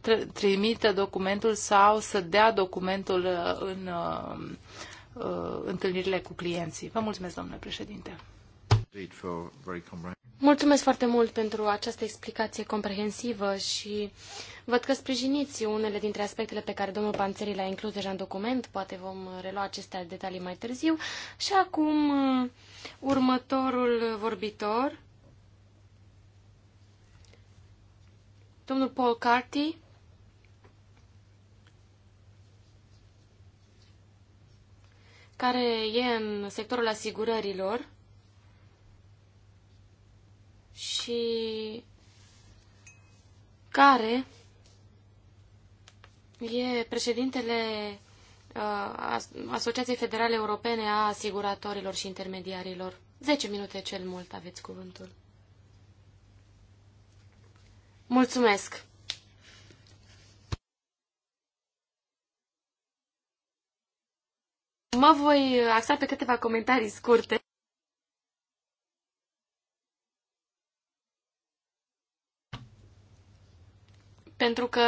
Speaker 1: tr trimită documentul sau să dea documentul uh, în uh, uh, întâlnirile cu clienții. Vă mulțumesc, domnule președinte. Mulțumesc foarte mult pentru această
Speaker 3: explicație comprehensivă și uh, Văd că sprijiniți unele dintre aspectele pe care domnul Panțeri le-a inclus deja în document, poate vom relua aceste detalii mai târziu. Și acum următorul vorbitor, domnul Paul Carty. care e în sectorul asigurărilor și care e președintele uh, Asociației Federale Europene a Asiguratorilor și Intermediarilor. 10 minute cel mult aveți cuvântul. Mulțumesc! Mă voi axa pe câteva comentarii scurte. Pentru că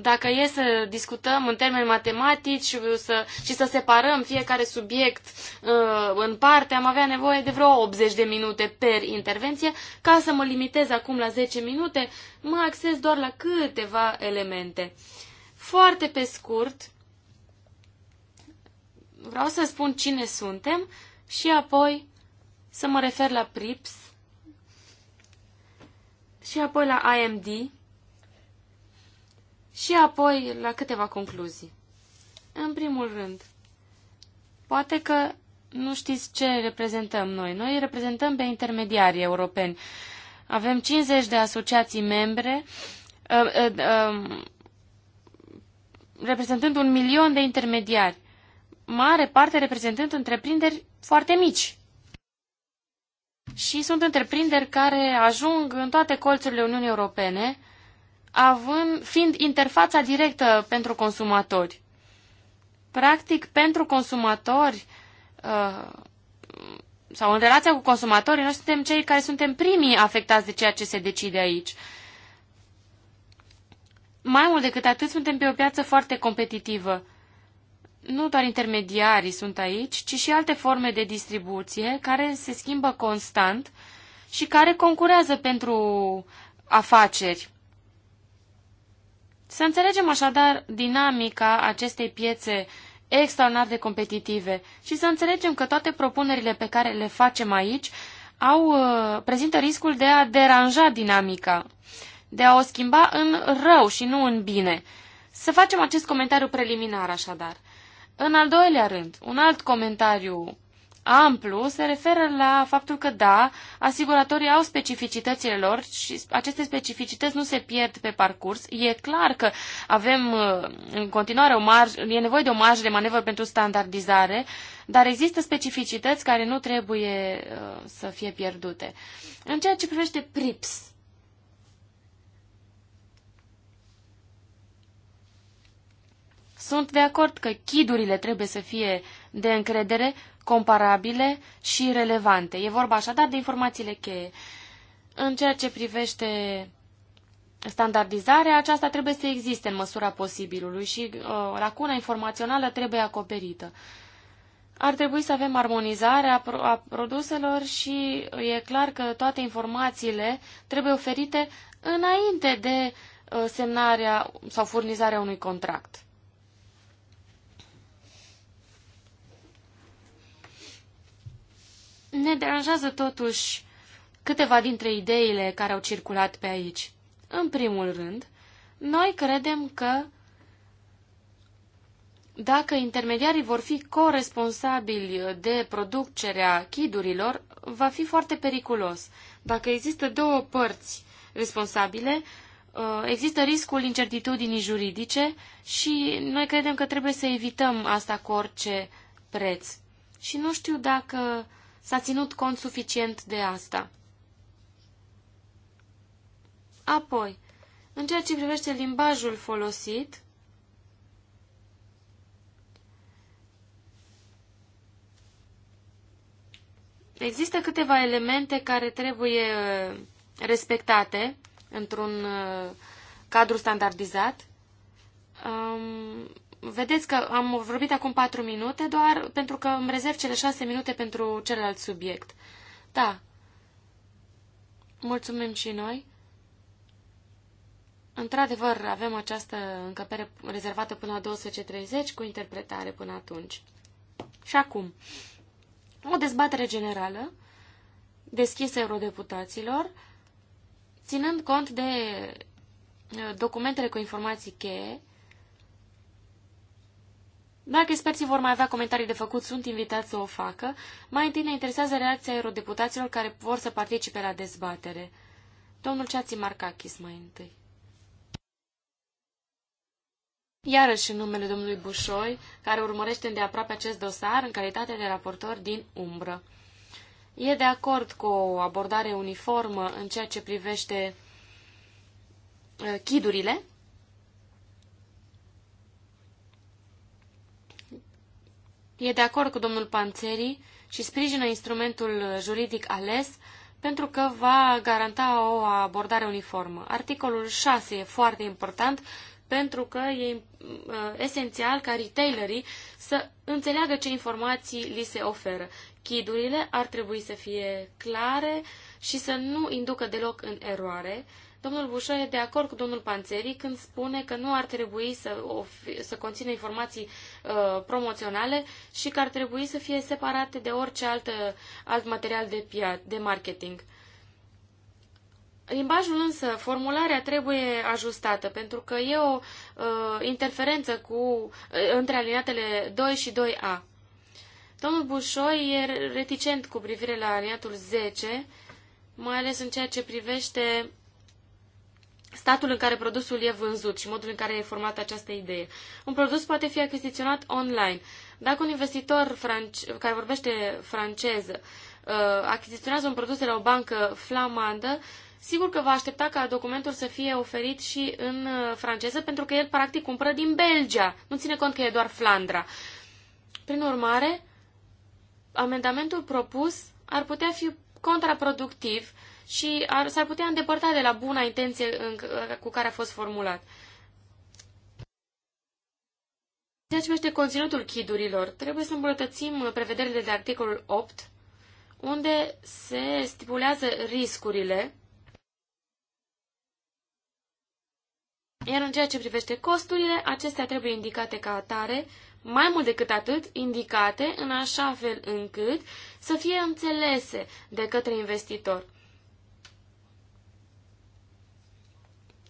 Speaker 3: dacă e să discutăm în termeni matematici și să, și să separăm fiecare subiect uh, în parte, am avea nevoie de vreo 80 de minute per intervenție. Ca să mă limitez acum la 10 minute, mă acces doar la câteva elemente. Foarte pe scurt, vreau să spun cine suntem și apoi să mă refer la PRIPS și apoi la IMD și apoi la câteva concluzii. În primul rând, poate că nu știți ce reprezentăm noi. Noi reprezentăm pe intermediarii europeni. Avem 50 de asociații membre, ă, ă, ă, reprezentând un milion de intermediari, mare parte reprezentând întreprinderi foarte mici. Și sunt întreprinderi care ajung în toate colțurile Uniunii Europene, având, fiind interfața directă pentru consumatori. Practic, pentru consumatori uh, sau în relația cu consumatorii, noi suntem cei care suntem primii afectați de ceea ce se decide aici. Mai mult decât atât, suntem pe o piață foarte competitivă. Nu doar intermediarii sunt aici, ci și alte forme de distribuție care se schimbă constant și care concurează pentru afaceri. Să înțelegem așadar dinamica acestei piețe extraordinar de competitive și să înțelegem că toate propunerile pe care le facem aici au, uh, prezintă riscul de a deranja dinamica, de a o schimba în rău și nu în bine. Să facem acest comentariu preliminar așadar. În al doilea rând, un alt comentariu amplu se referă la faptul că, da, asiguratorii au specificitățile lor și aceste specificități nu se pierd pe parcurs. E clar că avem uh, în continuare o marjă, e nevoie de o marjă de manevră pentru standardizare, dar există specificități care nu trebuie uh, să fie pierdute. În ceea ce privește PRIPS, sunt de acord că chidurile trebuie să fie de încredere, comparabile și relevante. E vorba așadar de informațiile cheie. În ceea ce privește standardizarea, aceasta trebuie să existe în măsura posibilului și uh, lacuna informațională trebuie acoperită. Ar trebui să avem armonizarea a produselor și e clar că toate informațiile trebuie oferite înainte de uh, semnarea sau furnizarea unui contract. Ne deranjează totuși câteva dintre ideile care au circulat pe aici. În primul rând, noi credem că dacă intermediarii vor fi corresponsabili de producerea chidurilor, va fi foarte periculos. Dacă există două părți responsabile, uh, există riscul incertitudinii juridice și noi credem că trebuie să evităm asta cu orice preț. Și nu știu dacă S-a ținut cont suficient de asta. Apoi, în ceea ce privește limbajul folosit, există câteva elemente care trebuie uh, respectate într-un uh, cadru standardizat. Um, Vedeți că am vorbit acum patru minute doar pentru că îmi rezerv cele șase minute pentru celălalt subiect. Da. Mulțumim și noi. Într-adevăr, avem această încăpere rezervată până la 12.30 cu interpretare până atunci. Și acum, o dezbatere generală deschisă eurodeputaților, ținând cont de uh, documentele cu informații cheie, dacă experții vor mai avea comentarii de făcut, sunt invitați să o facă. Mai întâi ne interesează reacția eurodeputaților care vor să participe la dezbatere. Domnul Ceații Marcachis mai întâi. Iarăși în numele domnului Bușoi, care urmărește îndeaproape acest dosar în calitate de raportor din umbră. E de acord cu o abordare uniformă în ceea ce privește eh, chidurile, e de acord cu domnul Panțeri și sprijină instrumentul juridic ales pentru că va garanta o abordare uniformă. Articolul 6 e foarte important pentru că e uh, esențial ca retailerii să înțeleagă ce informații li se oferă. Chidurile ar trebui să fie clare și să nu inducă deloc în eroare, Domnul Bușoi e de acord cu domnul Panțeri când spune că nu ar trebui să, să conțină informații uh, promoționale și că ar trebui să fie separate de orice altă, alt material de, pia, de marketing. Limbajul însă, formularea trebuie ajustată, pentru că e o uh, interferență cu, uh, între alineatele 2 și 2A. Domnul Bușoi e reticent cu privire la aliniatul 10, mai ales în ceea ce privește statul în care produsul e vândut și modul în care e formată această idee. Un produs poate fi achiziționat online. Dacă un investitor france- care vorbește franceză uh, achiziționează un produs de la o bancă flamandă, sigur că va aștepta ca documentul să fie oferit și în uh, franceză, pentru că el practic cumpără din Belgia. Nu ține cont că e doar Flandra. Prin urmare, amendamentul propus ar putea fi contraproductiv uh, și ar, s-ar putea îndepărta de la buna intenție în, cu care a fost formulat. Ceea ce privește conținutul chidurilor, trebuie să îmbunătățim prevederile de articolul 8, unde se stipulează riscurile, iar în ceea ce privește costurile, acestea trebuie indicate ca atare, mai mult decât atât, indicate în așa fel încât să fie înțelese de către investitor.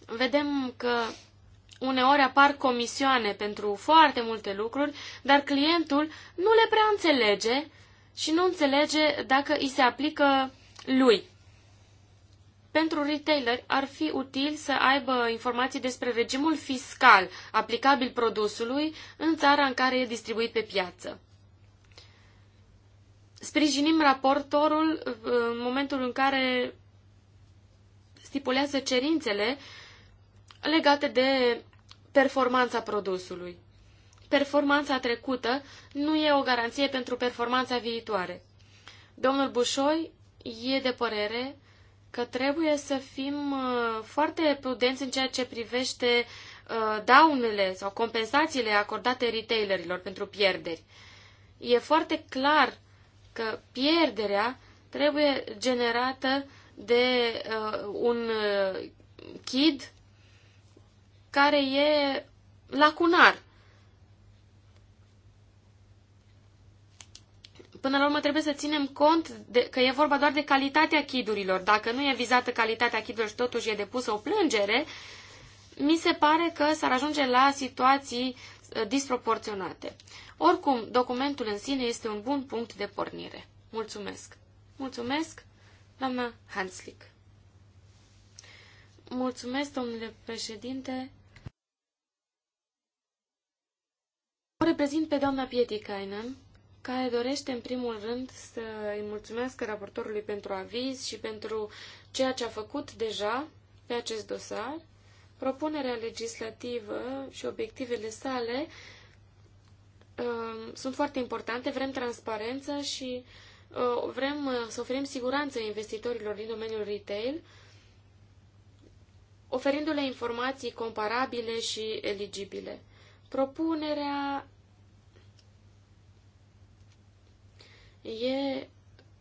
Speaker 3: vedem că uneori apar comisioane pentru foarte multe lucruri, dar clientul nu le prea înțelege și nu înțelege dacă îi se aplică lui. Pentru retailer ar fi util să aibă informații despre regimul fiscal aplicabil produsului în țara în care e distribuit pe piață. Sprijinim raportorul uh, în momentul în care stipulează cerințele uh, legate de performanța produsului. Performanța trecută nu e o garanție pentru performanța viitoare. Domnul Bușoi e de părere că trebuie să fim uh, foarte prudenți în ceea ce privește uh, daunele sau compensațiile acordate retailerilor pentru pierderi. E foarte clar că pierderea trebuie generată de uh, un chid care e lacunar. Până la urmă trebuie să ținem cont de, că e vorba doar de calitatea chidurilor. Dacă nu e vizată calitatea chidurilor și totuși e depusă o plângere, mi se pare că s-ar ajunge la situații uh, disproporționate. Oricum, documentul în sine este un bun punct de pornire. Mulțumesc! Mulțumesc, doamna Hanslick! Mulțumesc, domnule președinte! reprezint pe doamna Pietikainen, care dorește în primul rând să îi mulțumesc raportorului pentru aviz și pentru ceea ce a făcut deja pe acest dosar. Propunerea legislativă și obiectivele sale uh, sunt foarte importante, vrem transparență și uh, vrem uh, să oferim siguranță investitorilor din domeniul retail, oferindu-le informații comparabile și eligibile. Propunerea e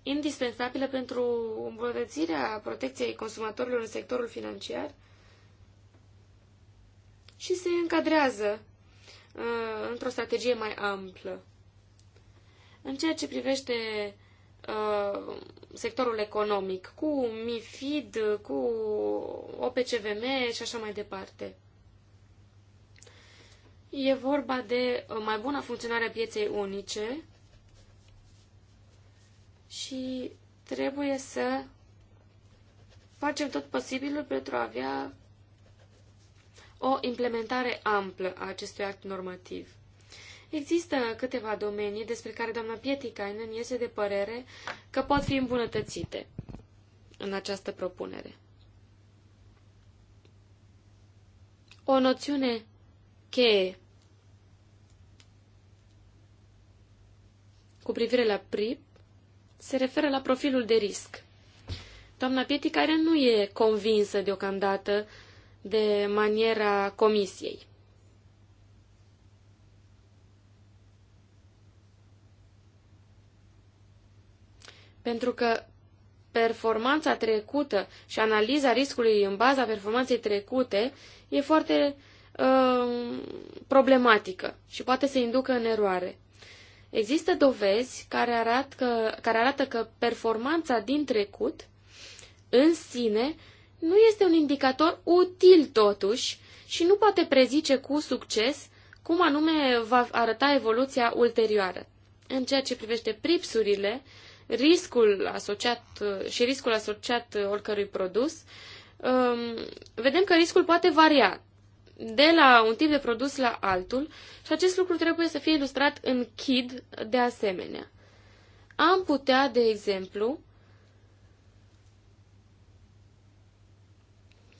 Speaker 3: indispensabilă pentru îmbunătățirea protecției consumatorilor în sectorul financiar și se încadrează uh, într-o strategie mai amplă. În ceea ce privește uh, sectorul economic, cu MIFID, cu OPCVM și așa mai departe. E vorba de uh, mai bună funcționare a pieței unice, și trebuie să facem tot posibilul pentru a avea o implementare amplă a acestui act normativ. Există câteva domenii despre care doamna Pietikainen iese de părere că pot fi îmbunătățite în această propunere. O noțiune cheie cu privire la PRIP se referă la profilul de risc. Doamna Pieti, care nu e convinsă deocamdată de maniera comisiei. Pentru că performanța trecută și analiza riscului în baza performanței trecute e foarte uh, problematică și poate să inducă în eroare. Există dovezi care arată că, care arată că performanța din trecut în sine nu este un indicator util totuși și nu poate prezice cu succes cum anume va arăta evoluția ulterioară. În ceea ce privește pripsurile, riscul asociat uh, și riscul asociat oricărui produs, um, vedem că riscul poate varia de la un tip de produs la altul și acest lucru trebuie să fie ilustrat în KID de asemenea. Am putea, de exemplu,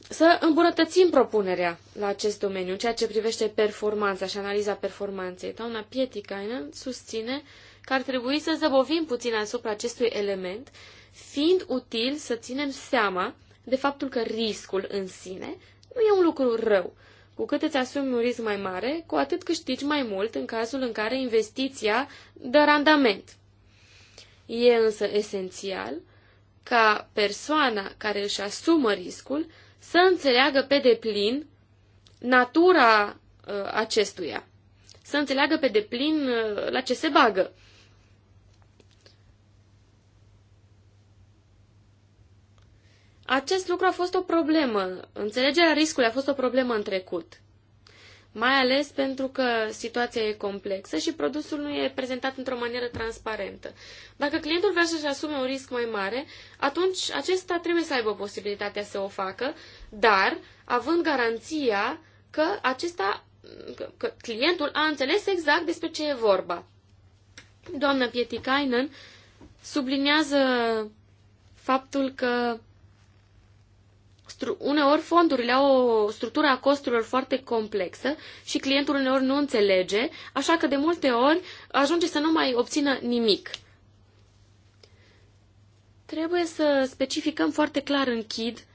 Speaker 3: să îmbunătățim propunerea la acest domeniu, ceea ce privește performanța și analiza performanței. Doamna Pietikainen susține că ar trebui să zăbovim puțin asupra acestui element, fiind util să ținem seama de faptul că riscul în sine nu e un lucru rău. Cu cât îți asumi un risc mai mare, cu atât câștigi mai mult în cazul în care investiția dă randament. E însă esențial ca persoana care își asumă riscul să înțeleagă pe deplin natura uh, acestuia, să înțeleagă pe deplin uh, la ce se bagă. Acest lucru a fost o problemă. Înțelegerea riscului a fost o problemă în trecut. Mai ales pentru că situația e complexă și produsul nu e prezentat într-o manieră transparentă. Dacă clientul vrea să-și asume un risc mai mare, atunci acesta trebuie să aibă posibilitatea să o facă, dar având garanția că acesta că, că clientul a înțeles exact despre ce e vorba. Doamna Pietikainen subliniază faptul că uneori fondurile au o structură a costurilor foarte complexă și clientul uneori nu înțelege, așa că de multe ori ajunge să nu mai obțină nimic. Trebuie să specificăm foarte clar în KID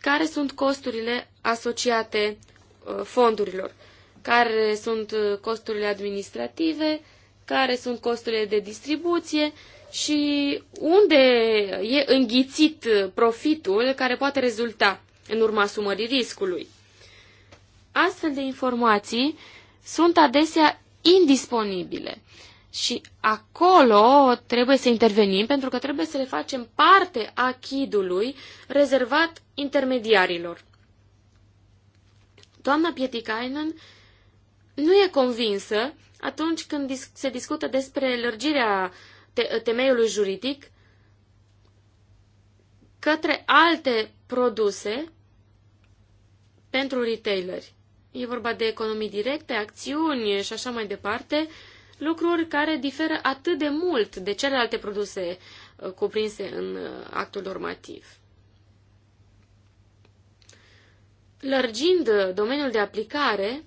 Speaker 3: care sunt costurile asociate uh, fondurilor, care sunt uh, costurile administrative, care sunt costurile de distribuție și unde e înghițit profitul care poate rezulta în urma sumării riscului. Astfel de informații sunt adesea indisponibile. Și acolo trebuie să intervenim pentru că trebuie să le facem parte a chidului rezervat intermediarilor. Doamna Pietikainen nu e convinsă atunci când se discută despre lărgirea temeiului juridic către alte produse pentru retaileri. E vorba de economii directe, acțiuni și așa mai departe, lucruri care diferă atât de mult de celelalte produse uh, cuprinse în uh, actul normativ. Lărgind uh, domeniul de aplicare,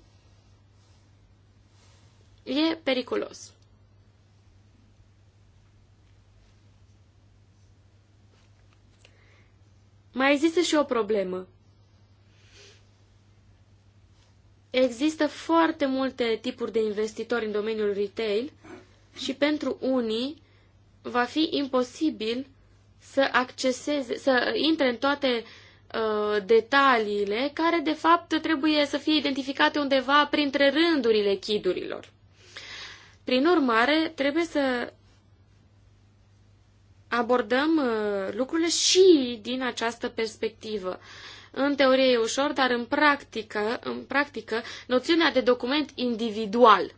Speaker 3: e periculos. Mai există și o problemă. Există foarte multe tipuri de investitori în domeniul retail și pentru unii va fi imposibil să acceseze, să intre în toate uh, detaliile care de fapt trebuie să fie identificate undeva printre rândurile chidurilor. Prin urmare, trebuie să abordăm uh, lucrurile și din această perspectivă. În teorie e ușor, dar în practică, în practică noțiunea de document individual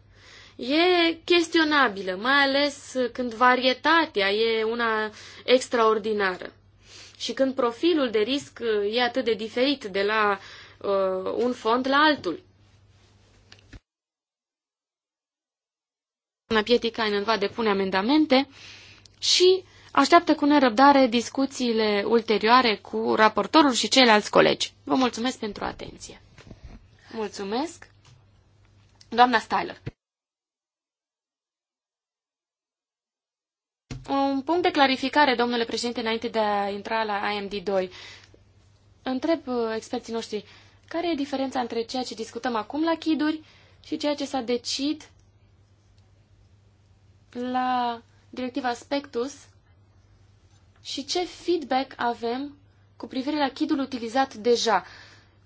Speaker 3: e chestionabilă, mai ales când varietatea e una extraordinară. Și când profilul de risc uh, e atât de diferit de la uh, un fond la altul. Doamna Pieticainen va depune amendamente și așteaptă cu nerăbdare discuțiile ulterioare cu raportorul și ceilalți colegi. Vă mulțumesc pentru atenție. Mulțumesc. Doamna Styler. Un punct de clarificare, domnule președinte, înainte de a intra la IMD2. Întreb uh, experții noștri, care e diferența între ceea ce discutăm acum la chiduri și ceea ce s-a decid la directiva Spectus și ce feedback avem cu privire la chidul utilizat deja.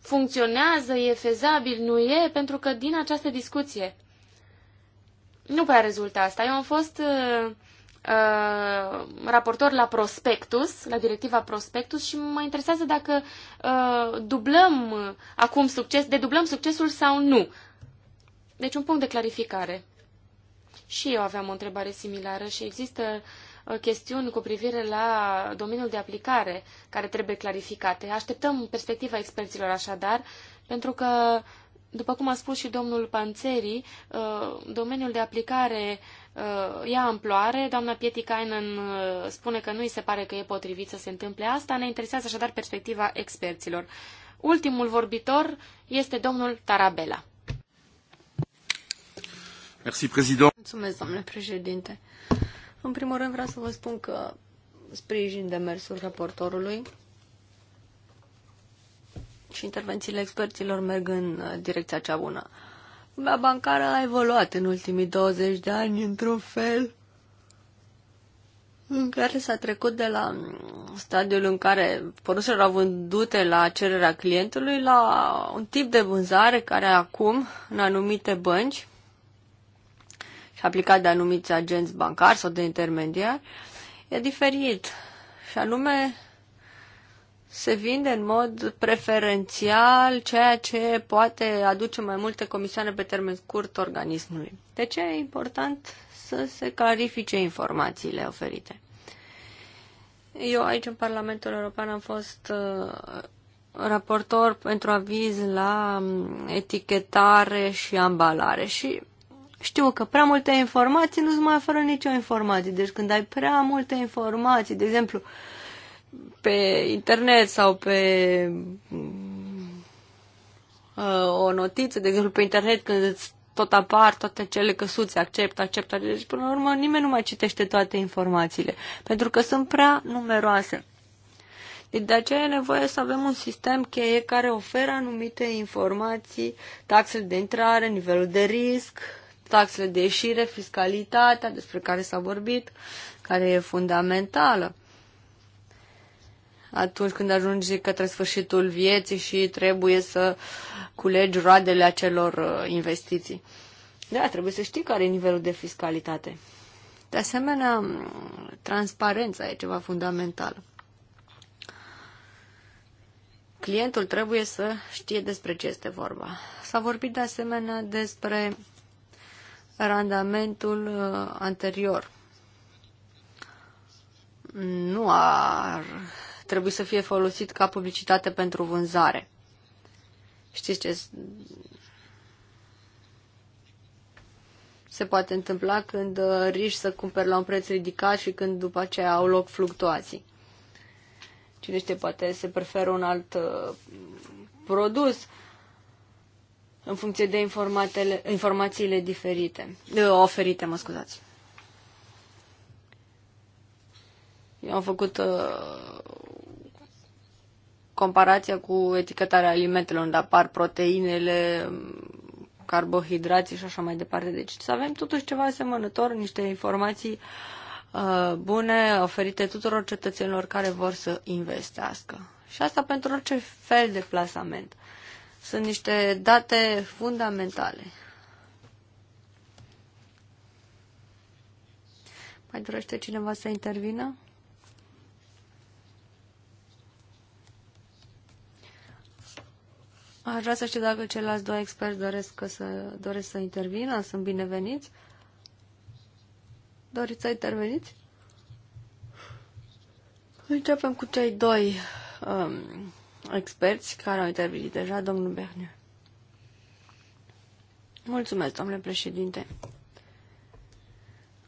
Speaker 3: Funcționează, e fezabil, nu e? Pentru că din această discuție nu prea rezultă asta. Eu am fost uh, uh, raportor la prospectus, la directiva prospectus și mă interesează dacă uh, dublăm uh, acum succes, dedublăm succesul sau nu. Deci un punct de clarificare. Și eu aveam o întrebare similară și există uh, Uh, chestiuni cu privire la domeniul de aplicare care trebuie clarificate. Așteptăm perspectiva experților așadar, pentru că, după cum a spus și domnul Panțeri, uh, domeniul de aplicare uh, ia amploare. Doamna Pietikainen spune că nu îi se pare că e potrivit să se întâmple asta. Ne interesează așadar perspectiva experților. Ultimul vorbitor este domnul Tarabela.
Speaker 2: Mulțumesc, domnule președinte. În primul rând vreau să vă spun că sprijin demersul raportorului și intervențiile experților merg în uh, direcția cea bună. Lumea bancară a evoluat în ultimii 20 de ani într-un fel în care s-a trecut de la um, stadiul în care produsele erau vândute la cererea clientului la un tip de vânzare care acum, în anumite bănci, aplicat de anumiți agenți bancari sau de intermediari, e diferit. Și anume, se vinde în mod preferențial ceea ce poate aduce mai multe comisioane pe termen scurt organismului. De ce e important să se clarifice informațiile oferite? Eu aici în Parlamentul European am fost uh, raportor pentru aviz la um, etichetare și ambalare și știu că prea multe informații nu-ți mai oferă nicio informație. Deci când ai prea multe informații, de exemplu, pe internet sau pe uh, o notiță, de exemplu, pe internet când îți tot apar toate cele căsuțe, accept, accept, accept. Deci, până la urmă, nimeni nu mai citește toate informațiile, pentru că sunt prea numeroase. Deci, De aceea e nevoie să avem un sistem cheie care oferă anumite informații, taxele de intrare, nivelul de risc, taxele de ieșire, fiscalitatea despre care s-a vorbit, care e fundamentală atunci când ajungi către sfârșitul vieții și trebuie să culegi roadele acelor uh, investiții. Da, trebuie să știi care e nivelul de fiscalitate. De asemenea, transparența e ceva fundamental. Clientul trebuie să știe despre ce este vorba. S-a vorbit de asemenea despre randamentul uh, anterior. Nu ar trebui să fie folosit ca publicitate pentru vânzare. Știți ce se poate întâmpla când uh, riști să cumperi la un preț ridicat și când după aceea au loc fluctuații. Cine știe, poate se preferă un alt uh, produs în funcție de informațiile diferite, oferite, mă scuzați. Eu am făcut uh, comparația cu etichetarea alimentelor, unde apar proteinele, carbohidrații și așa mai departe. Deci să avem totuși ceva asemănător, niște informații uh, bune oferite tuturor cetățenilor care vor să investească. Și asta pentru orice fel de plasament. Sunt niște date fundamentale. Mai dorește cineva să intervină? Aș vrea să știu dacă ceilalți doi experți doresc, să, doresc să intervină, sunt bineveniți. Doriți să interveniți? Începem cu cei doi um, experți care au intervenit deja, domnul Berniu. Mulțumesc, domnule președinte.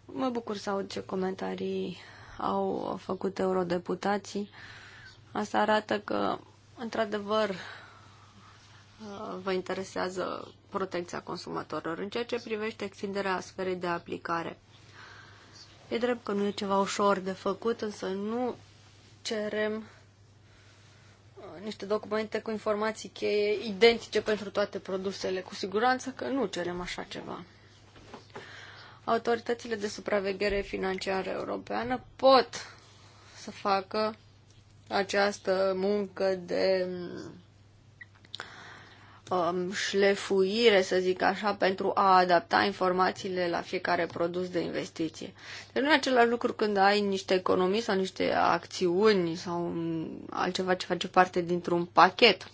Speaker 2: Mă bucur să aud ce comentarii au făcut eurodeputații. Asta arată că, într-adevăr, vă interesează protecția consumatorilor. În ceea ce privește extinderea sferei de aplicare, e drept că nu e ceva ușor de făcut, însă nu cerem niște documente cu informații cheie identice pentru toate produsele. Cu siguranță că nu cerem așa ceva. Autoritățile de supraveghere financiară europeană pot să facă această muncă de Um, șlefuire, să zic așa, pentru a adapta informațiile la fiecare produs de investiție. Deci nu e același lucru când ai niște economii sau niște acțiuni sau altceva ce face parte dintr-un pachet.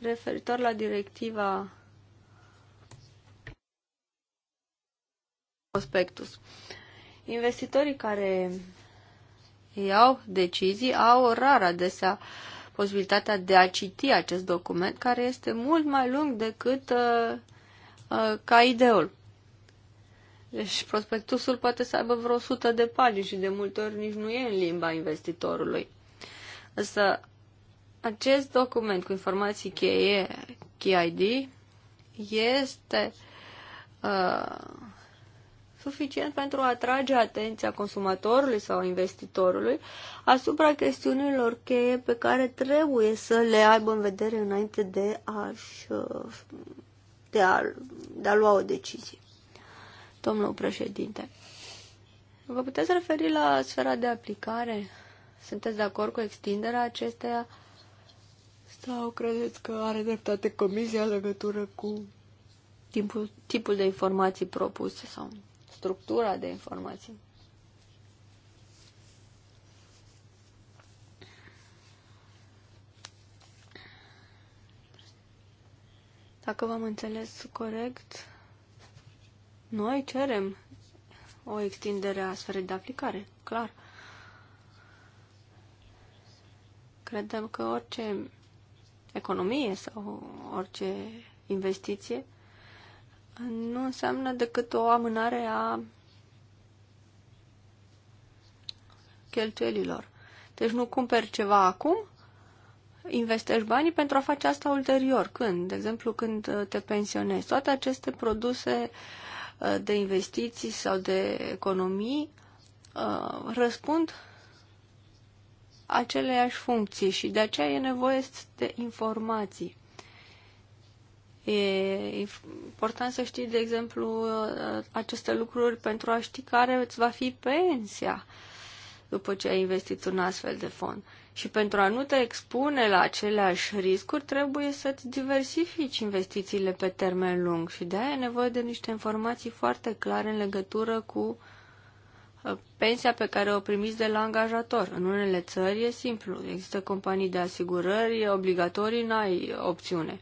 Speaker 2: Referitor la directiva prospectus. Investitorii care iau decizii au rar adesea uh, posibilitatea de a citi acest document, care este mult mai lung decât uh, uh, ca ideul. Deci prospectusul poate să aibă vreo 100 de pagini și de multe ori nici nu e în limba investitorului. Însă acest document cu informații cheie, KID, este uh, suficient pentru a atrage atenția consumatorului sau investitorului asupra chestiunilor cheie pe care trebuie să le aibă în vedere înainte de a, de a, de a lua o decizie. Domnul președinte, vă puteți referi la sfera de aplicare? Sunteți de acord cu extinderea acesteia? Sau credeți că are dreptate comisia în legătură cu timpul, tipul de informații propuse sau structura de informații. Dacă v-am înțeles corect, noi cerem o extindere a sferei de aplicare, clar. Credem că orice economie sau orice investiție nu înseamnă decât o amânare a cheltuielilor. Deci nu cumperi ceva acum, investești banii pentru a face asta ulterior, când, de exemplu, când te pensionezi. Toate aceste produse uh, de investiții sau de economii uh, răspund aceleași funcții și de aceea e nevoie de informații. E important să știi, de exemplu, aceste lucruri pentru a ști care îți va fi pensia după ce ai investit un astfel de fond. Și pentru a nu te expune la aceleași riscuri, trebuie să-ți diversifici investițiile pe termen lung și de aia e nevoie de niște informații foarte clare în legătură cu uh, pensia pe care o primiți de la angajator. În unele țări e simplu. Există companii de asigurări obligatorii, n-ai opțiune.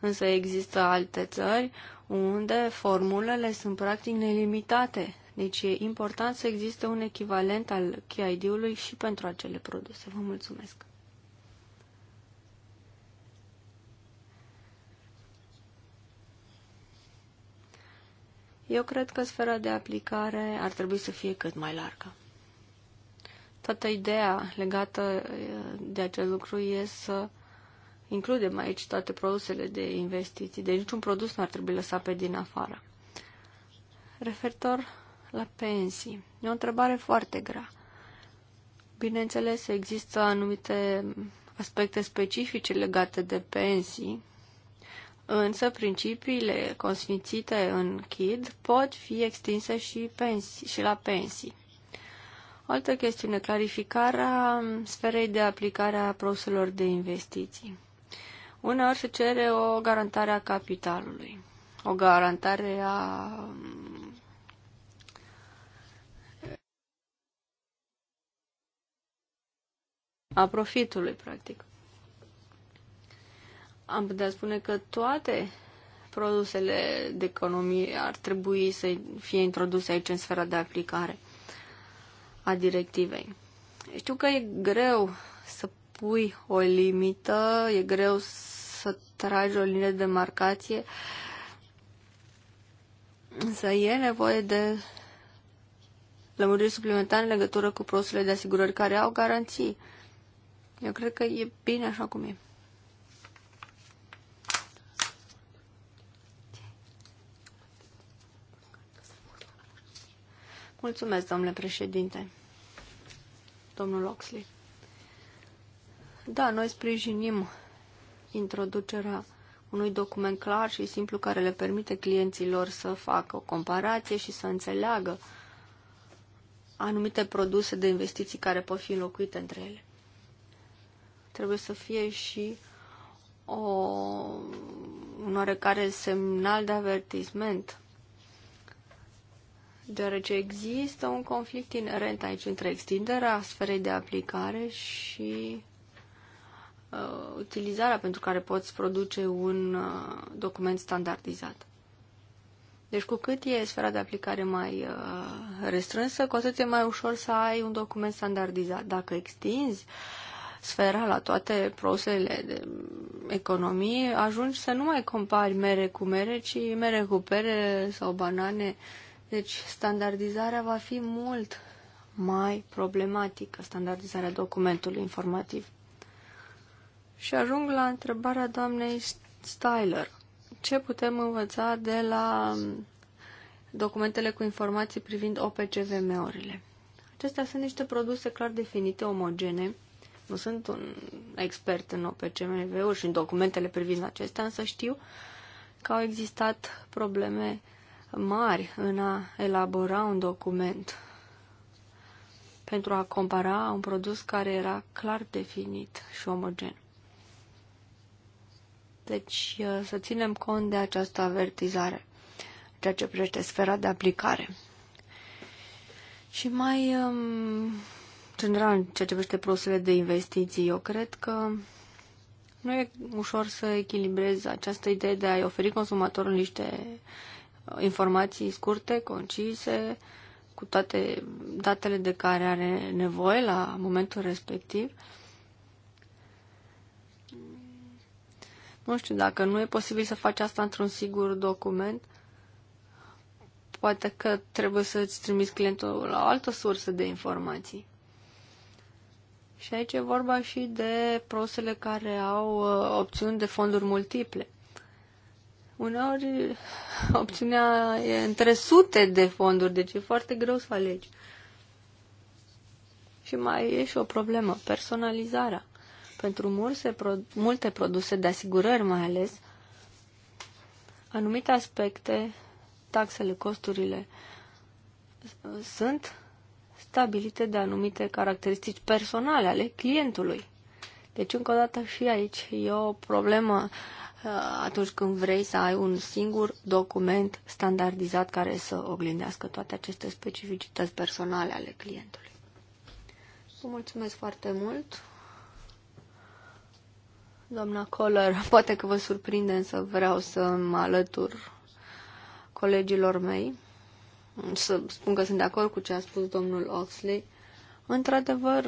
Speaker 2: Însă există alte țări unde formulele sunt practic nelimitate. Deci e important să existe un echivalent al KID-ului și pentru acele produse. Vă mulțumesc! Eu cred că sfera de aplicare ar trebui să fie cât mai largă. Toată ideea legată eh, de acest lucru e să includem aici toate produsele de investiții, deci niciun produs nu ar trebui lăsat pe din afară. Referitor la pensii, e o întrebare foarte grea. Bineînțeles, există anumite aspecte specifice legate de pensii, Însă principiile consfințite în KID pot fi extinse și, pensii, și la pensii. O altă chestiune, clarificarea sferei de aplicare a produselor de investiții. Uneori se cere o garantare a capitalului, o garantare a a profitului, practic am putea spune că toate produsele de economie ar trebui să fie introduse aici în sfera de aplicare a directivei. Știu că e greu să pui o limită, e greu să tragi o linie de marcație, însă e nevoie de lămuriri suplimentare în legătură cu produsele de asigurări care au garanții. Eu cred că e bine așa cum e. Mulțumesc, domnule președinte. Domnul Oxley. Da, noi sprijinim introducerea unui document clar și simplu care le permite clienților să facă o comparație și să înțeleagă anumite produse de investiții care pot fi înlocuite între ele. Trebuie să fie și o, un oarecare semnal de avertisment deoarece există un conflict inerent aici între extinderea sferei de aplicare și uh, utilizarea pentru care poți produce un uh, document standardizat. Deci cu cât e sfera de aplicare mai uh, restrânsă, cu atât e mai ușor să ai un document standardizat. Dacă extinzi sfera la toate prosele de economie, ajungi să nu mai compari mere cu mere, ci mere cu pere sau banane uh, deci standardizarea va fi mult mai problematică, standardizarea documentului informativ. Și ajung la întrebarea doamnei Styler. Ce putem învăța de la documentele cu informații privind OPCVM-urile? Acestea sunt niște produse clar definite, omogene. Nu sunt un expert în OPCVM-uri și în documentele privind acestea, însă știu că au existat probleme mari în a elabora un document pentru a compara un produs care era clar definit și omogen. Deci uh, să ținem cont de această avertizare, ceea ce privește sfera de aplicare. Și mai um, general, în ceea ce privește produsele de investiții, eu cred că nu e ușor să echilibrezi această idee de a-i oferi consumatorului niște informații scurte, concise, cu toate datele de care are nevoie la momentul respectiv. Nu știu, dacă nu e posibil să faci asta într-un singur document, poate că trebuie să-ți trimiți clientul la o altă sursă de informații. Și aici e vorba și de prosele care au uh, opțiuni de fonduri multiple. Uneori *sighs* opțiunea e între sute de fonduri, deci e foarte greu să alegi. Și mai e și o problemă, personalizarea. Pentru multe, multe produse de asigurări mai ales, anumite aspecte, taxele, costurile, sunt stabilite de anumite caracteristici personale ale clientului. Deci, încă o dată, și aici e o problemă Uh, atunci când vrei să ai un singur document standardizat care să oglindească toate aceste specificități personale ale clientului. Vă mulțumesc foarte mult. Doamna Coller, *laughs* poate că vă surprinde, însă vreau să mă alătur colegilor mei, să spun că sunt de acord cu ce a spus domnul Oxley. Într-adevăr,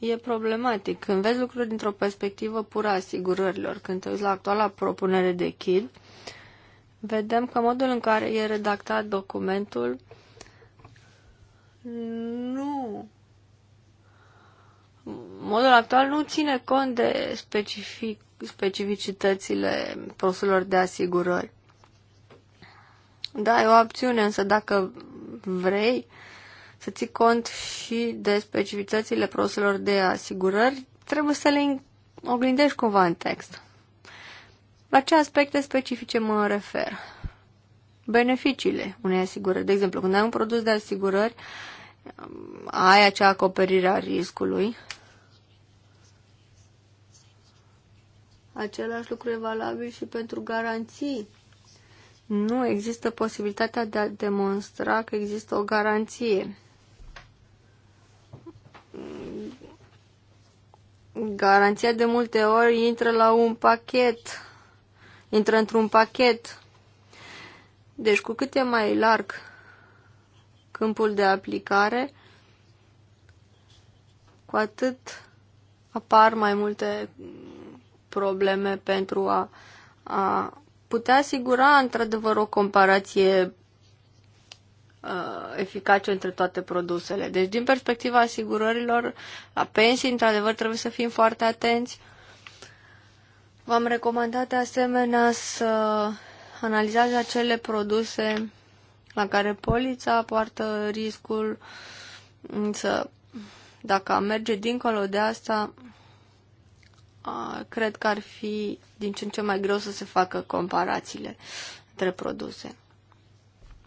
Speaker 2: e problematic. Când vezi lucruri dintr-o perspectivă pură a asigurărilor, când te uiți la actuala propunere de KID, vedem că modul în care e redactat documentul nu modul actual nu ține cont de specific, specificitățile produselor de asigurări. Da, e o opțiune, însă dacă vrei, uh, să ții cont și de specificațiile produselor de asigurări, trebuie să le oglindești cumva în text. La ce aspecte specifice mă refer? Beneficiile unei asigurări. De exemplu, când ai un produs de asigurări, ai acea acoperire a riscului. Același lucru e valabil și pentru garanții. Nu există posibilitatea de a demonstra că există o garanție. Garanția de multe ori intră la un pachet, intră într-un pachet. Deci cu cât e mai larg câmpul de aplicare, cu atât apar mai multe probleme pentru a, a putea asigura într-adevăr o comparație Uh, eficace între toate produsele. Deci, din perspectiva asigurărilor, la pensii, într-adevăr, trebuie să fim foarte atenți. V-am recomandat de asemenea să analizați acele produse la care polița poartă riscul, însă dacă merge dincolo de asta, cred că ar fi din ce în ce mai greu să se facă comparațiile între produse.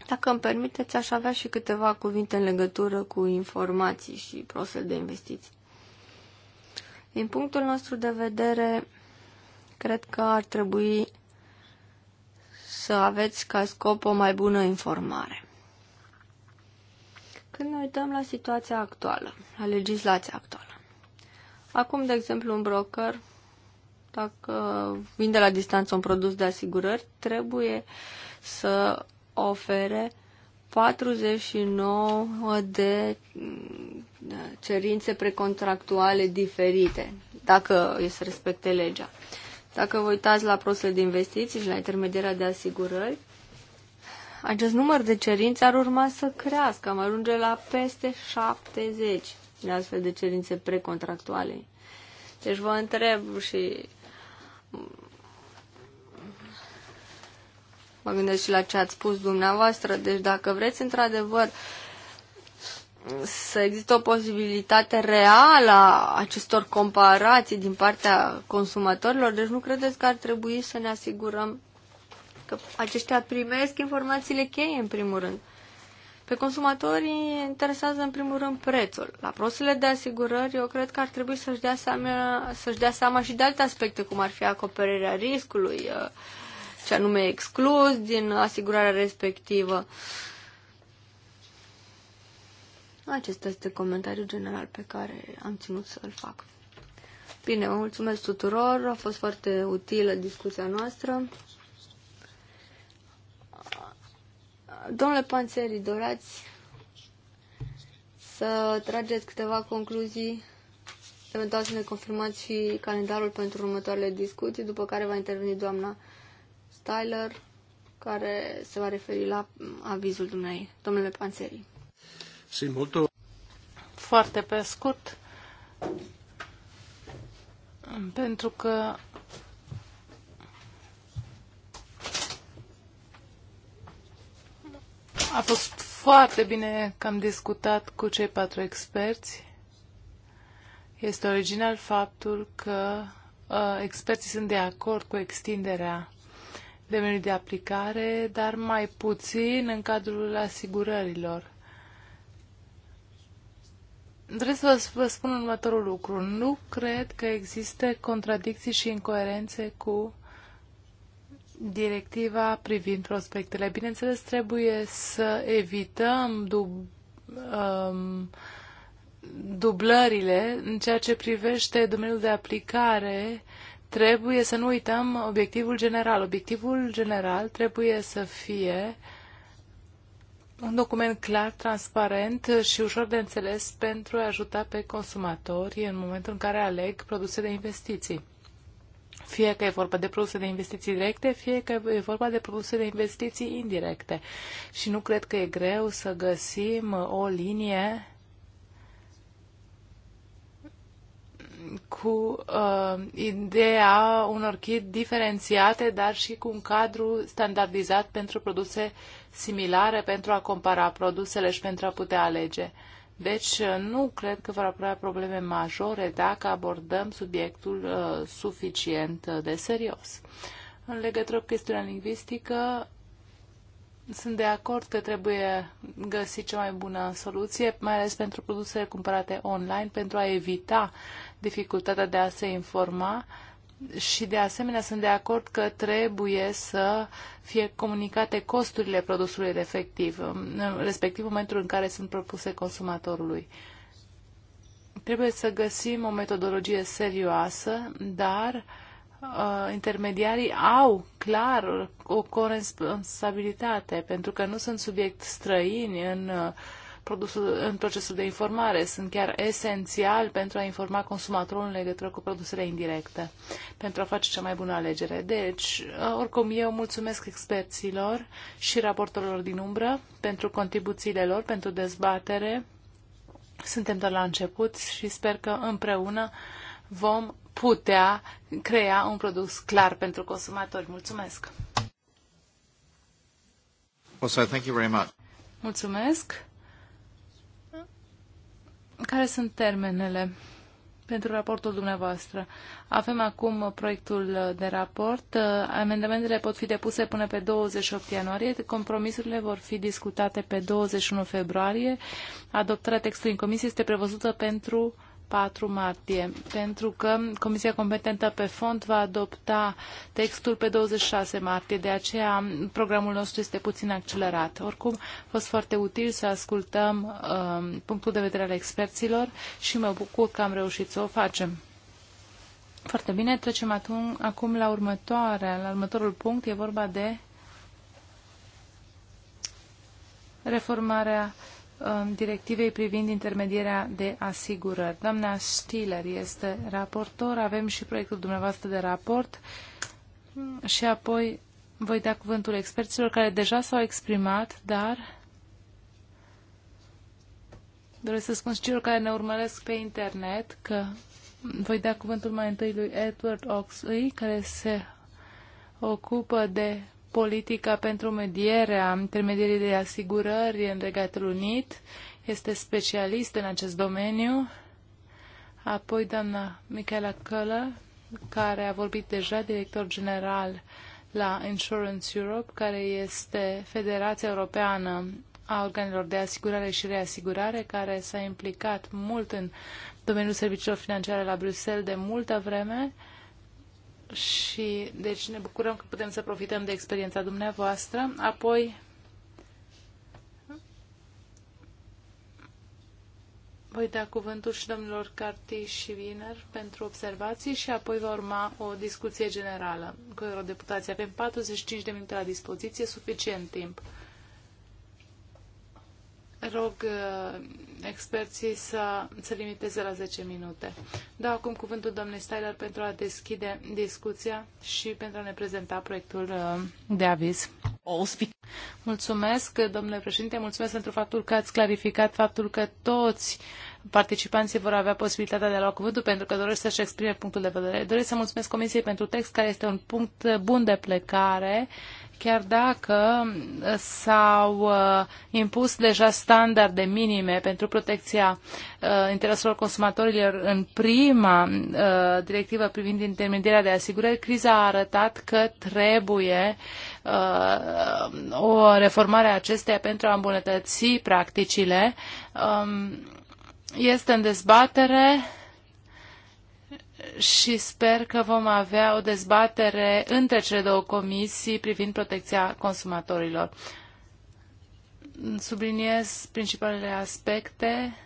Speaker 2: Dacă îmi permiteți, aș avea și câteva cuvinte în legătură cu informații și prosel de investiții. Din punctul nostru de vedere, cred că ar trebui să aveți ca scop o mai bună informare. Când ne uităm la situația actuală, la legislația actuală, acum, de exemplu, un broker, dacă vinde la distanță un produs de asigurări, trebuie să ofere 49 de mm, cerințe precontractuale diferite, dacă e să respecte legea. Dacă vă uitați la prosele de investiții și la intermedierea de asigurări, acest număr de cerințe ar urma să crească, am ajunge la peste 70 de astfel de cerințe precontractuale. Deci vă întreb și Mă gândesc și la ce ați spus dumneavoastră. Deci dacă vreți într-adevăr să există o posibilitate reală a acestor comparații din partea consumatorilor, deci nu credeți că ar trebui să ne asigurăm că aceștia primesc informațiile cheie în primul rând. Pe consumatorii interesează în primul rând prețul. La prostele de asigurări, eu cred că ar trebui să-și dea seama, să-și dea seama și de alte aspecte, cum ar fi acoperirea riscului, uh, ce anume exclus din asigurarea respectivă. Acesta este comentariul general pe care am ținut să-l fac. Bine, vă mulțumesc tuturor, a fost foarte utilă discuția noastră. Domnule Panțeri, dorați să trageți câteva concluzii, eventual să ne confirmați și calendarul pentru următoarele discuții, după care va interveni doamna Tyler, care se va referi la avizul dumnei, domnule Sim, Simultul. Foarte
Speaker 1: pe scurt, pentru că a fost foarte bine că am discutat cu cei patru experți. Este original faptul că uh, experții sunt de acord cu extinderea domeniul de aplicare, dar mai puțin în cadrul asigurărilor. Trebuie să vă spun următorul lucru. Nu cred că există contradicții și incoerențe cu directiva privind prospectele. Bineînțeles, trebuie să evităm dub, um, dublările în ceea ce privește domeniul de aplicare trebuie să nu uităm obiectivul general. Obiectivul general trebuie să fie un document clar, transparent și ușor de înțeles pentru a ajuta pe consumatori în momentul în care aleg produse de investiții. Fie că e vorba de produse de investiții directe, fie că e vorba de produse de investiții indirecte. Și nu cred că e greu să găsim o linie cu uh, ideea unor kit diferențiate, dar și cu un cadru standardizat pentru produse similare, pentru a compara produsele și pentru a putea alege. Deci uh, nu cred că vor apărea probleme majore dacă abordăm subiectul uh, suficient de serios. În legătură cu chestiunea lingvistică, sunt de acord că trebuie găsit cea mai bună soluție, mai ales pentru produsele cumpărate online, pentru a evita dificultatea de a se informa și de asemenea sunt de acord că trebuie să fie comunicate costurile produsului respectiv, respectiv momentul în care sunt propuse consumatorului. Trebuie să găsim o metodologie serioasă, dar uh, intermediarii au clar o corespunsabilitate, pentru că nu sunt subiect străini în uh, produsul, în procesul de informare. Sunt chiar esențial pentru a informa consumatorul în legătură cu produsele indirecte, pentru a face cea mai bună alegere. Deci, uh, oricum, eu mulțumesc experților și raportorilor din umbră pentru contribuțiile lor, pentru dezbatere. Suntem doar la început și sper că împreună vom putea crea un produs clar pentru consumatori. Mulțumesc! Also, thank you very much. Mulțumesc! Care sunt termenele pentru raportul dumneavoastră? Avem acum proiectul de raport. Amendamentele pot fi depuse până pe 28 ianuarie. Compromisurile vor fi discutate pe 21 februarie. Adoptarea textului în comisie este prevăzută pentru 4 martie, pentru că Comisia Competentă pe Fond va adopta textul pe 26 martie, de aceea programul nostru este puțin accelerat. Oricum, a fost foarte util să ascultăm uh, punctul de vedere al experților și mă bucur că am reușit să o facem. Foarte bine, trecem atunci, acum la, următoare, la următorul punct. E vorba de reformarea Um, directivei privind intermedierea de asigurări. Doamna Stiller este raportor, avem și proiectul dumneavoastră de raport mm, și apoi voi da cuvântul experților care deja s-au exprimat, dar doresc să spun și celor care ne urmăresc pe internet că voi da cuvântul mai întâi lui Edward Oxley, care se ocupă de politica pentru medierea intermedierii de asigurări în Regatul Unit. Este specialist în acest domeniu. Apoi doamna Michaela Köhler, care a vorbit deja, director general la Insurance Europe, care este Federația Europeană a organelor de asigurare și reasigurare, care s-a implicat mult în domeniul serviciilor financiare la Bruxelles de multă vreme și deci ne bucurăm că putem să profităm de experiența dumneavoastră. Apoi voi da cuvântul și domnilor Carti și Viner pentru observații și apoi va urma o discuție generală cu eurodeputații. Avem 45 de minute la dispoziție, suficient timp rog uh, experții să se limiteze la 10 minute. Dau acum cuvântul domnului Styler pentru a deschide discuția și pentru a ne prezenta proiectul uh, de aviz. Mulțumesc, domnule președinte, mulțumesc pentru faptul că ați clarificat faptul că toți participanții vor avea posibilitatea de a lua cuvântul pentru că doresc să-și exprime punctul de vedere. Doresc să mulțumesc Comisiei pentru text, care este un punct bun de plecare uh, chiar dacă uh, s-au uh, impus deja standarde minime pentru protecția uh, intereselor consumatorilor în prima directivă privind intermedierea de asigurări, criza a arătat că trebuie o reformare a acesteia pentru a îmbunătăți practicile. Um, este în dezbatere și sper că vom avea o dezbatere între cele două comisii privind protecția consumatorilor. Subliniez principalele aspecte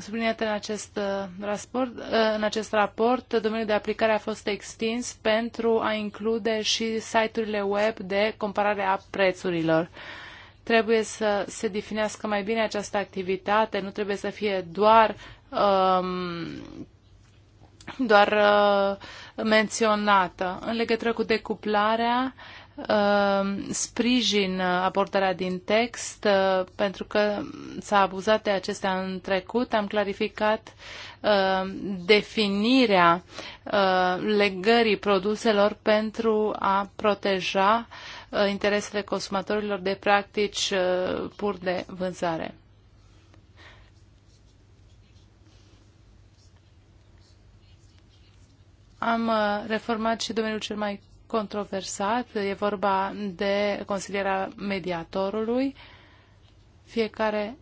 Speaker 1: subliniate în acest, uh, raport, uh, în acest raport, domeniul de aplicare a fost extins pentru a include și site-urile web de comparare a prețurilor. Trebuie să se definească mai bine această activitate, nu trebuie să fie doar Um, doar uh, menționată. În legătură cu decuplarea, um, sprijin uh, abordarea din text uh, pentru că s-a abuzat de acestea în trecut. Am clarificat um, definirea legării produselor pentru a proteja interesele consumatorilor de practici pur de vânzare. Am uh, reformat și domeniul cel mai controversat. E vorba de consilierea mediatorului. Fiecare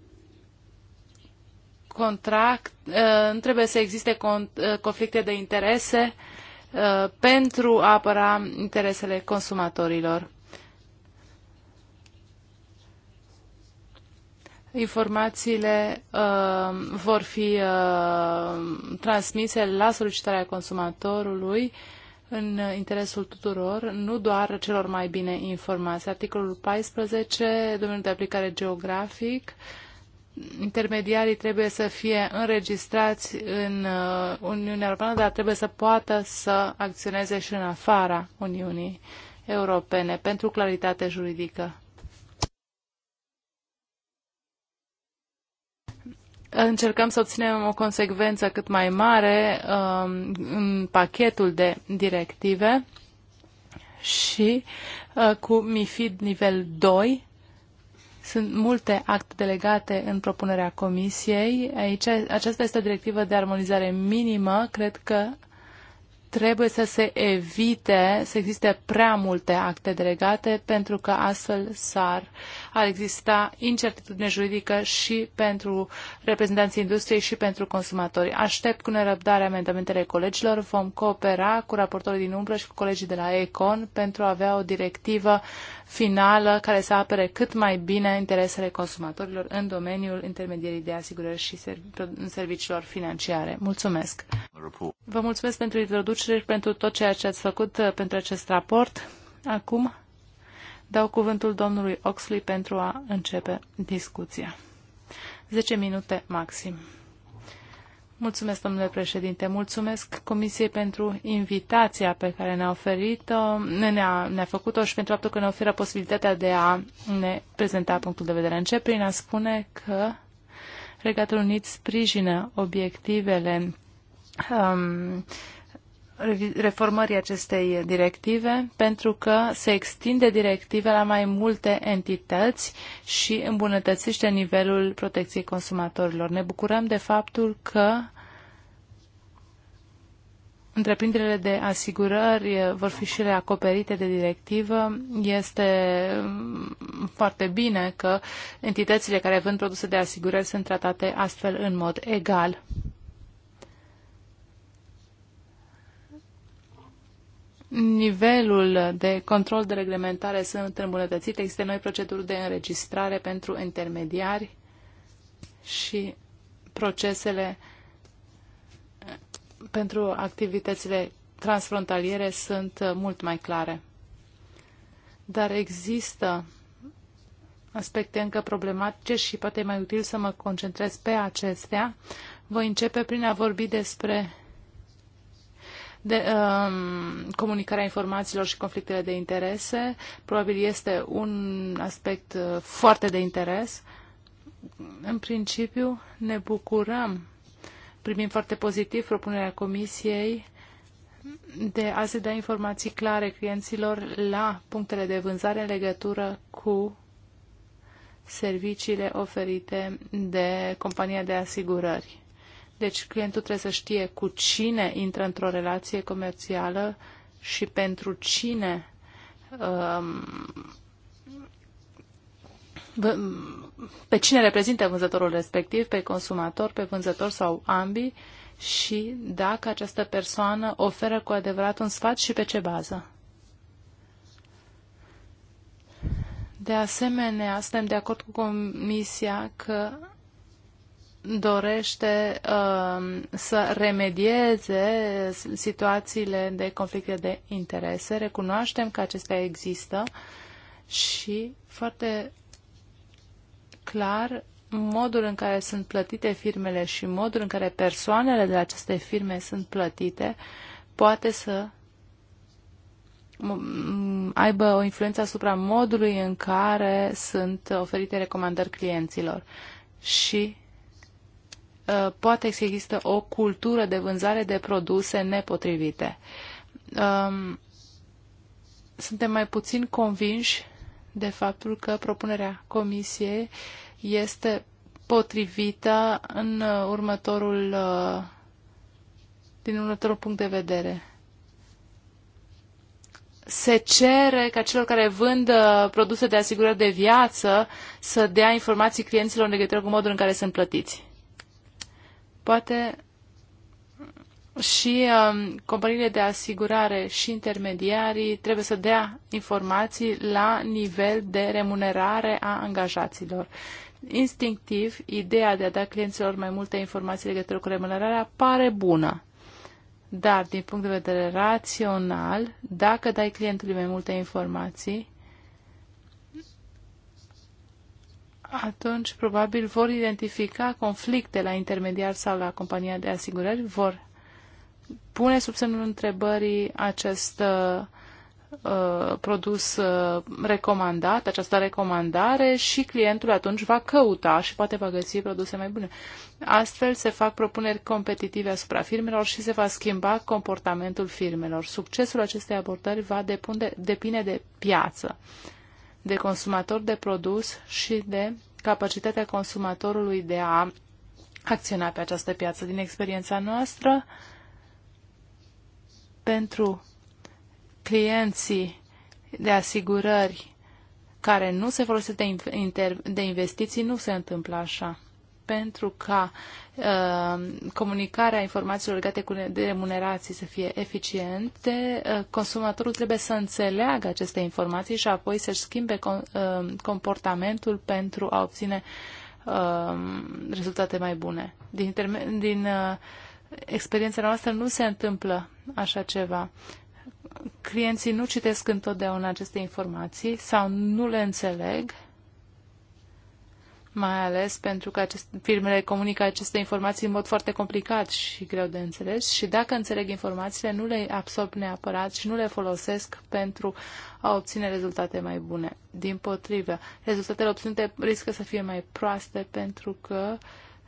Speaker 1: contract, uh, nu trebuie să existe uh, conflicte de interese pentru a apăra interesele consumatorilor. Informațiile uh, vor fi uh, transmise la solicitarea consumatorului în interesul tuturor, nu doar celor mai bine informați. Articolul 14, domeniul de aplicare geografic, intermediarii trebuie să fie înregistrați în uh, Uniunea Europeană, dar trebuie să poată să acționeze și în afara Uniunii Europene pentru claritate juridică. încercăm să obținem o consecvență cât mai mare um, în pachetul de directive și uh, cu MIFID nivel 2 sunt multe acte delegate în propunerea Comisiei. Aici, aceasta este o directivă de armonizare minimă. Cred că trebuie să se evite să existe prea multe acte delegate pentru că astfel s-ar ar exista incertitudine juridică și pentru reprezentanții industriei și pentru consumatori. Aștept cu nerăbdare amendamentele colegilor. Vom coopera cu raportorii din umbră și cu colegii de la ECON pentru a avea o directivă finală care să apere cât mai bine interesele consumatorilor în domeniul intermedierii de asigurări și serviciilor financiare. Mulțumesc! Vă mulțumesc pentru introducere Felicitări pentru tot ceea ce ați făcut uh, pentru acest raport. Acum dau cuvântul domnului Oxley pentru a începe discuția. 10 minute maxim. Mulțumesc, domnule președinte. Mulțumesc Comisiei pentru invitația pe care ne-a oferit-o, ne-a, ne făcut-o și pentru faptul că ne oferă posibilitatea de a ne prezenta punctul de vedere. Încep prin a spune că Regatul Unit sprijină obiectivele um, reformării acestei directive pentru că se extinde directiva la mai multe entități și îmbunătățește nivelul protecției consumatorilor. Ne bucurăm de faptul că întreprinderile de asigurări vor fi și ele acoperite de directivă. Este mm, foarte bine că entitățile care vând produse de asigurări sunt tratate astfel în mod egal. nivelul de control de reglementare sunt îmbunătățite, există noi proceduri de înregistrare pentru intermediari și procesele eh, pentru activitățile transfrontaliere sunt eh, mult mai clare. Dar există aspecte încă problematice și poate e mai util să mă concentrez pe acestea. Voi începe prin a vorbi despre de, um, comunicarea informațiilor și conflictele de interese. Probabil este un aspect uh, foarte de interes. În principiu, ne bucurăm. Primim foarte pozitiv propunerea Comisiei de a se da informații clare clienților la punctele de vânzare în legătură cu serviciile oferite de compania de asigurări. Deci clientul trebuie să știe cu cine intră într-o relație comercială și pentru cine um, pe cine reprezintă vânzătorul respectiv, pe consumator, pe vânzător sau ambii și dacă această persoană oferă cu adevărat un sfat și pe ce bază. De asemenea, suntem de acord cu Comisia că dorește uh, să remedieze situațiile de conflicte de interese. Recunoaștem că acestea există și foarte clar modul în care sunt plătite firmele și modul în care persoanele de aceste firme sunt plătite poate să aibă o influență asupra modului în care sunt oferite recomandări clienților. Și Uh, poate să există o cultură de vânzare de produse nepotrivite. Um, suntem mai puțin convinși de faptul că propunerea comisiei este potrivită în uh, următorul, uh, din următorul punct de vedere se cere ca celor care vând produse de asigurări de viață să dea informații clienților în legătură cu modul în care sunt plătiți. Poate și um, companiile de asigurare și intermediarii trebuie să dea informații la nivel de remunerare a angajaților. Instinctiv, ideea de a da clienților mai multe informații legătură cu remunerarea pare bună. Dar, din punct de vedere rațional, dacă dai clientului mai multe informații, atunci probabil vor identifica conflicte la intermediar sau la compania de asigurări, vor pune sub semnul întrebării acest uh, uh, produs uh, recomandat, această recomandare și clientul atunci va căuta și poate va găsi produse mai bune. Astfel se fac propuneri competitive asupra firmelor și se va schimba comportamentul firmelor. Succesul acestei abordări va depinde, depinde de piață de consumator de produs și de capacitatea consumatorului de a acționa pe această piață. Din experiența noastră, pentru clienții de asigurări care nu se folosesc de, de investiții, nu se întâmplă așa pentru ca uh, comunicarea informațiilor legate cu de remunerații să fie eficiente, uh, consumatorul trebuie să înțeleagă aceste informații și apoi să-și schimbe com, uh, comportamentul pentru a obține uh, rezultate mai bune. Din, din uh, experiența noastră nu se întâmplă așa ceva. Clienții nu citesc întotdeauna aceste informații sau nu le înțeleg mai ales pentru că acest, firmele comunică aceste informații în mod foarte complicat și greu de înțeles și dacă înțeleg informațiile, nu le absorb neapărat și nu le folosesc pentru a obține rezultate mai bune. Din potrivă, rezultatele obținute riscă să fie mai proaste pentru că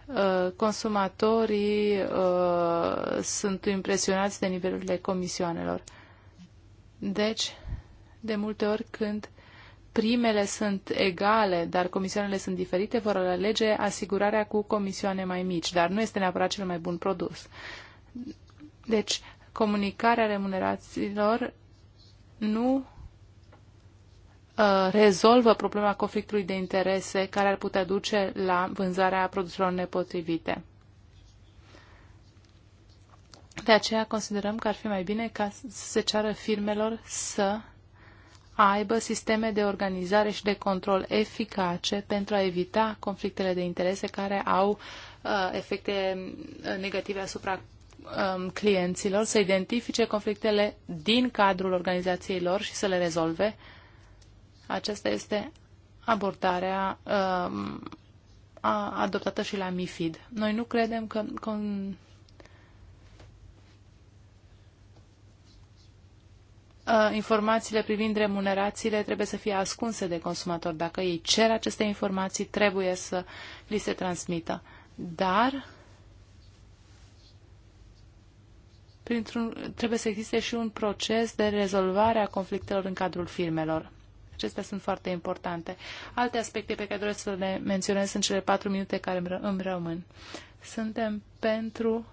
Speaker 1: uh, consumatorii uh, sunt impresionați de nivelurile comisioanelor. Deci, de multe ori când primele sunt egale, dar comisioanele sunt diferite, vor alege asigurarea cu comisioane mai mici, dar nu este neapărat cel mai bun produs. Deci, comunicarea remunerațiilor nu uh, rezolvă problema conflictului de interese care ar putea duce la vânzarea produselor nepotrivite. De aceea considerăm că ar fi mai bine ca să se ceară firmelor să aibă sisteme de organizare și de control eficace pentru a evita conflictele de interese care au uh, efecte uh, negative asupra um, clienților, să identifice conflictele din cadrul organizației lor și să le rezolve. Aceasta este abordarea um, adoptată și la MIFID. Noi nu credem că con Uh, informațiile privind remunerațiile trebuie să fie ascunse de consumator. Dacă ei cer aceste informații, trebuie să li se transmită. Dar trebuie să existe și un proces de rezolvare a conflictelor în cadrul firmelor. Acestea sunt foarte importante. Alte aspecte pe care doresc să le menționez în cele patru minute care îmi rămân. Suntem pentru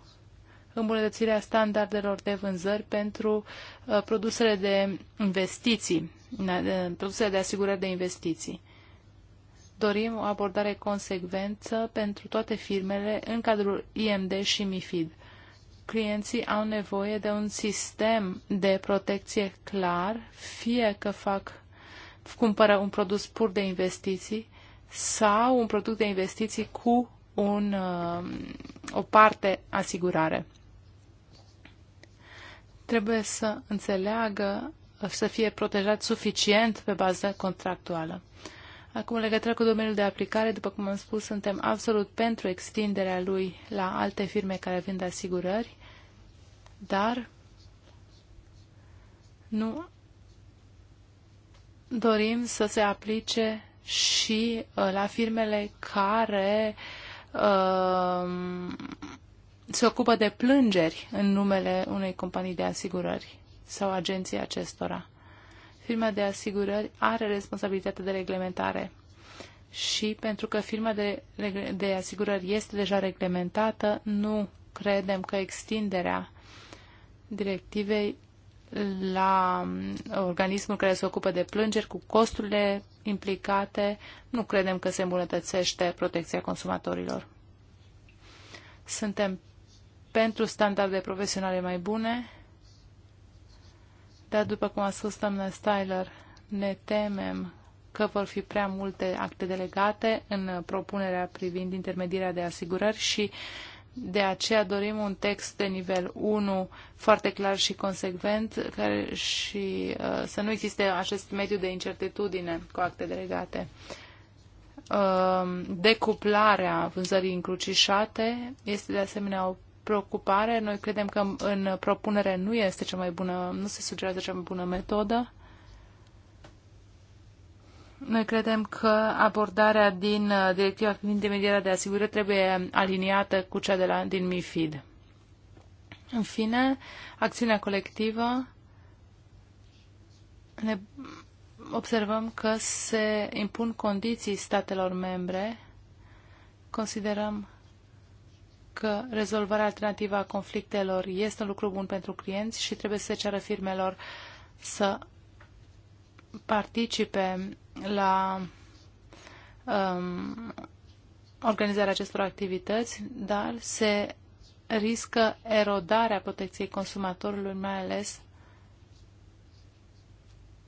Speaker 1: îmbunătățirea standardelor de vânzări pentru uh, produsele de investiții, produsele de asigurări de investiții. Dorim o abordare consecventă pentru toate firmele în cadrul IMD și MIFID. Clienții au nevoie de un sistem de protecție clar, fie că fac cumpără un produs pur de investiții sau un produs de investiții cu un, uh, o parte asigurare trebuie să înțeleagă, să fie protejat suficient pe bază contractuală. Acum, în legătură cu domeniul de aplicare, după cum am spus, suntem absolut pentru extinderea lui la alte firme care vând asigurări, dar nu dorim să se aplice și uh, la firmele care uh, se ocupă de plângeri în numele unei companii de asigurări sau agenții acestora. Firma de asigurări are responsabilitatea de reglementare și pentru că firma de, de asigurări este deja reglementată, nu credem că extinderea directivei la mm, organismul care se ocupă de plângeri cu costurile implicate, nu credem că se îmbunătățește protecția consumatorilor. Suntem pentru standarde profesionale mai bune, dar după cum a spus doamna Styler, ne temem că vor fi prea multe acte delegate în propunerea privind intermedierea de asigurări și de aceea dorim un text de nivel 1 foarte clar și consecvent care și uh, să nu existe acest mediu de incertitudine cu acte delegate. Uh, decuplarea vânzării încrucișate este de asemenea o preocupare. Noi credem că în propunere nu este cea mai bună, nu se sugerează cea mai bună metodă. Noi credem că abordarea din uh, directiva privind intermediarea de asigurări trebuie aliniată cu cea de la, din MIFID. În fine, acțiunea colectivă ne observăm că se impun condiții statelor membre. Considerăm că rezolvarea alternativă a conflictelor este un lucru bun pentru clienți și trebuie să se ceară firmelor să participe la um, organizarea acestor activități, dar se riscă erodarea protecției consumatorului, mai ales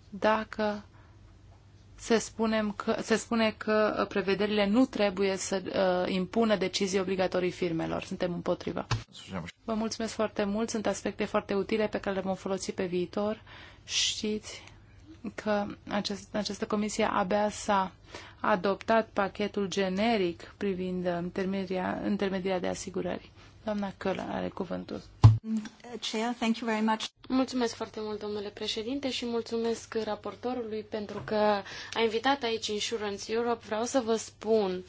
Speaker 1: dacă se, spunem că, se spune că prevederile nu trebuie să uh, impună decizii obligatorii firmelor. Suntem împotriva. Vă mulțumesc foarte mult. Sunt aspecte foarte utile pe care le vom folosi pe viitor. Știți că acest, această comisie abia s-a adoptat pachetul generic privind intermediarea, intermedia de asigurări. Doamna Călă are cuvântul. Mulțumesc
Speaker 3: foarte mult, domnule președinte, și mulțumesc raportorului pentru că a invitat aici Insurance Europe. Vreau să vă spun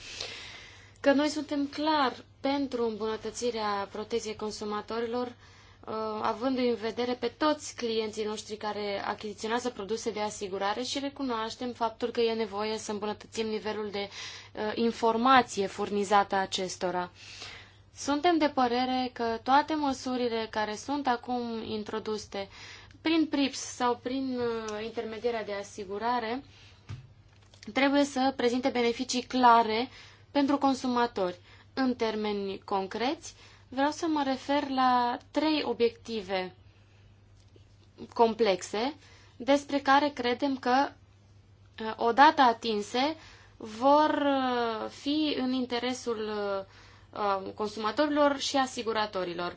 Speaker 3: că noi suntem clar pentru îmbunătățirea protecției consumatorilor, uh, avându-i în vedere pe toți clienții noștri care achiziționează produse de asigurare și recunoaștem faptul că e nevoie să îmbunătățim nivelul de uh, informație furnizată acestora. Uh, suntem de părere că toate măsurile care sunt acum introduse prin PRIPS sau prin uh, intermedierea de asigurare trebuie să prezinte beneficii clare pentru consumatori. În termeni concreți, vreau să mă refer la trei obiective complexe despre care credem că, uh, odată atinse, vor uh, fi în interesul uh, Um, consumatorilor și asiguratorilor.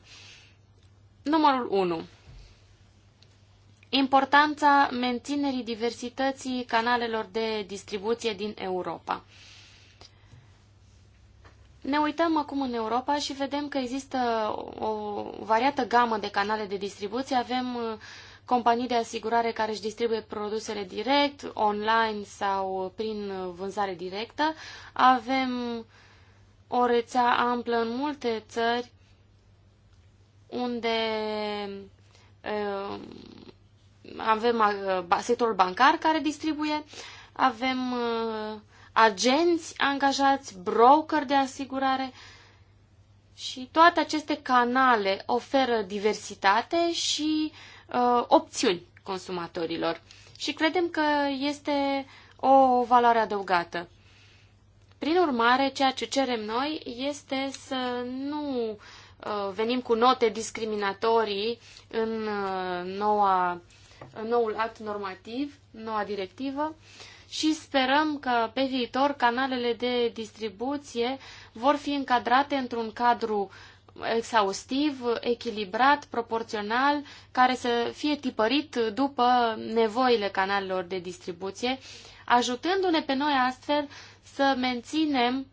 Speaker 3: Numărul 1. Importanța menținerii diversității canalelor de distribuție din Europa. Ne uităm acum în Europa și vedem că există o variată gamă de canale de distribuție. Avem uh, companii de asigurare care își distribuie produsele direct, online sau prin vânzare directă. Avem o rețea amplă în multe țări unde uh, avem uh, sectorul bancar care distribuie, avem uh, agenți angajați, broker de asigurare și toate aceste canale oferă diversitate și uh, opțiuni consumatorilor. Și credem că este o valoare adăugată. Prin urmare, ceea ce cerem noi este să nu uh, venim cu note discriminatorii în, uh, noua, în noul act normativ, noua directivă și sperăm că pe viitor canalele de distribuție vor fi încadrate într-un cadru exhaustiv, echilibrat, proporțional, care să fie tipărit după nevoile canalelor de distribuție, ajutându-ne pe noi astfel să menținem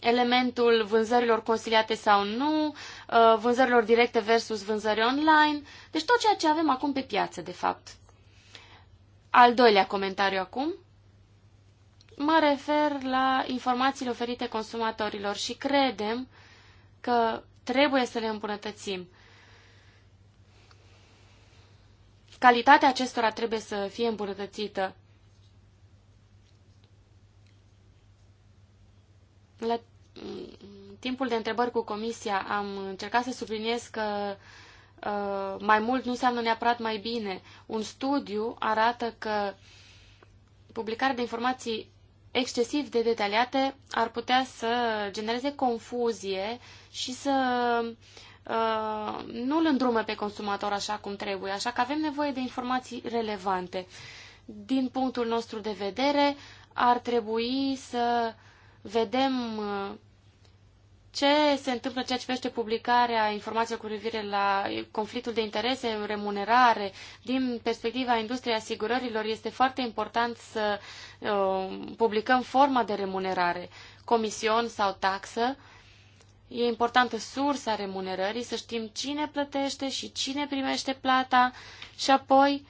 Speaker 3: elementul vânzărilor consiliate sau nu, uh, vânzărilor directe versus vânzări online, deci tot ceea ce avem acum pe piață, de fapt. Al doilea comentariu acum. Mă refer la informațiile oferite consumatorilor și credem că trebuie să le îmbunătățim. Calitatea acestora trebuie să fie îmbunătățită. La timpul de întrebări cu comisia am încercat să subliniez că uh, mai mult nu înseamnă neapărat mai bine. Un studiu arată că publicarea de informații excesiv de detaliate ar putea să genereze confuzie și să uh, nu îl îndrume pe consumator așa cum trebuie. Așa că avem nevoie de informații relevante. Din punctul nostru de vedere, ar trebui să uh, vedem uh, ce se întâmplă în ceea ce privește publicarea informațiilor cu privire la conflictul de interese, remunerare, din perspectiva industriei asigurărilor, este foarte important să uh, publicăm forma de remunerare, comision sau taxă. E importantă sursa remunerării, să știm cine plătește și cine primește plata și apoi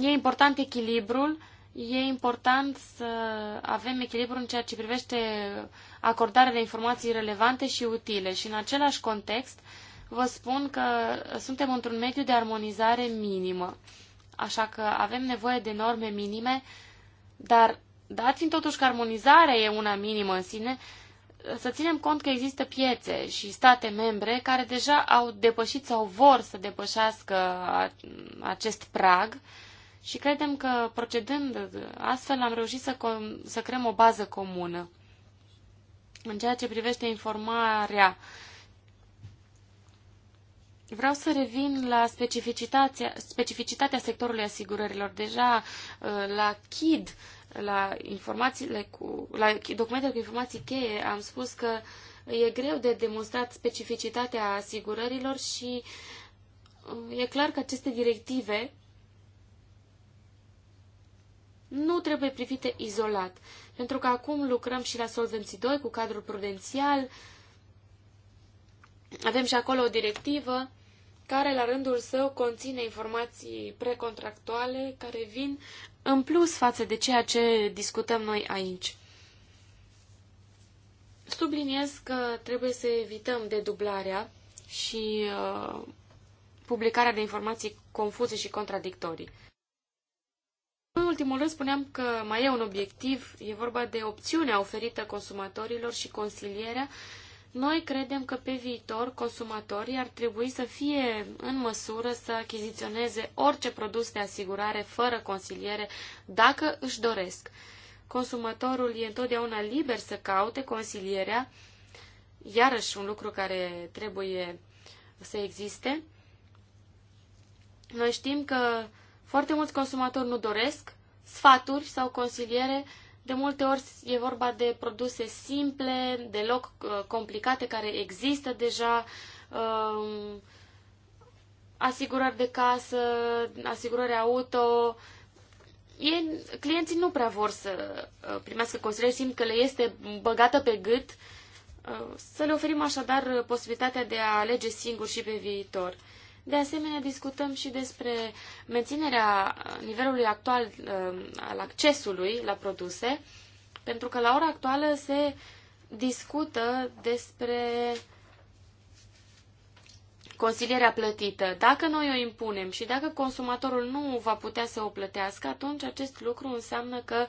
Speaker 3: e important echilibrul e important să avem echilibru în ceea ce privește acordarea de informații relevante și utile. Și în același context, vă spun că suntem într-un mediu de armonizare minimă. Așa că avem nevoie de norme minime, dar dat fiind totuși că armonizarea e una minimă în sine, să ținem cont că există piețe și state membre care deja au depășit sau vor să depășească acest prag, și credem că, procedând astfel, am reușit să, com- să creăm o bază comună. În ceea ce privește informarea, vreau să revin la specificitatea, specificitatea sectorului asigurărilor. Deja uh, la KID, la, informațiile cu, la documentele cu informații cheie, am spus că e greu de demonstrat specificitatea asigurărilor și uh, e clar că aceste directive nu trebuie privite izolat, pentru că acum lucrăm și la Solvency 2 cu cadrul prudențial, avem și acolo o directivă care la rândul său conține informații precontractuale care vin în plus față de ceea ce discutăm noi aici. Subliniez că trebuie să evităm dedublarea și uh, publicarea de informații confuze și contradictorii ultimul rând spuneam că mai e un obiectiv, e vorba de opțiunea oferită consumatorilor și consilierea. Noi credem că pe viitor consumatorii ar trebui să fie în măsură să achiziționeze orice produs de asigurare fără consiliere, dacă își doresc. Consumatorul e întotdeauna liber să caute consilierea, iarăși un lucru care trebuie să existe. Noi știm că foarte mulți consumatori nu doresc sfaturi sau consiliere. De multe ori e vorba de produse simple, deloc uh, complicate, care există deja, um, asigurări de casă, asigurări auto. Ei, clienții nu prea vor să uh, primească consiliere, simt că le este băgată pe gât. Uh, să le oferim așadar posibilitatea de a alege singur și pe viitor. De asemenea, discutăm și despre menținerea nivelului actual um, al accesului la produse, pentru că la ora actuală se discută despre consilierea plătită. Dacă noi o impunem și dacă consumatorul nu va putea să o plătească, atunci acest lucru înseamnă că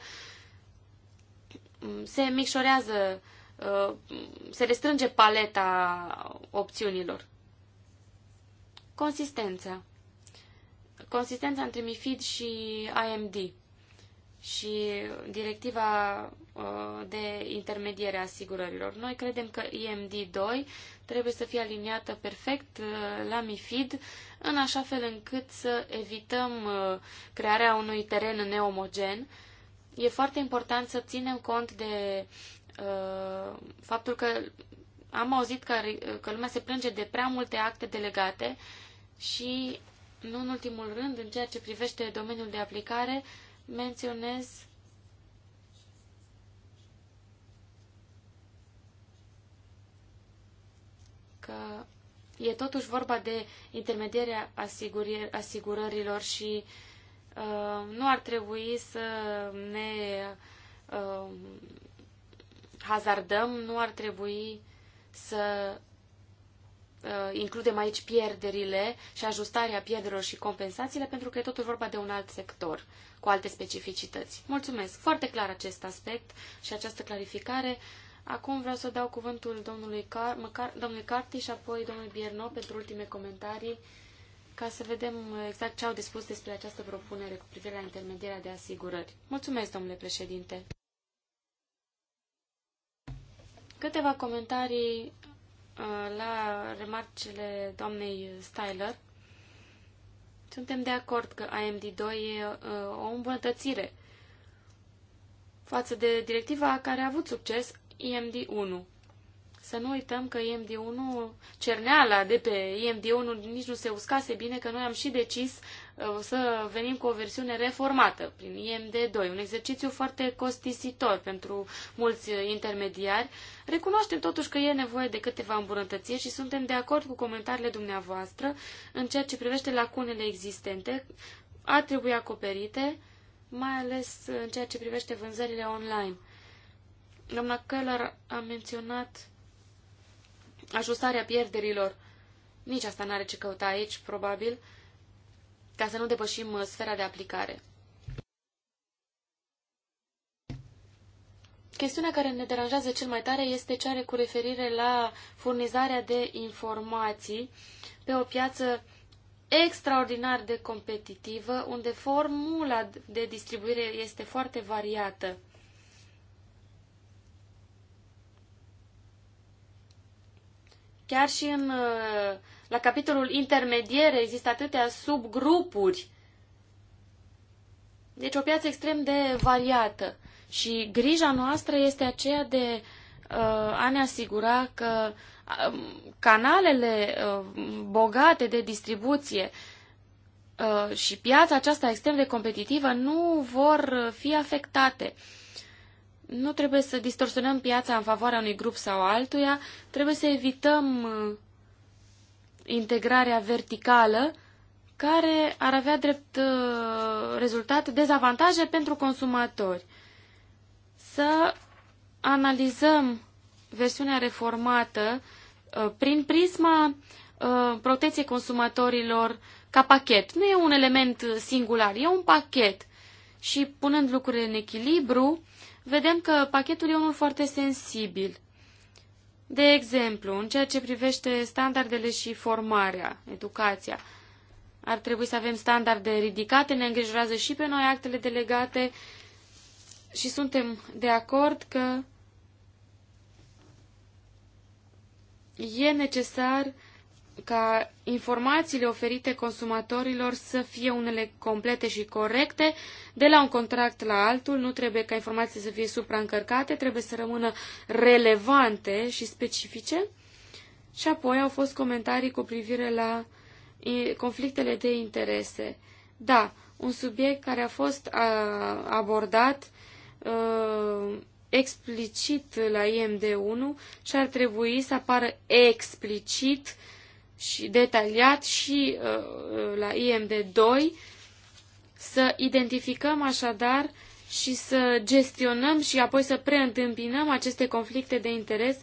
Speaker 3: um, se micșorează, uh, se restrânge paleta opțiunilor. Consistența. Consistența între MIFID și IMD și directiva uh, de intermediere a asigurărilor. Noi credem că IMD2 trebuie să fie aliniată perfect uh, la MIFID, în așa fel încât să evităm uh, crearea unui teren neomogen. E foarte important să ținem cont de faptul că am auzit că, lumea se plânge de prea multe acte delegate și, nu în ultimul rând, în ceea ce privește domeniul de aplicare, menționez că e totuși vorba de intermedierea asigurărilor și uh, nu ar trebui să ne uh, hazardăm, nu ar trebui să Uh, includem aici pierderile și ajustarea pierderilor și compensațiile, pentru că e totul vorba de un alt sector cu alte specificități. Mulțumesc! Foarte clar acest aspect și această clarificare. Acum vreau să dau cuvântul domnului, Car măcar, domnului Carti și apoi domnului Bierno pentru ultime comentarii ca să vedem exact ce au dispus despre această propunere cu privire la intermedierea de asigurări. Mulțumesc, domnule președinte! Câteva comentarii la remarcile doamnei Styler. Suntem de acord că AMD2 e uh, o îmbunătățire față de directiva care a avut succes IMD1. Să nu uităm că IMD1, cerneala de pe IMD1 nici nu se uscase bine, că noi am și decis Uh, să venim cu o versiune reformată prin IMD2, un exercițiu foarte costisitor pentru mulți intermediari. Recunoaștem totuși că e nevoie de câteva îmbunătățiri și suntem de acord cu comentariile dumneavoastră în ceea ce privește lacunele existente, ar trebui acoperite, mai ales în ceea ce privește vânzările online. Doamna Keller a menționat ajustarea pierderilor. Nici asta n-are ce căuta aici, probabil ca să nu depășim uh, sfera de aplicare. Chestiunea care ne deranjează cel mai tare este cea cu referire la furnizarea de informații pe o piață extraordinar de competitivă, unde formula de distribuire este foarte variată. Chiar și în uh, la capitolul intermediere există atâtea subgrupuri. Deci o piață extrem de variată. Și grija noastră este aceea de uh, a ne asigura că um, canalele uh, bogate de distribuție uh, și piața aceasta extrem de competitivă nu vor fi afectate. Nu trebuie să distorsionăm piața în favoarea unui grup sau altuia, trebuie să evităm integrarea verticală, care ar avea drept uh, rezultat dezavantaje pentru consumatori. Să analizăm versiunea reformată uh, prin prisma uh, protecției consumatorilor ca pachet. Nu e un element singular, e un pachet. Și punând lucrurile în echilibru, vedem că pachetul e unul foarte sensibil. De exemplu, în ceea ce privește standardele și formarea, educația, ar trebui să avem standarde ridicate, ne îngrijorează și pe noi actele delegate și suntem de acord că e necesar ca informațiile oferite consumatorilor să fie unele complete și corecte, de la un contract la altul, nu trebuie ca informații să fie supraîncărcate, trebuie să rămână relevante și specifice. Și apoi au fost comentarii cu privire la conflictele de interese. Da, un subiect care a fost abordat ă, explicit la IMD1 și ar trebui să apară explicit și detaliat și uh, uh, la IMD2, să identificăm așadar și să gestionăm și apoi să preîntâmpinăm aceste conflicte de interes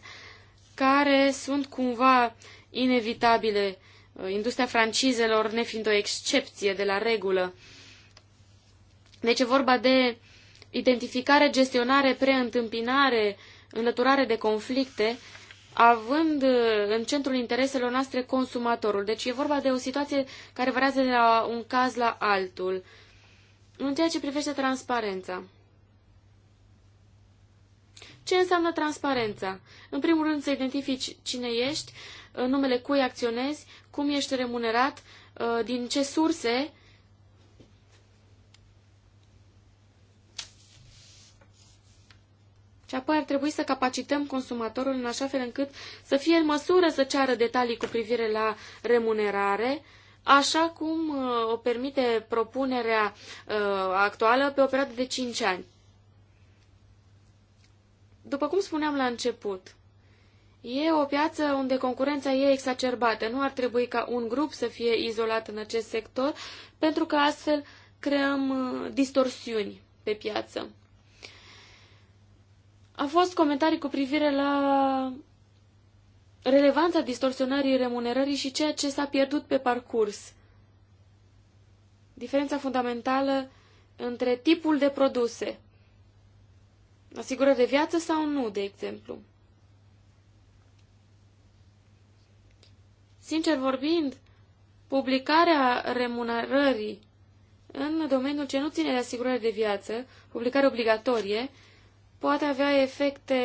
Speaker 3: care sunt cumva inevitabile, uh, industria francizelor nefiind o excepție de la regulă. Deci e vorba de identificare, gestionare, preîntâmpinare, înlăturare de conflicte având uh, în centrul intereselor noastre consumatorul. Deci e vorba de o situație care variază de la un caz la altul. În ceea ce privește transparența. Ce înseamnă transparența? În primul rând să identifici cine ești, uh, numele cui acționezi, cum ești remunerat, uh, din ce surse și apoi ar trebui să capacităm consumatorul în așa fel încât să fie în măsură să ceară detalii cu privire la remunerare, așa cum uh, o permite propunerea uh, actuală pe o perioadă de 5 ani. După cum spuneam la început, E o piață unde concurența e exacerbată. Nu ar trebui ca un grup să fie izolat în acest sector, pentru că astfel creăm uh, distorsiuni pe piață. Au fost comentarii cu privire la relevanța distorsionării remunerării și ceea ce s-a pierdut pe parcurs. Diferența fundamentală între tipul de produse. Asigură de viață sau nu, de exemplu. Sincer vorbind, publicarea remunerării în domeniul ce nu ține de asigurări de viață, publicare obligatorie, poate avea efecte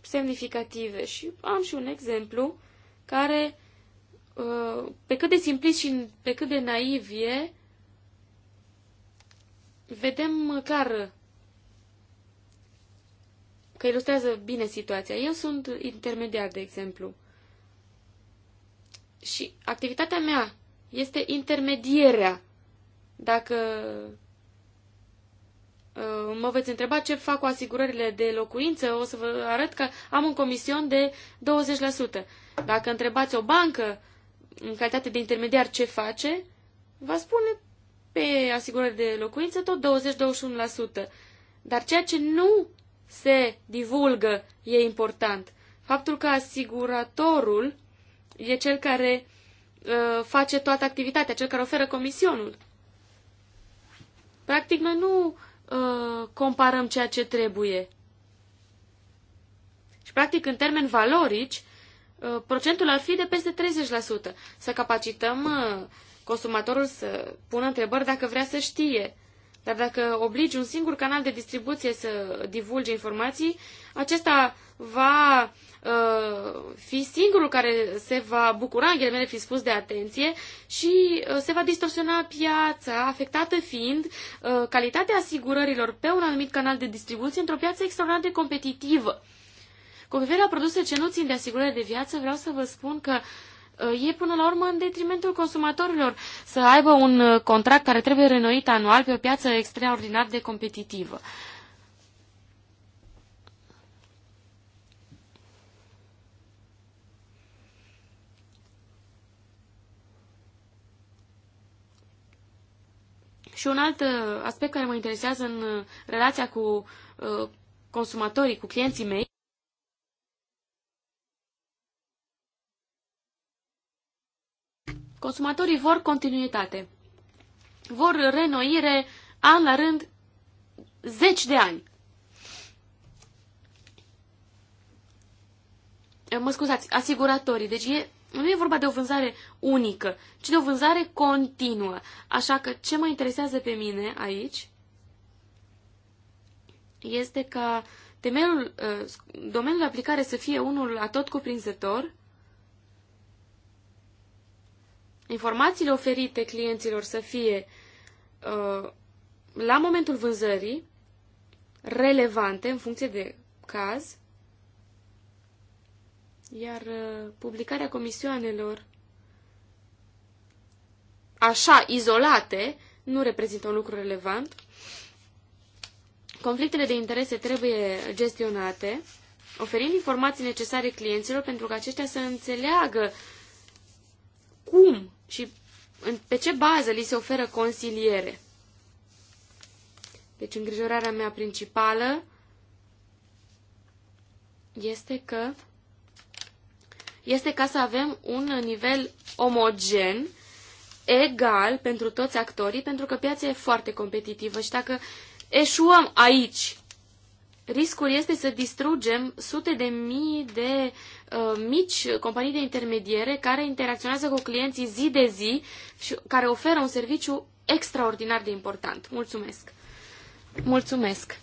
Speaker 3: semnificative. Și am și un exemplu care, uh, pe cât de simplist și pe cât de naiv e, vedem clar că ilustrează bine situația. Eu sunt intermediar, de exemplu. Și activitatea mea este intermedierea. Dacă Uh, mă veți întreba ce fac cu asigurările de locuință, o să vă arăt că am un comision de 20%. Dacă întrebați o bancă în calitate de intermediar ce face, va spune pe asigurări de locuință tot 20-21%. Dar ceea ce nu se divulgă e important. Faptul că asiguratorul e cel care uh, face toată activitatea, cel care oferă comisionul. Practic, noi nu uh, Uh, comparăm ceea ce trebuie. Și, practic, în termeni valorici, uh, procentul ar fi de peste 30%. Să capacităm uh, consumatorul să pună întrebări dacă vrea să știe. Dar dacă obligi un singur canal de distribuție să divulge informații, acesta va Uh, fi singurul care se va bucura, în ghilimele fi spus, de atenție și uh, se va distorsiona piața, afectată fiind uh, calitatea asigurărilor pe un anumit canal de distribuție într-o piață extraordinar de competitivă. Cu privire la produse ce nu țin de asigurare de viață, vreau să vă spun că e până la urmă în detrimentul consumatorilor să aibă un contract care trebuie renoit anual pe o piață extraordinar de competitivă. Uh, Și un alt uh, aspect care mă interesează în uh, relația cu uh, consumatorii, cu clienții mei, Consumatorii vor continuitate. Vor renoire an la rând zeci de ani. Mă scuzați, asiguratorii. Deci e nu e vorba de o vânzare unică, ci de o vânzare continuă. Așa că ce mă interesează pe mine aici este ca temelul, uh, domeniul de aplicare să fie unul atot cuprinzător, informațiile oferite clienților să fie uh, la momentul vânzării relevante în funcție de caz iar uh, publicarea comisioanelor așa izolate nu reprezintă un lucru relevant. Conflictele de interese trebuie gestionate, oferind informații necesare clienților pentru ca aceștia să înțeleagă cum și pe ce bază li se oferă consiliere. Deci îngrijorarea mea principală este că este ca să avem un nivel omogen, egal pentru toți actorii, pentru că piața e foarte competitivă și dacă eșuăm aici, riscul este să distrugem sute de mii de uh, mici companii de intermediere care interacționează cu clienții zi de zi și care oferă un serviciu extraordinar de important. Mulțumesc! Mulțumesc!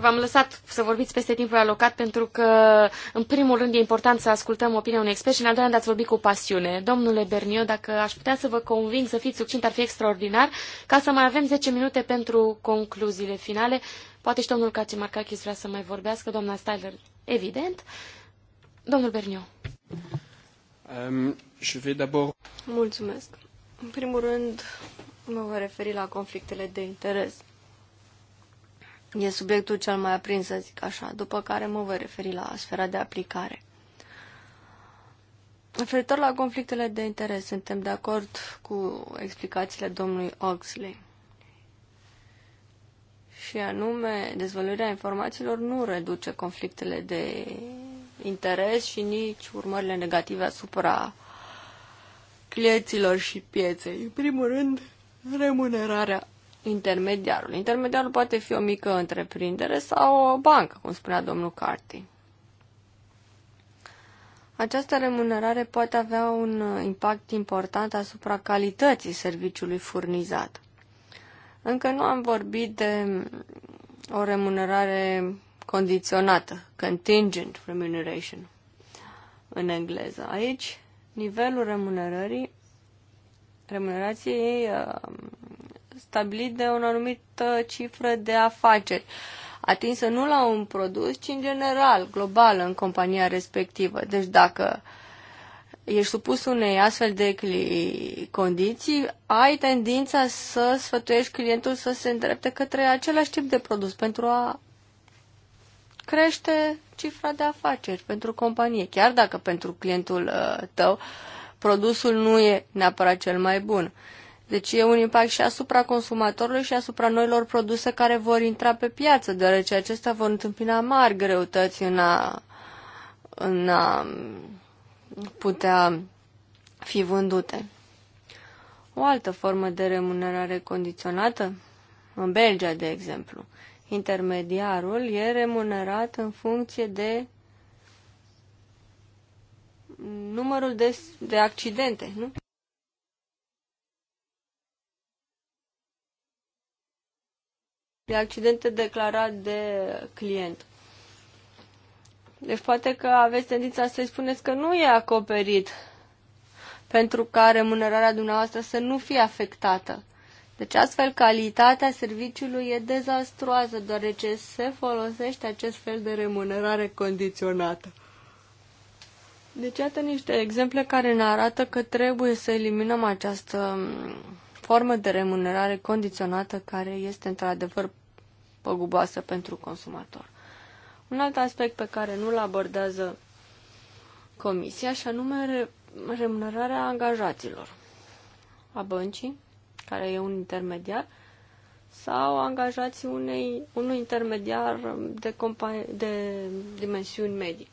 Speaker 3: v-am lăsat să vorbiți peste timpul alocat pentru că, în primul rând, e important să ascultăm opinia unui expert și, în al doilea rând, ați vorbit cu pasiune. Domnule Berniu, dacă aș putea să vă conving să fiți succint, ar fi extraordinar, ca să mai avem 10 minute pentru concluziile finale. Poate și domnul Marcachis vrea să mai vorbească, doamna Styler, evident. Domnul Berniu. Um, je vais
Speaker 2: d'abord... Mulțumesc. În primul rând, mă voi referi la conflictele de interes. E subiectul cel mai aprins, să zic așa, după care mă voi referi la sfera de aplicare. Referitor la conflictele de interes, suntem de acord cu explicațiile domnului Oxley. Și anume, dezvăluirea informațiilor nu reduce conflictele de interes și nici urmările negative asupra clienților și pieței. În primul rând, remunerarea intermediarul. Intermediarul poate fi o mică întreprindere sau o bancă, cum spunea domnul Carty. Această remunerare poate avea un impact important asupra calității serviciului furnizat. Încă nu am vorbit de o remunerare condiționată, contingent remuneration, în engleză. Aici, nivelul remunerării, remunerației uh, stabilit de o anumită cifră de afaceri, atinsă nu la un produs, ci în general, global, în compania respectivă. Deci dacă ești supus unei astfel de condiții, ai tendința să sfătuiești clientul să se îndrepte către același tip de produs pentru a crește cifra de afaceri pentru companie, chiar dacă pentru clientul uh, tău produsul nu e neapărat cel mai bun. Deci e un impact și asupra consumatorului și asupra noilor produse care vor intra pe piață, deoarece acestea vor întâmpina mari greutăți în a, în a putea fi vândute. O altă formă de remunerare condiționată, în Belgia, de exemplu, intermediarul e remunerat în funcție de numărul de, de accidente, nu? de accidente declarat de client. Deci poate că aveți tendința să-i spuneți că nu e acoperit pentru ca remunerarea dumneavoastră să nu fie afectată. Deci astfel calitatea serviciului e dezastruoasă, deoarece se folosește acest fel de remunerare condiționată. Deci iată niște exemple care ne arată că trebuie să eliminăm această mm, formă de remunerare condiționată care este într-adevăr păguboasă pentru consumator. Un alt aspect pe care nu-l abordează comisia, și anume remunerarea angajaților a băncii, care e un intermediar, sau angajații unei, unui intermediar de, de dimensiuni medii.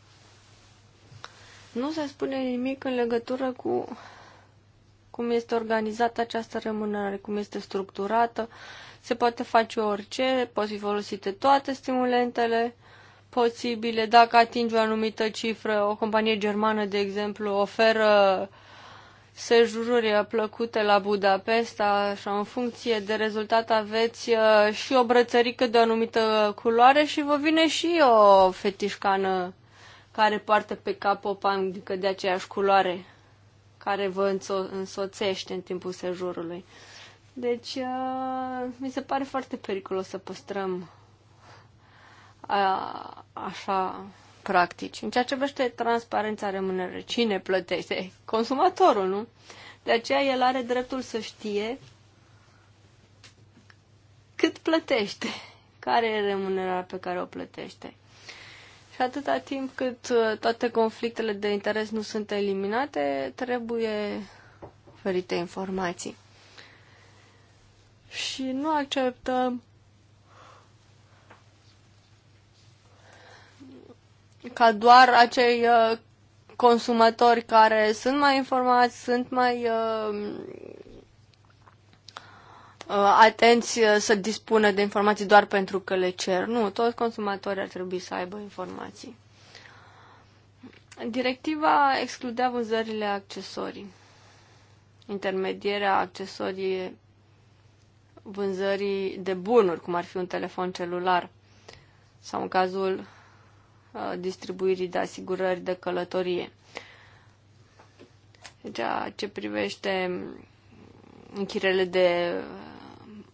Speaker 2: Nu se spune nimic în legătură cu cum este organizată această remunerare, cum este structurată, uh, se poate face orice, poți fi folosite toate stimulentele posibile. Dacă atingi o anumită cifră, o companie germană, de exemplu, oferă sejururi plăcute la Budapesta, așa, în funcție de rezultat aveți uh, și o brățărică de o anumită culoare și vă vine și o fetișcană care poartă pe cap o pandică de aceeași culoare care vă însoțește în timpul sejurului. Deci, uh, mi se pare foarte periculos să păstrăm a, așa practici. În ceea ce vește transparența remunerării, cine plătește? Consumatorul, nu? De aceea el are dreptul să știe cât plătește, care e remunerarea pe care o plătește. Și atâta timp cât uh, toate conflictele de interes nu sunt eliminate, trebuie oferite informații și nu acceptăm ca doar acei uh, consumatori care sunt mai informați, sunt mai uh, uh atenți uh, să dispună de informații doar pentru că le cer. Nu, toți consumatorii ar trebui să aibă informații. Directiva excludea vânzările accesorii. Intermedierea accesorii vânzării de bunuri, cum ar fi un telefon celular sau în cazul uh, distribuirii de asigurări de călătorie. Deci, ce privește închirele de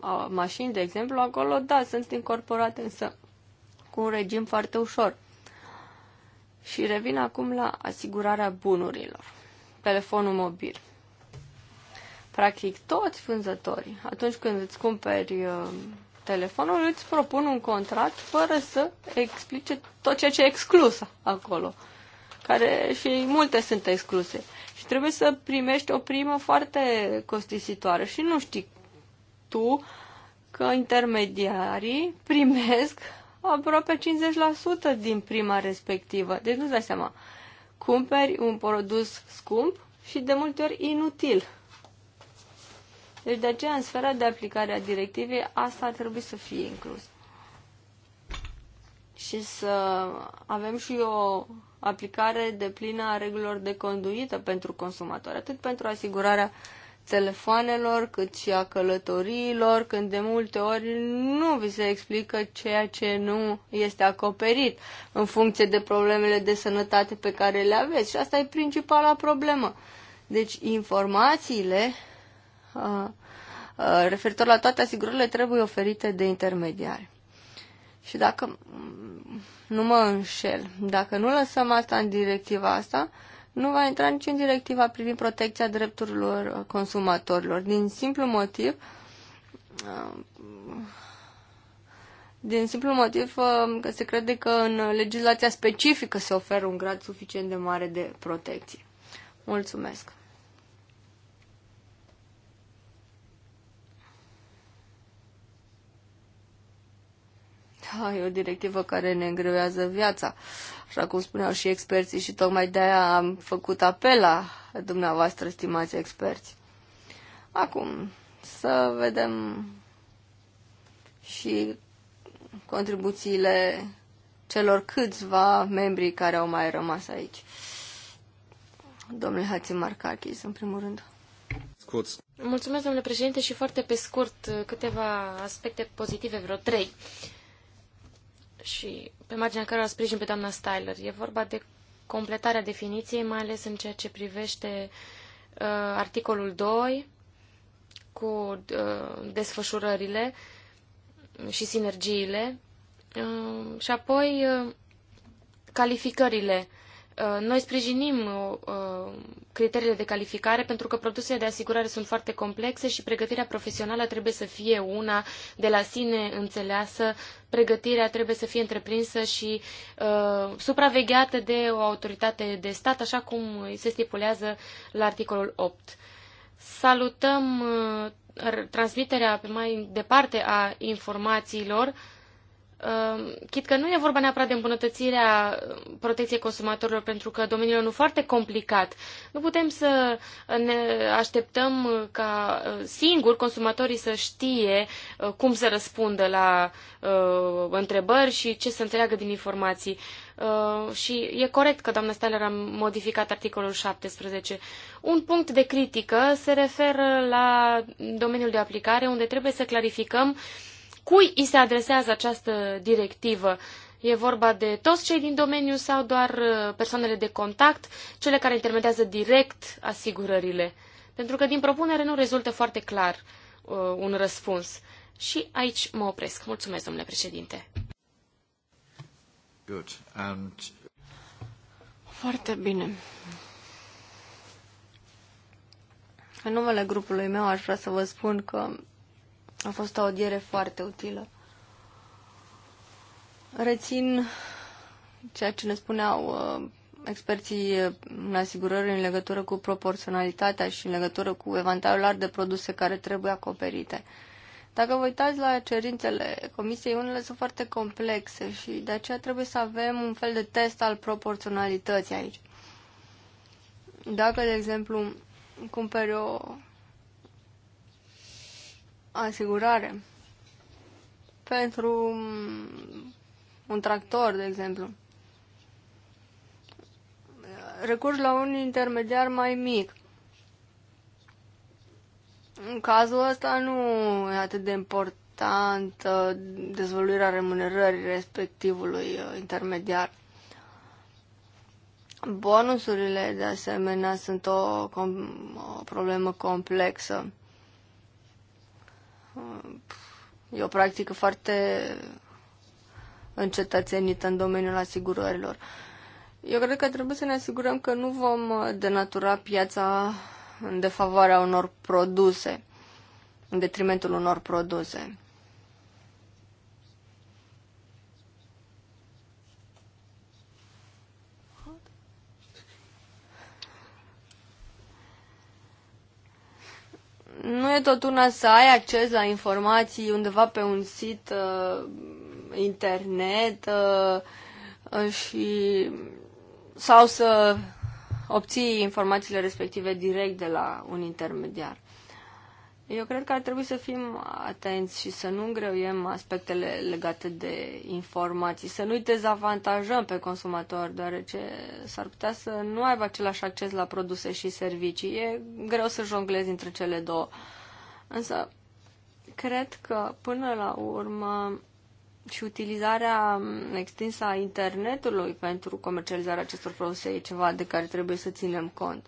Speaker 2: uh, mașini, de exemplu, acolo, da, sunt incorporate, însă cu un regim foarte ușor. Și revin acum la asigurarea bunurilor. Telefonul mobil practic toți vânzătorii, atunci când îți cumperi uh, telefonul, îți propun un contract fără să explice tot ceea ce e exclus acolo, care și multe sunt excluse. Și trebuie să primești o primă foarte costisitoare și nu știi tu că intermediarii primesc aproape 50% din prima respectivă. Deci nu-ți dai seama. Cumperi un produs scump și de multe ori inutil deci de aceea în sfera de aplicare a directivei asta ar trebui să fie inclus. Și să avem și o aplicare de plină a regulilor de conduită pentru consumatori, atât pentru asigurarea telefoanelor, cât și a călătoriilor, când de multe ori nu vi se explică ceea ce nu este acoperit în funcție de problemele de sănătate pe care le aveți. Și asta e principala problemă. Deci informațiile referitor la toate asigurările trebuie oferite de intermediari. Și dacă nu mă înșel, dacă nu lăsăm asta în directiva asta, nu va intra nici în directiva privind protecția drepturilor consumatorilor. Din simplu motiv, din simplu motiv că se crede că în legislația specifică se oferă un grad suficient de mare de protecție. Mulțumesc! Da, *laughs* e o directivă care ne îngrevează viața, așa cum spuneau și experții și tocmai de-aia am făcut apel la dumneavoastră, stimați experți. Acum, să vedem și contribuțiile celor câțiva membri care au mai rămas aici. Domnule Hatzimarkakis, în primul rând.
Speaker 3: Scuți. Mulțumesc, domnule președinte, și foarte pe scurt câteva aspecte pozitive, vreo trei. Uh, și pe marginea o sprijin pe doamna Styler. E vorba de completarea definiției, mai ales în ceea ce privește uh, articolul 2 cu uh, desfășurările și sinergiile uh, și apoi uh, calificările uh, Uh, noi sprijinim uh, uh, criteriile de calificare pentru că produsele de asigurare sunt foarte complexe și pregătirea profesională trebuie să fie una de la sine înțeleasă, pregătirea trebuie să fie întreprinsă și uh, supravegheată de o autoritate de stat, așa cum se stipulează la articolul 8. Salutăm uh, transmiterea mai departe a informațiilor uh, Um, chit că nu e vorba neapărat de îmbunătățirea um, protecției consumatorilor, pentru că domeniul e unul foarte complicat. Nu putem să ne așteptăm uh, ca uh, singur consumatorii să știe uh, cum să răspundă la uh, întrebări și ce să întreagă din informații. Uh, și e corect că doamna Steiner a modificat articolul 17. Un punct de critică se referă la domeniul de aplicare, unde trebuie să clarificăm uh, cui îi se adresează această directivă? E vorba de toți cei din domeniu sau doar uh, persoanele de contact, cele care intermediază direct asigurările? Pentru că din propunere nu rezultă foarte clar uh, un răspuns. Și aici mă opresc. Mulțumesc, domnule președinte. Good. And... Foarte bine.
Speaker 2: În numele grupului meu aș vrea să vă spun că a fost o audiere foarte utilă. Rețin ceea ce ne spuneau uh, experții uh, în asigurări în legătură cu proporționalitatea și în legătură cu evantajul de produse care trebuie acoperite. Dacă vă uitați la cerințele comisiei, unele sunt foarte complexe și de aceea trebuie să avem un fel de test al proporționalității aici. Dacă, de exemplu, cumperi o asigurare pentru un tractor, de exemplu. Recurs la un intermediar mai mic. În cazul ăsta nu e atât de important dezvăluirea remunerării respectivului uh, intermediar. Bonusurile, de asemenea, sunt o, o problemă complexă. E o practică foarte încetățenită în domeniul asigurărilor. Eu cred că trebuie să ne asigurăm că nu vom denatura piața în defavoarea unor produse, în detrimentul unor produse. nu e tot una să ai acces la informații undeva pe un sit uh, internet uh, și sau să obții informațiile respective direct de la un intermediar. Eu cred că ar trebui să fim atenți și să nu îngreuiem aspectele legate de informații, să nu-i dezavantajăm pe consumator, deoarece s-ar putea să nu aibă același acces la produse și servicii. E greu să jonglezi între cele două. Însă, cred că până la urmă și utilizarea extinsă a internetului pentru comercializarea acestor produse e ceva de care trebuie să ținem cont.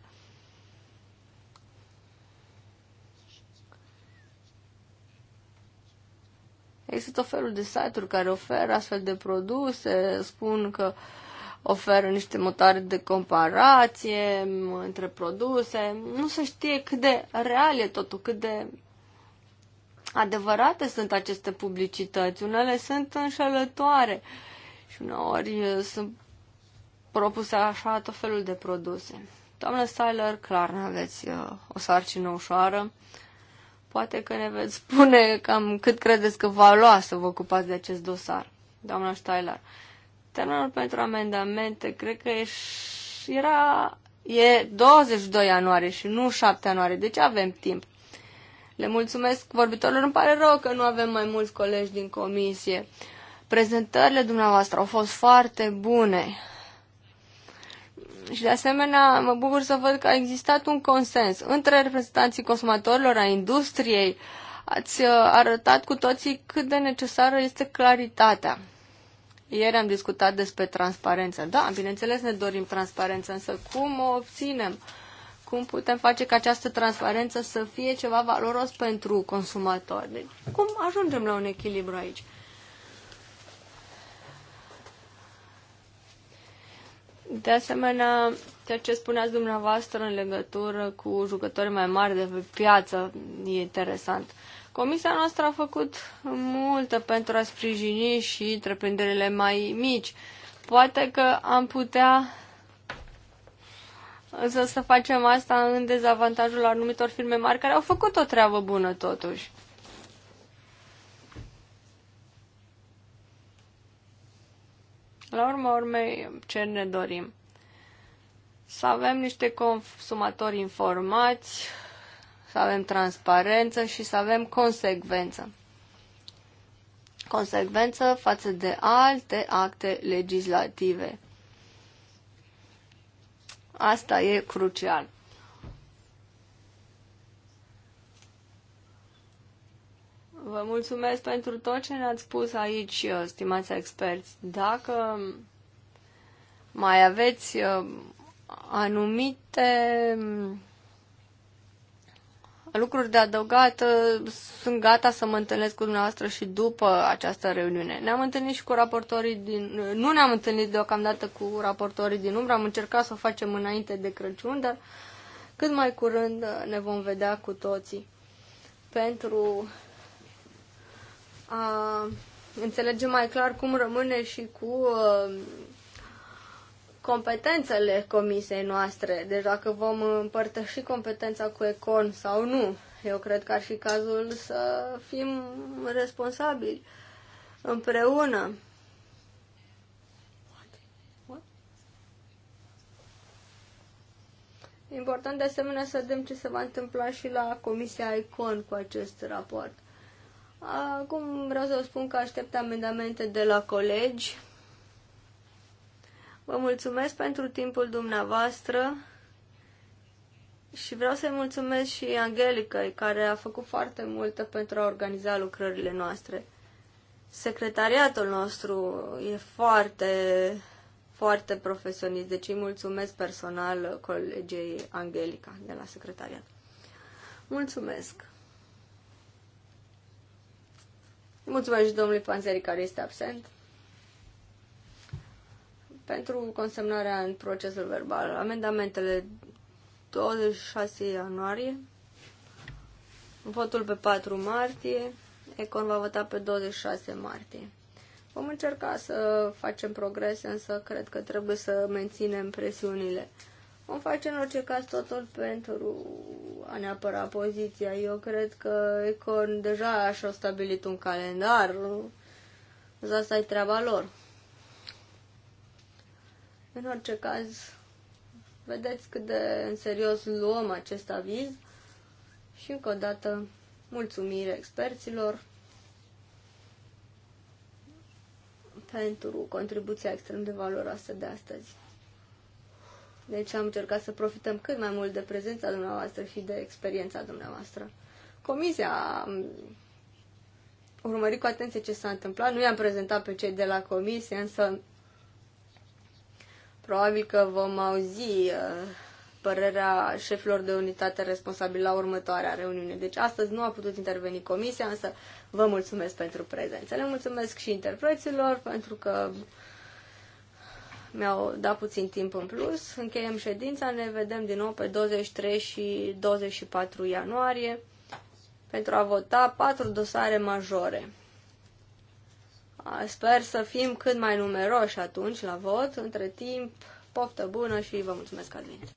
Speaker 2: Există tot felul de site-uri care oferă astfel de produse, spun că oferă niște motoare de comparație între produse. Nu se știe cât de real e totul, cât de adevărate sunt aceste publicități. Unele sunt înșelătoare și uneori sunt propuse așa tot felul de produse. Doamnă Styler, clar, nu aveți o sarcină ușoară. Poate că ne veți spune cam cât credeți că va lua să vă ocupați de acest dosar, doamna Steiler. Termenul pentru amendamente, cred că e, era, e 22 ianuarie și nu 7 ianuarie, deci avem timp. Le mulțumesc vorbitorilor, îmi pare rău că nu avem mai mulți colegi din comisie. Prezentările dumneavoastră au fost foarte bune. Și de asemenea, mă bucur să văd că a existat un consens între reprezentanții consumatorilor, a industriei. Ați uh, arătat cu toții cât de necesară este claritatea. Ieri am discutat despre transparență. Da, bineînțeles ne dorim transparență, însă cum o obținem? Cum putem face ca această transparență să fie ceva valoros pentru consumatori? Deci, cum ajungem la un echilibru aici? De asemenea, ceea ce spuneați dumneavoastră în legătură cu jucători mai mari de pe piață e interesant. Comisia noastră a făcut multă pentru a sprijini și întreprinderile mai mici. Poate că am putea să, să facem asta în dezavantajul anumitor firme mari care au făcut o treabă bună totuși. La urma urmei, ce ne dorim? Să avem niște consumatori informați, să avem transparență și să avem consecvență. Consecvență față de alte acte legislative. Asta e crucial. Vă mulțumesc pentru tot ce ne-ați spus aici, uh, stimați experți. Dacă mai aveți uh, anumite mm, lucruri de adăugat, uh, sunt gata să mă întâlnesc cu dumneavoastră și după această reuniune. Ne-am întâlnit și cu raportorii din... Nu ne-am întâlnit deocamdată cu raportorii din umbră, am încercat să o facem înainte de Crăciun, dar cât mai curând ne vom vedea cu toții pentru a înțelege mai clar cum rămâne și cu uh, competențele comisiei noastre. Deci dacă vom împărtăși competența cu Econ sau nu, eu cred că ar fi cazul să fim responsabili împreună. Important de asemenea să vedem ce se va întâmpla și la Comisia ICON cu acest raport. Acum vreau să vă spun că aștept amendamente de la colegi. Vă mulțumesc pentru timpul dumneavoastră și vreau să-i mulțumesc și Angelicăi, care a făcut foarte multă pentru a organiza lucrările noastre. Secretariatul nostru e foarte, foarte profesionist, deci îi mulțumesc personal colegei Angelica de la secretariat. Mulțumesc! Mulțumesc și domnului Panzeri care este absent pentru consemnarea în procesul verbal. Amendamentele 26 ianuarie, votul pe 4 martie, Econ va vota pe 26 martie. Vom încerca să facem progrese, însă cred că trebuie să menținem presiunile Vom face în orice caz totul pentru a ne apăra poziția. Eu cred că Econ deja și-a stabilit un calendar. Însă asta e treaba lor. În orice caz, vedeți cât de în serios luăm acest aviz și încă o dată mulțumire experților pentru contribuția extrem de valoroasă de astăzi. Deci am încercat să profităm cât mai mult de prezența dumneavoastră și de experiența dumneavoastră. Comisia a urmărit cu atenție ce s-a întâmplat. Nu i-am prezentat pe cei de la comisie, însă probabil că vom auzi uh, părerea șefilor de unitate responsabili la următoarea reuniune. Deci astăzi nu a putut interveni comisia, însă vă mulțumesc pentru prezență. Le mulțumesc și interpreților pentru că mi-au dat puțin timp în plus. Încheiem ședința, ne vedem din nou pe 23 și 24 ianuarie pentru a vota patru dosare majore. Sper să fim cât mai numeroși atunci la vot. Între timp, poftă bună și vă mulțumesc, venit.